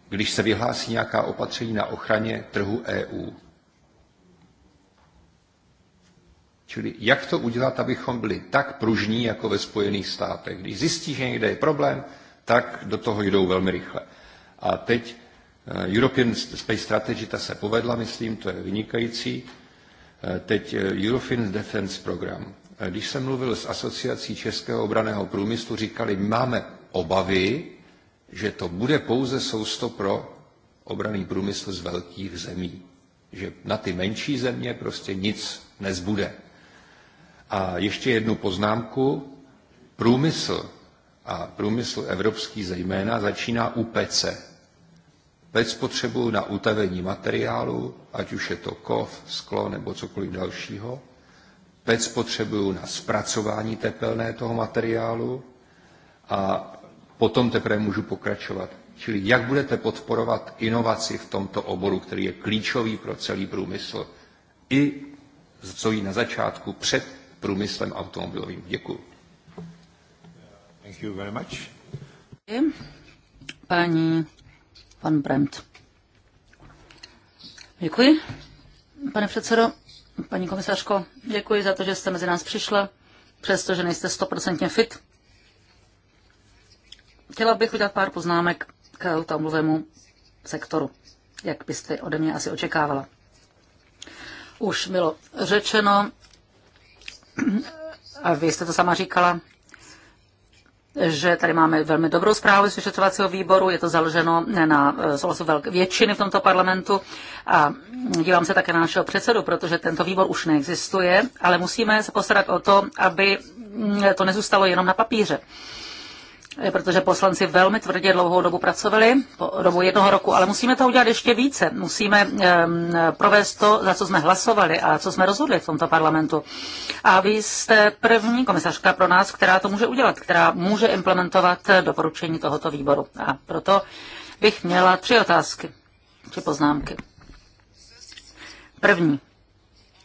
když se vyhlásí nějaká opatření na ochraně trhu EU? Čili jak to udělat, abychom byli tak pružní, jako ve Spojených státech. Když zjistí, že někde je problém, tak do toho jdou velmi rychle. A teď eh, European Space Strategy, ta se povedla, myslím, to je vynikající. Eh, teď eh, Eurofin Defense Program. Když jsem mluvil s asociací českého obraného průmyslu, říkali, máme obavy, že to bude pouze sousto pro obraný průmysl z velkých zemí. Že na ty menší země prostě nic nezbude. A ještě jednu poznámku. Průmysl a průmysl evropský zejména začíná u pece. Pec potřebuje na utavení materiálu, ať už je to kov, sklo nebo cokoliv dalšího. Pec potřebuje na zpracování tepelné toho materiálu a potom teprve můžu pokračovat. Čili jak budete podporovat inovaci v tomto oboru, který je klíčový pro celý průmysl, i co jí na začátku před průmyslem automobilovým. Děkuji. Thank you very much. Paní pan Děkuji. Pane předsedo, paní komisařko, děkuji za to, že jste mezi nás přišla, přestože nejste stoprocentně fit. Chtěla bych udělat pár poznámek k automobilovému sektoru, jak byste ode mě asi očekávala. Už bylo řečeno, a vy jste to sama říkala, že tady máme velmi dobrou zprávu z vyšetřovacího výboru, je to založeno na souhlasu eh, většiny v tomto parlamentu a dívám se také na našeho předsedu, protože tento výbor už neexistuje, ale musíme se postarat o to, aby mm, to nezůstalo jenom na papíře. Eh, protože poslanci velmi tvrdě dlouhou dobu pracovali, po dobu jednoho roku, ale musíme to udělat ještě více. Musíme um, provést to, za co jsme hlasovali a co jsme rozhodli v tomto parlamentu. A vy jste první komisařka pro nás, která to může udělat, která může implementovat doporučení tohoto výboru. A proto bych měla tři otázky tři poznámky. První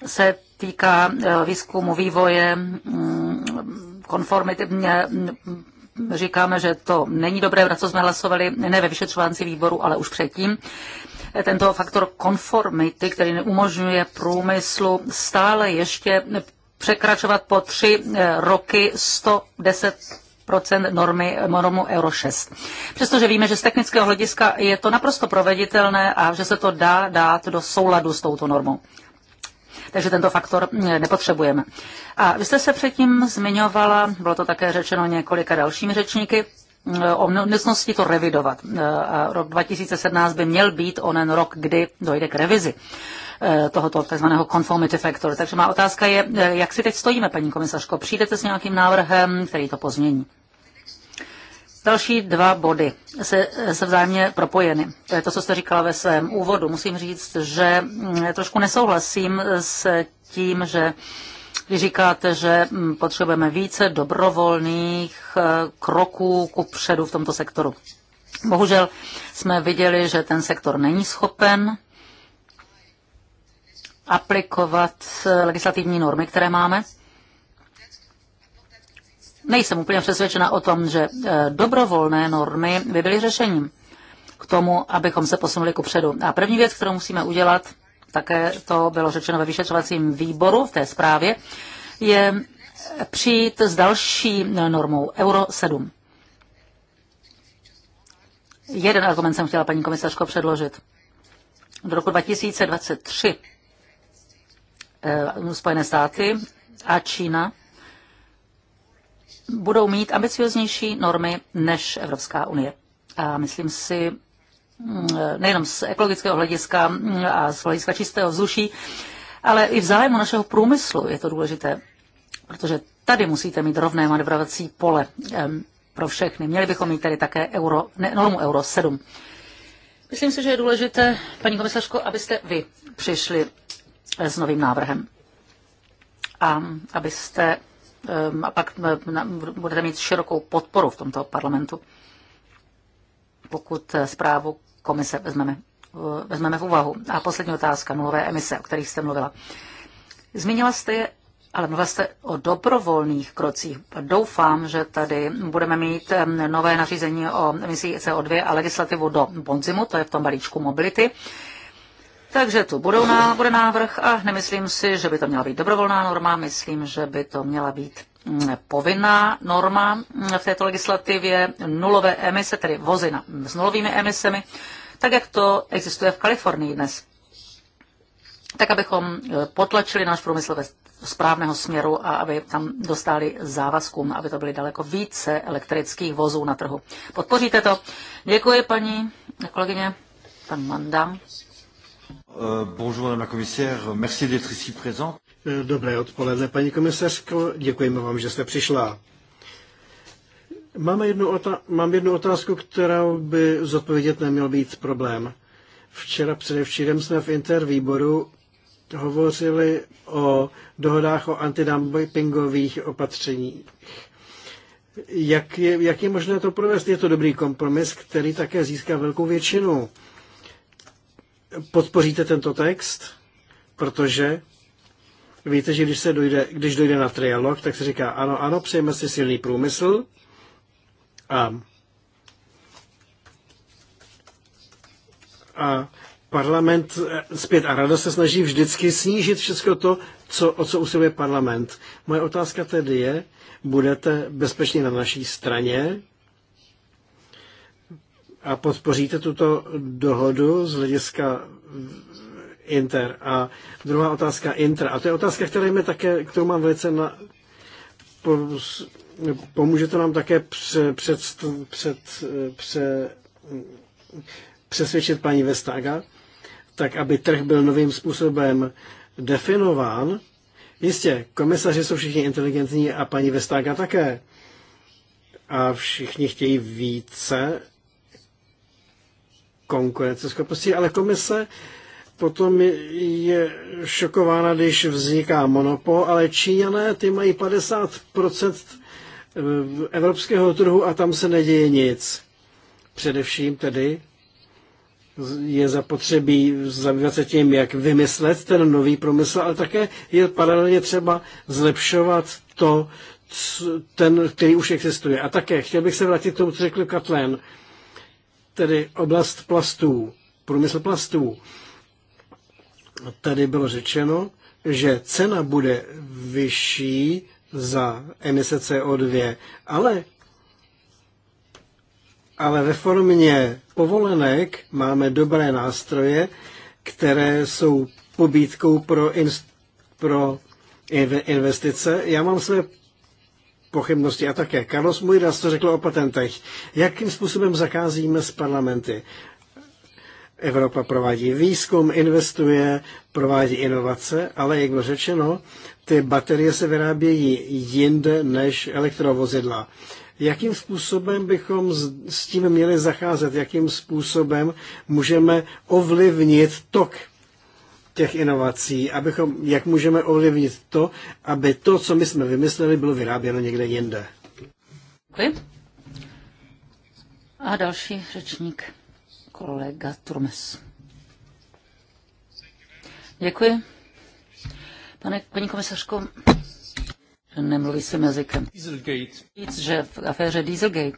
se týká eh, výzkumu vývoje mm, konformity mm, říkáme, že to není dobré, na co jsme hlasovali, ne ve vyšetřovánci výboru, ale už předtím. Tento faktor konformity, který neumožňuje průmyslu stále ještě překračovat po tři eh, roky 110 normy, normu Euro 6. Přestože víme, že z technického hlediska je to naprosto proveditelné a že se to dá dát do souladu s touto normou takže tento faktor eh, nepotřebujeme. A vy jste se předtím zmiňovala, bylo to také řečeno několika dalšími řečníky, eh, o nutnosti to revidovat. Eh, a rok 2017 by měl být onen rok, kdy dojde k revizi tohoto tzv. conformity factor. Takže má otázka je, jak si teď stojíme, paní komisařko, přijdete s nějakým návrhem, který to pozmění? Další dva body se, se vzájemně propojeny. To je to, co jste říkala ve svém úvodu. Musím říct, že mm, trošku nesouhlasím s tím, že vy říkáte, že mm, potřebujeme více dobrovolných eh, kroků ku předu v tomto sektoru. Bohužel jsme viděli, že ten sektor není schopen aplikovat eh, legislativní normy, které máme nejsem úplně přesvědčena o tom, že eh, dobrovolné normy by byly řešením k tomu, abychom se posunuli ku předu. A první věc, kterou musíme udělat, také to bylo řečeno ve vyšetřovacím výboru v té zprávě, je přijít s další normou Euro 7. Jeden argument jsem chtěla, paní komisařko, předložit. Do roku 2023 eh, Spojené státy a Čína budou mít ambicioznější normy než Evropská unie. A myslím si, mm, nejenom z ekologického hlediska a z hlediska čistého vzduší, ale i v zájmu našeho průmyslu je to důležité, protože tady musíte mít rovné manevrovací pole pro všechny. Měli bychom mít tady také euro, ne, normu euro 7. Myslím si, že je důležité, paní komisařko, abyste vy přišli s novým návrhem a abyste Ehm, a pak ehm, budete mít širokou podporu v tomto parlamentu, pokud eh, zprávu komise vezmeme, eh, vezmeme v úvahu. A poslední otázka, nulové emise, o kterých jste mluvila. Zmínila jste je ale mluvila jste o dobrovolných krocích. Doufám, že tady budeme mít ehm, nové nařízení o emisí CO2 a legislativu do Bonzimu, to je v tom balíčku mobility. Takže tu budou ná, bude návrh a nemyslím si, že by to měla být dobrovolná norma, myslím, že by to měla být mm, povinná norma mm, v této legislativě, nulové emise, tedy vozy na, s nulovými emisemi, tak jak to existuje v Kalifornii dnes. Tak, abychom e, potlačili náš průmysl ve správného směru a aby tam dostali závazkům, aby to byly daleko více elektrických vozů na trhu. Podpoříte to? Děkuji, paní kolegyně, pan Mandam. Euh, bonjour, la commissaire. Merci d'être ici présent. Eh, dobré odpoledne, paní komisařko. Děkujeme vám, že jste přišla. Máme jednu mám jednu otázku, kterou by zodpovědět neměl být problém. Včera předevčírem jsme v intervýboru hovořili o dohodách o antidumpingových opatřeních. Jak je, jak je možné to provést? Je to dobrý kompromis, který také získá velkou většinu podpoříte tento text, protože víte, že když, se dojde, když dojde na trialog, tak se říká ano, ano, přejeme si silný průmysl a, a parlament eh, zpět a rada se snaží vždycky snížit všechno to, co, o co usiluje parlament. Moje otázka tedy je, budete bezpečně na naší straně, a podpoříte tuto dohodu z hlediska Inter. A druhá otázka Inter. A to je otázka, která mě také, kterou mám velice na... Pomůže to nám také před, před, před, pře, přesvědčit paní Vestaga, tak aby trh byl novým způsobem definován. Jistě, komisaři jsou všichni inteligentní a paní Vestaga také. A všichni chtějí více konkurenceschopnosti, ale komise potom je šokována, když vzniká monopol, ale Číňané ty mají 50% eh, evropského trhu a tam se neděje nic. Především tedy je zapotřebí zabývat se tím, jak vymyslet ten nový promysl, ale také je paralelně třeba zlepšovat to, ten, který už existuje. A také chtěl bych se vrátit k tomu, co řekl Katlén tedy oblast plastů, průmysl plastů. Tady bylo řečeno, že cena bude vyšší za emise CO2, ale, ale ve formě povolenek máme dobré nástroje, které jsou pobídkou pro, inst, pro investice. Já mám své pochybnosti. A také Carlos Muiras to řekl o patentech. Jakým způsobem zakázíme s parlamenty? Evropa provádí výzkum, investuje, provádí inovace, ale jak bylo řečeno, ty baterie se vyrábějí jinde než elektrovozidla. Jakým způsobem bychom s tím měli zacházet? Jakým způsobem můžeme ovlivnit tok těch inovací, abychom, jak můžeme ovlivnit to, aby to, co my jsme vymysleli, bylo vyráběno někde jinde. Děkuji. A další řečník, kolega Turmes. Děkuji. Pane, paní komisařko, že nemluví svým jazykem. Dieselgate. Víc, že v aféře Dieselgate.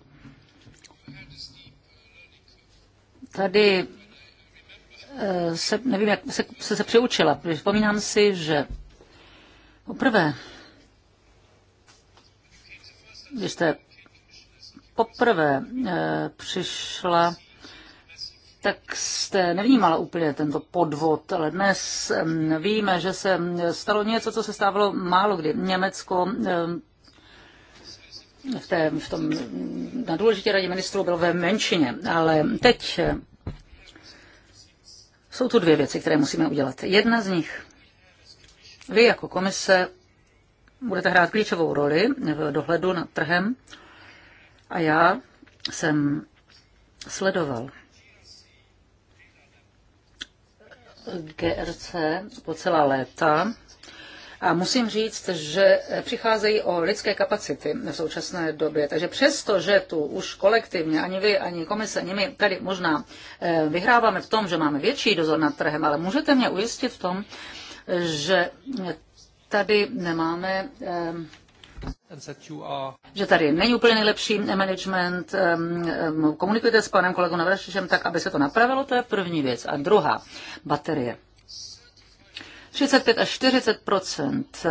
Tady Eh, se, nevím, jak se, se, se přiučila. Vzpomínám si, že poprvé, když jste poprvé e, přišla, tak jste nevnímala úplně tento podvod, ale dnes víme, že se stalo něco, co se stávalo málo kdy. Německo v, té, v tom na důležitě radě ministrů bylo ve menšině, ale teď jsou tu dvě věci, které musíme udělat. Jedna z nich, vy jako komise budete hrát klíčovou roli v dohledu nad trhem a já jsem sledoval GRC po celá léta a musím říct, že přicházejí o lidské kapacity v současné době. Takže přesto, že tu už kolektivně, ani vy, ani komise, ani my tady možná eh, vyhráváme v tom, že máme větší dozor nad trhem, ale můžete mě ujistit v tom, že tady nemáme eh, že tady není úplně nejlepší management, eh, komunikujete s panem kolegou Navrašičem tak, aby se to napravilo, to je první věc. A druhá, baterie. 35 až 40 eh,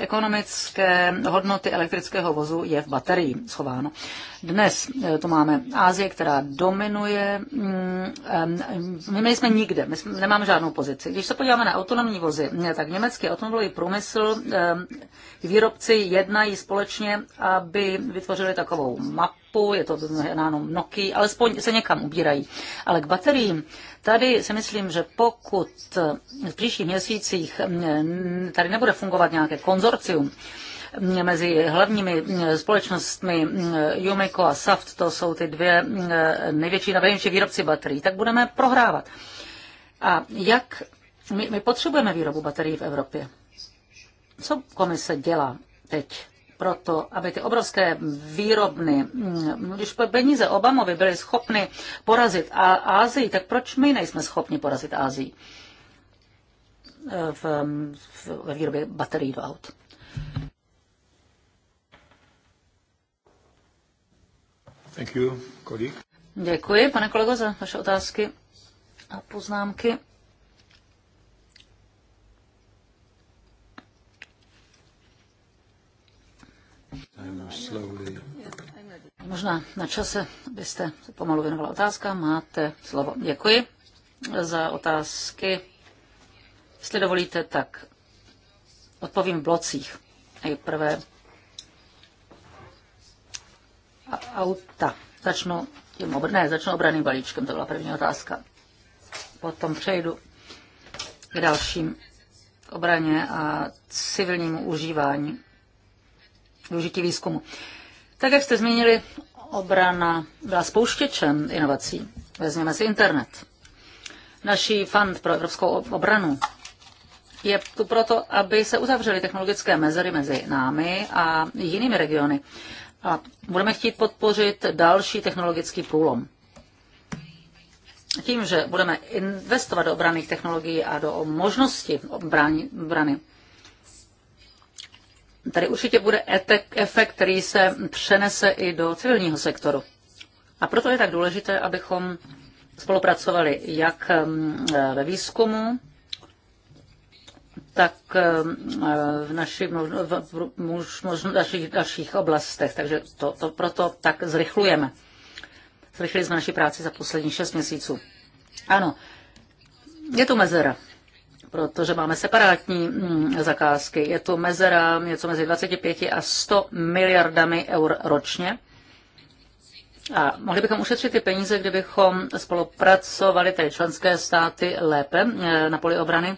ekonomické hodnoty elektrického vozu je v baterii schováno. Dnes eh, to máme Ázie, která dominuje. Mm, eh, my nejsme nikde, my nemáme žádnou pozici. Když se podíváme na autonomní vozy, tak německý automobilový průmysl výrobci jednají společně, aby vytvořili takovou mapu chipu, je to znamenáno mnoky, alespoň se někam ubírají. Ale k bateriím, tady si myslím, že pokud v příštích měsících tady nebude fungovat nějaké konzorcium, mezi hlavními společnostmi Jumeco a Saft, to jsou ty dvě největší největší výrobci baterií, tak budeme prohrávat. A jak my, my potřebujeme výrobu baterií v Evropě? Co komise dělá teď? proto aby ty obrovské výrobny, mm, když peníze Obamovi byly schopny porazit a Ázii, tak proč my nejsme schopni porazit Ázii e, v, v, ve výrobě baterií do aut? Thank you, Děkuji, pane kolego, za vaše otázky a poznámky. Možná na čase byste se pomalu věnovala otázka. Máte slovo. Děkuji za otázky. Jestli dovolíte, tak odpovím v blocích. Nejprve auta. Začnu tím obr- ne, začnu obraným balíčkem, to byla první otázka. Potom přejdu k dalším obraně a civilnímu užívání využití výzkumu. Tak, jak jste zmínili, obrana byla spouštěčem inovací. Vezměme si internet. Naší fond pro evropskou obranu je tu proto, aby se uzavřely technologické mezery mezi námi a jinými regiony. A budeme chtít podpořit další technologický průlom. Tím, že budeme investovat do obraných technologií a do možnosti obrany tady určitě bude efekt, který se přenese i do civilního sektoru. A proto je tak důležité, abychom spolupracovali jak ve výzkumu, tak v, našich, v, v, našich dalších oblastech. Takže to, to proto tak zrychlujeme. Zrychlili jsme naši práci za poslední šest měsíců. Ano, je tu mezera protože máme separátní mm, zakázky. Je to mezera něco mezi 25 a 100 miliardami eur ročně. A mohli bychom ušetřit ty peníze, kdybychom spolupracovali tady členské státy lépe eh, na poli obrany.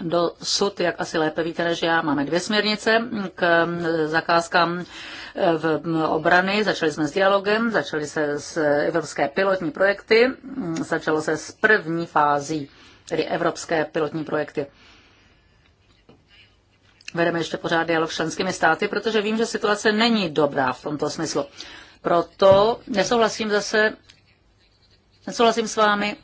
Do sud, jak asi lépe víte než já, máme dvě směrnice k eh, zakázkám eh, v obrany. Začali jsme s dialogem, začali se s evropské pilotní projekty, mm, začalo se s první fází tedy evropské pilotní projekty. Vedeme ještě pořád dialog s členskými státy, protože vím, že situace není dobrá v tomto smyslu. Proto nesouhlasím zase, nesouhlasím s vámi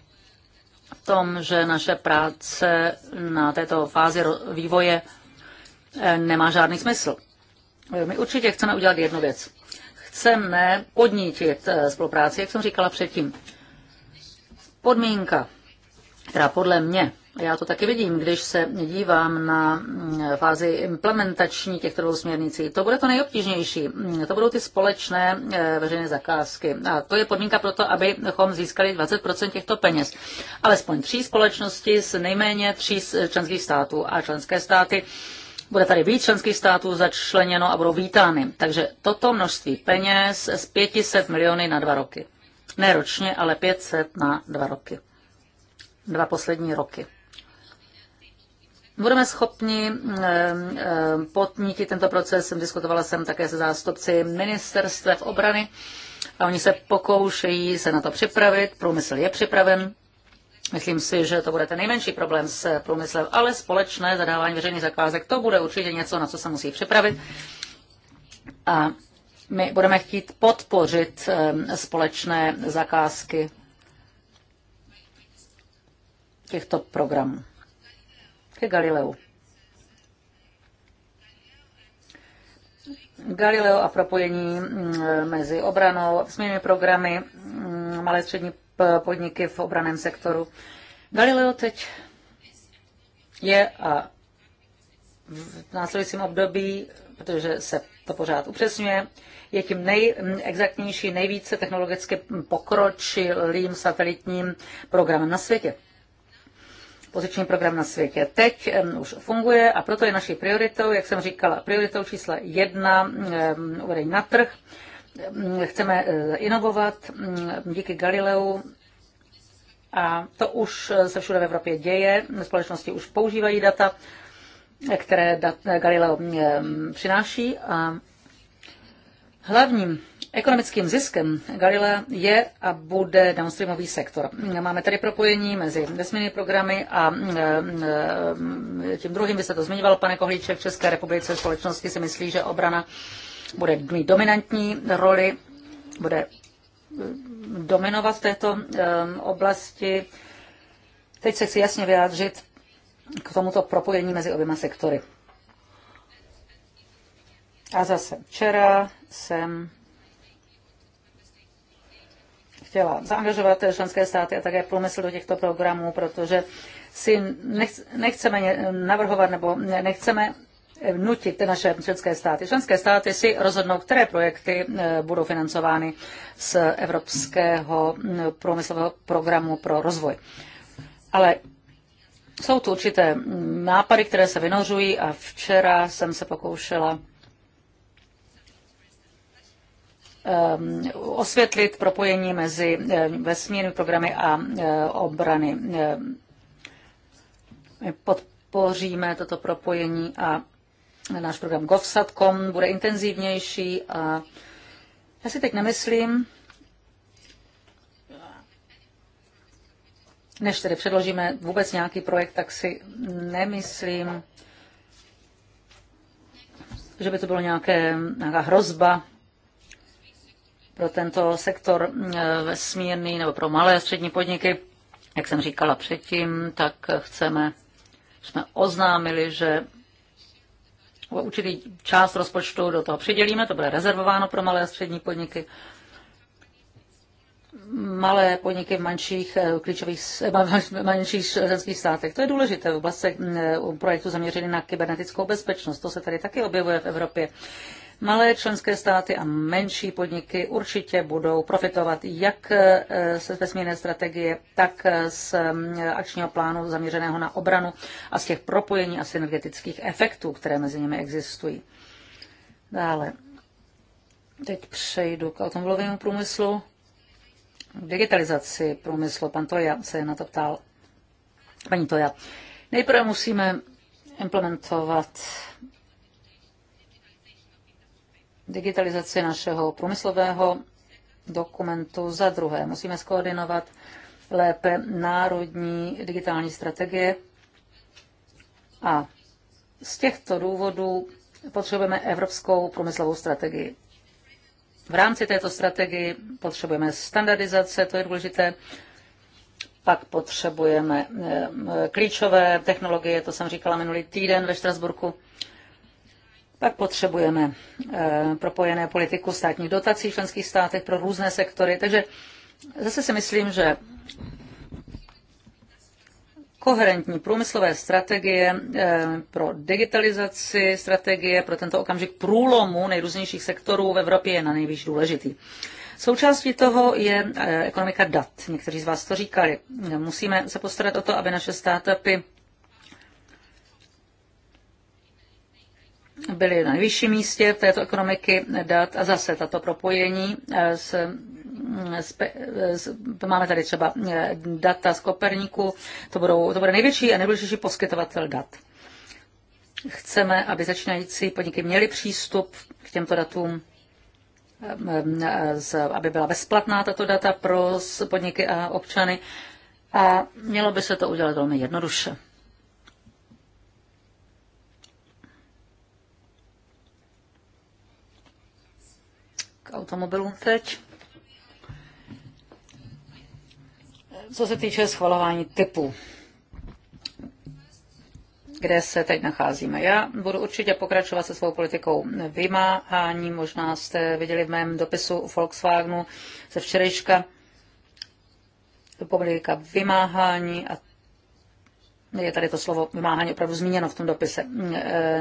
v tom, že naše práce na této fázi vývoje eh, nemá žádný smysl. My určitě chceme udělat jednu věc. Chceme podnítit eh, spolupráci, jak jsem říkala předtím. Podmínka která podle mě, já to taky vidím, když se dívám na mm, fázi implementační těchto dvou směrnicí, to bude to nejobtížnější. To budou ty společné eh, veřejné zakázky. A to je podmínka pro to, abychom získali 20% těchto peněz. Alespoň tří společnosti z nejméně tří eh, členských států a členské státy bude tady víc členských států začleněno a budou vítány. Takže toto množství peněz z 500 miliony na dva roky. Ne ročně, ale 500 na dva roky dva poslední roky. Budeme schopni eh, eh, podnítit tento proces. Diskutovala jsem také se zástupci ministerstev obrany a oni se pokoušejí se na to připravit. Průmysl je připraven. Myslím si, že to bude ten nejmenší problém s průmyslem, ale společné zadávání veřejných zakázek, to bude určitě něco, na co se musí připravit. A my budeme chtít podpořit eh, společné zakázky těchto programů. Ke Galileu. Galileo a propojení mm, mezi obranou, směnými programy, mm, malé střední podniky v obraném sektoru. Galileo teď je a v následujícím období, protože se to pořád upřesňuje, je tím nejexaktnější, mm, nejvíce technologicky pokročilým satelitním programem na světě poziční program na světě. Teď už funguje a proto je naší prioritou, jak jsem říkala, prioritou čísla jedna uvedení na trh. Chceme e, inovovat díky Galileu a to už se všude v Evropě děje. Společnosti už používají data, které dat Galileo přináší a hlavním Ekonomickým ziskem Galilea je a bude downstreamový sektor. Máme tady propojení mezi vesmírnými programy a eh, eh, tím druhým, vy jste to zmiňoval, pane Kohlíček, v České republice společnosti si myslí, že obrana bude mít dominantní roli, bude eh, dominovat v této oblasti. Teď se chci jasně vyjádřit k tomuto propojení mezi oběma sektory. A zase včera jsem chtěla zaangažovat členské státy a také průmysl do těchto programů, protože si nechceme navrhovat nebo nechceme nutit ty naše členské státy. Členské státy si rozhodnou, které projekty e, budou financovány z Evropského průmyslového programu pro rozvoj. Ale jsou tu určité nápady, které se vynořují a včera jsem se pokoušela Um, osvětlit propojení mezi eh, vesmírnými programy a eh, obrany. My eh, podpoříme toto propojení a náš program govsat.com bude intenzivnější a já si teď nemyslím, než tedy předložíme vůbec nějaký projekt, tak si nemyslím, že by to bylo nějaké, nějaká hrozba pro tento sektor mm, vesmírný nebo pro malé a střední podniky. Jak jsem říkala předtím, tak chceme, jsme oznámili, že určitý část rozpočtu do toho přidělíme, to bude rezervováno pro malé a střední podniky. Malé podniky v menších eh, klíčových, eh, menších členských státech. To je důležité v oblasti mm, eh, projektu zaměřený na kybernetickou bezpečnost. To se tady taky objevuje v Evropě. Malé členské státy a menší podniky určitě budou profitovat jak se eh, vesmírné strategie, tak eh, z mm, akčního plánu zaměřeného na obranu a z těch propojení a synergetických efektů, které mezi nimi existují. Dále. Teď přejdu k automobilovému průmyslu. digitalizaci průmyslu. Pan Toja se na to ptal. Paní Toja. Nejprve musíme implementovat digitalizaci našeho průmyslového dokumentu. Za druhé, musíme skoordinovat lépe národní digitální strategie a z těchto důvodů potřebujeme evropskou průmyslovou strategii. V rámci této strategii potřebujeme standardizace, to je důležité, pak potřebujeme eh, klíčové technologie, to jsem říkala minulý týden ve Štrasburku, pak potřebujeme eh, propojené politiku státních dotací v členských státech pro různé sektory. Takže zase si myslím, že koherentní průmyslové strategie eh, pro digitalizaci, strategie pro tento okamžik průlomu nejrůznějších sektorů v Evropě je na nejvíc důležitý. Součástí toho je eh, ekonomika dat. Někteří z vás to říkali. Musíme se postarat o to, aby naše startupy byli na nejvyšším místě této ekonomiky dat a zase tato propojení eh, s mm, eh, máme tady třeba eh, data z Koperníku, to, budou, to bude největší a nejdůležitější poskytovatel dat. Chceme, aby začínající podniky měly přístup k těmto datům, aby byla bezplatná tato data pro podniky a občany a mělo by se to udělat velmi jednoduše. automobilům teď. Co se týče schvalování typu, kde se teď nacházíme. Já budu určitě pokračovat se svou politikou vymáhání. Možná jste viděli v mém dopisu Volkswagenu ze včerejška politika vymáhání a je tady to slovo vymáhání opravdu zmíněno v tom dopise.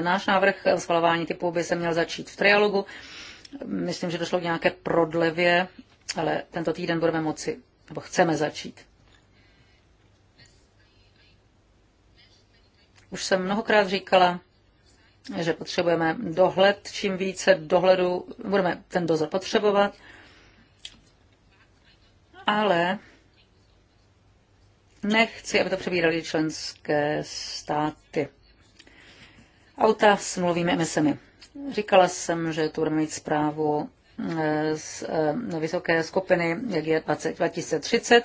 Náš návrh schvalování typu by se měl začít v trialogu. Myslím, že došlo k nějaké prodlevě, ale tento týden budeme moci, nebo chceme začít. Už jsem mnohokrát říkala, že potřebujeme dohled, čím více dohledu budeme ten dozor potřebovat, ale nechci, aby to přebírali členské státy. Auta s mluvými emisemi. Říkala jsem, že tu budeme mít zprávu eh, z eh, vysoké skupiny, jak je 2030,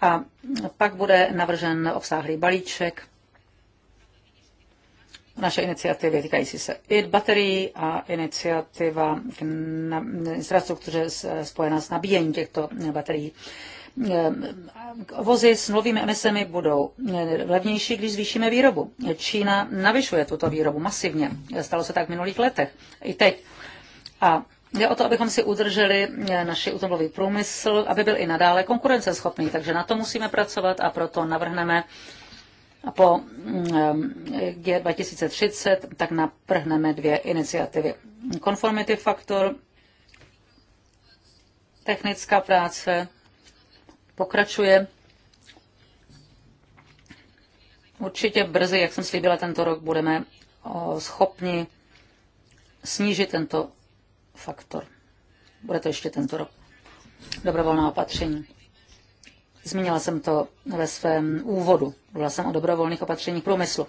a pak bude navržen obsáhlý balíček naše iniciativy týkající se i baterií a iniciativa k infrastruktuře spojená s nabíjením těchto baterií. Eh, vozy s novými emisemi budou eh, levnější, když zvýšíme výrobu. Čína navyšuje tuto výrobu masivně. Stalo se tak v minulých letech. I teď. A Jde o to, abychom si udrželi eh, náš automobilový průmysl, aby byl i nadále konkurenceschopný. Takže na to musíme pracovat a proto navrhneme po G2030, tak naprhneme dvě iniciativy. Conformity faktor, technická práce, pokračuje. Určitě brzy, jak jsem slíbila, tento rok budeme schopni snížit tento faktor. Bude to ještě tento rok. Dobrovolná opatření. Zmínila jsem to ve svém úvodu. Mluvila jsem o dobrovolných opatřeních průmyslu.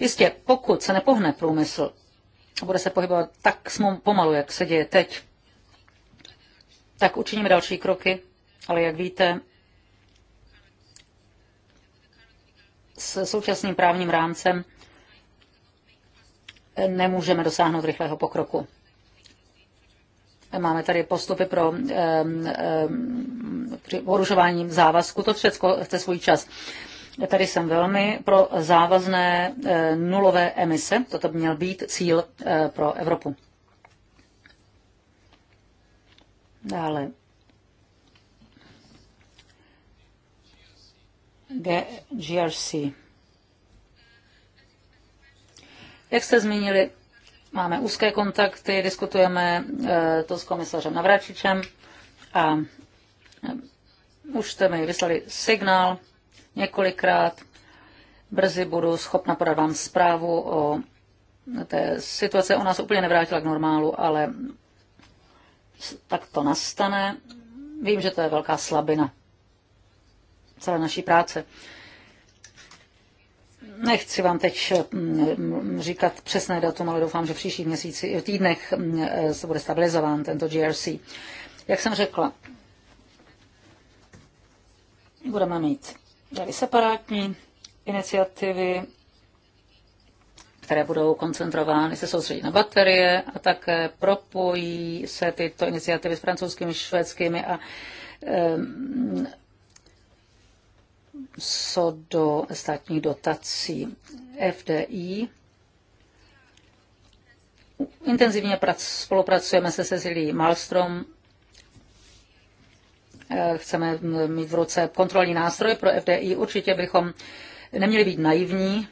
Jistě, pokud se nepohne průmysl a bude se pohybovat tak pomalu, jak se děje teď, tak učiníme další kroky ale jak víte, s současným právním rámcem nemůžeme dosáhnout rychlého pokroku. Máme tady postupy pro um, um, závazku. To všechno chce svůj čas. Tady jsem velmi pro závazné e, nulové emise. Toto by měl být cíl e, pro Evropu. Dále GRC. Jak jste zmínili, máme úzké kontakty, diskutujeme eh, to s komisařem Navračičem a eh, už jste mi vyslali signál několikrát. Brzy budu schopna podat vám zprávu o té situace. Ona se úplně nevrátila k normálu, ale tak to nastane. Vím, že to je velká slabina celé naší práce. Nechci vám teď eh, mm, mm, říkat přesné datum, ale doufám, že v příštích měsících, eh, týdnech mm, eh, se bude stabilizován tento GRC. Jak jsem řekla, budeme mít tady separátní iniciativy, které budou koncentrovány, se soustředí na baterie a také propojí se tyto iniciativy s francouzskými, švédskými a co do státních dotací FDI, intenzivně spolupracujeme se Cecilí Malstrom. Eh, chceme mít v ruce kontrolní nástroj pro FDI. Určitě bychom neměli být naivní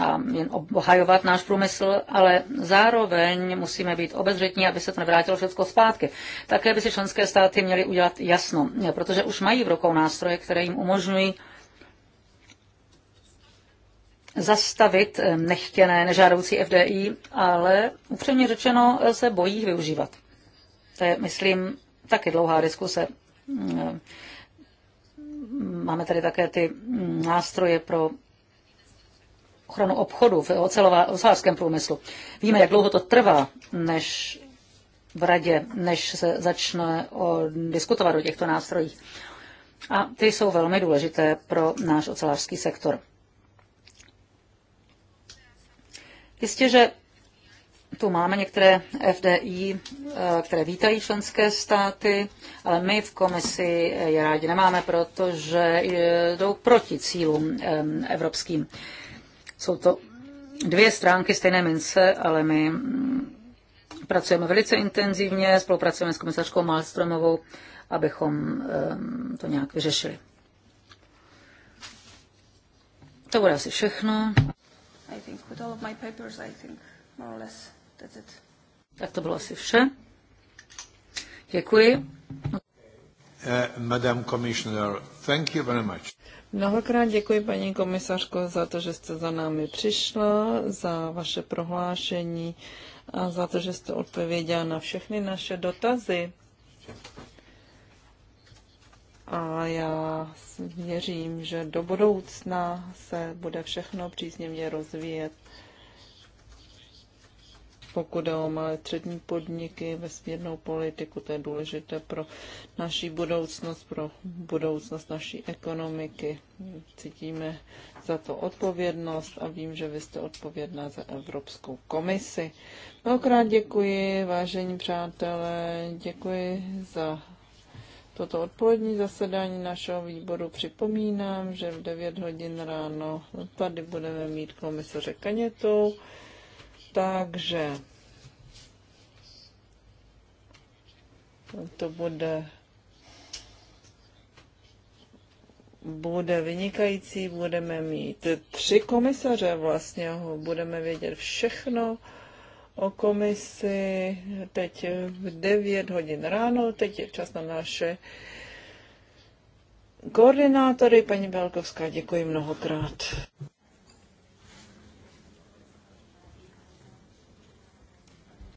a jen obhajovat náš průmysl, ale zároveň musíme být obezřetní, aby se to nevrátilo všechno zpátky. Také by si členské státy měly udělat jasno, protože už mají v rukou nástroje, které jim umožňují zastavit eh, nechtěné, nežádoucí FDI, ale upřímně řečeno se bojí jich využívat. To je, myslím, taky dlouhá diskuse. Eh, Máme tady také ty mm, nástroje pro ochranu obchodu v ocelářském průmyslu. Víme, jak dlouho to trvá, než v radě, než se začne o, diskutovat o těchto nástrojích. A ty jsou velmi důležité pro náš ocelářský sektor. Jistě, že tu máme některé FDI, eh, které vítají členské státy, ale my v komisi je rádi nemáme, protože jdou proti cílům evropským. Jsou to dvě stránky stejné mince, ale my mm, pracujeme velice intenzivně, spolupracujeme s komisařkou Malstromovou, abychom to nějak vyřešili. To bude asi všechno. Tak to bylo asi vše. Děkuji. Uh, Madam Commissioner, thank you very much. Mnohokrát děkuji paní komisařko za to, že jste za námi přišla, za vaše prohlášení a za to, že jste odpověděla na všechny naše dotazy. A já věřím, že do budoucna se bude všechno příznivě rozvíjet pokud jde o malé střední podniky, vesmírnou politiku, to je důležité pro naši budoucnost, pro budoucnost naší ekonomiky. Cítíme za to odpovědnost a vím, že vy jste odpovědná za Evropskou komisi. Mnohokrát děkuji, vážení přátelé, děkuji za Toto odpolední zasedání našeho výboru připomínám, že v 9 hodin ráno tady budeme mít komisaře Kanětou. Takže to bude bude vynikající, budeme mít tři komisaře vlastně, budeme vědět všechno o komisi, teď v 9 hodin ráno, teď je čas na naše koordinátory. Paní Belkovská, děkuji mnohokrát.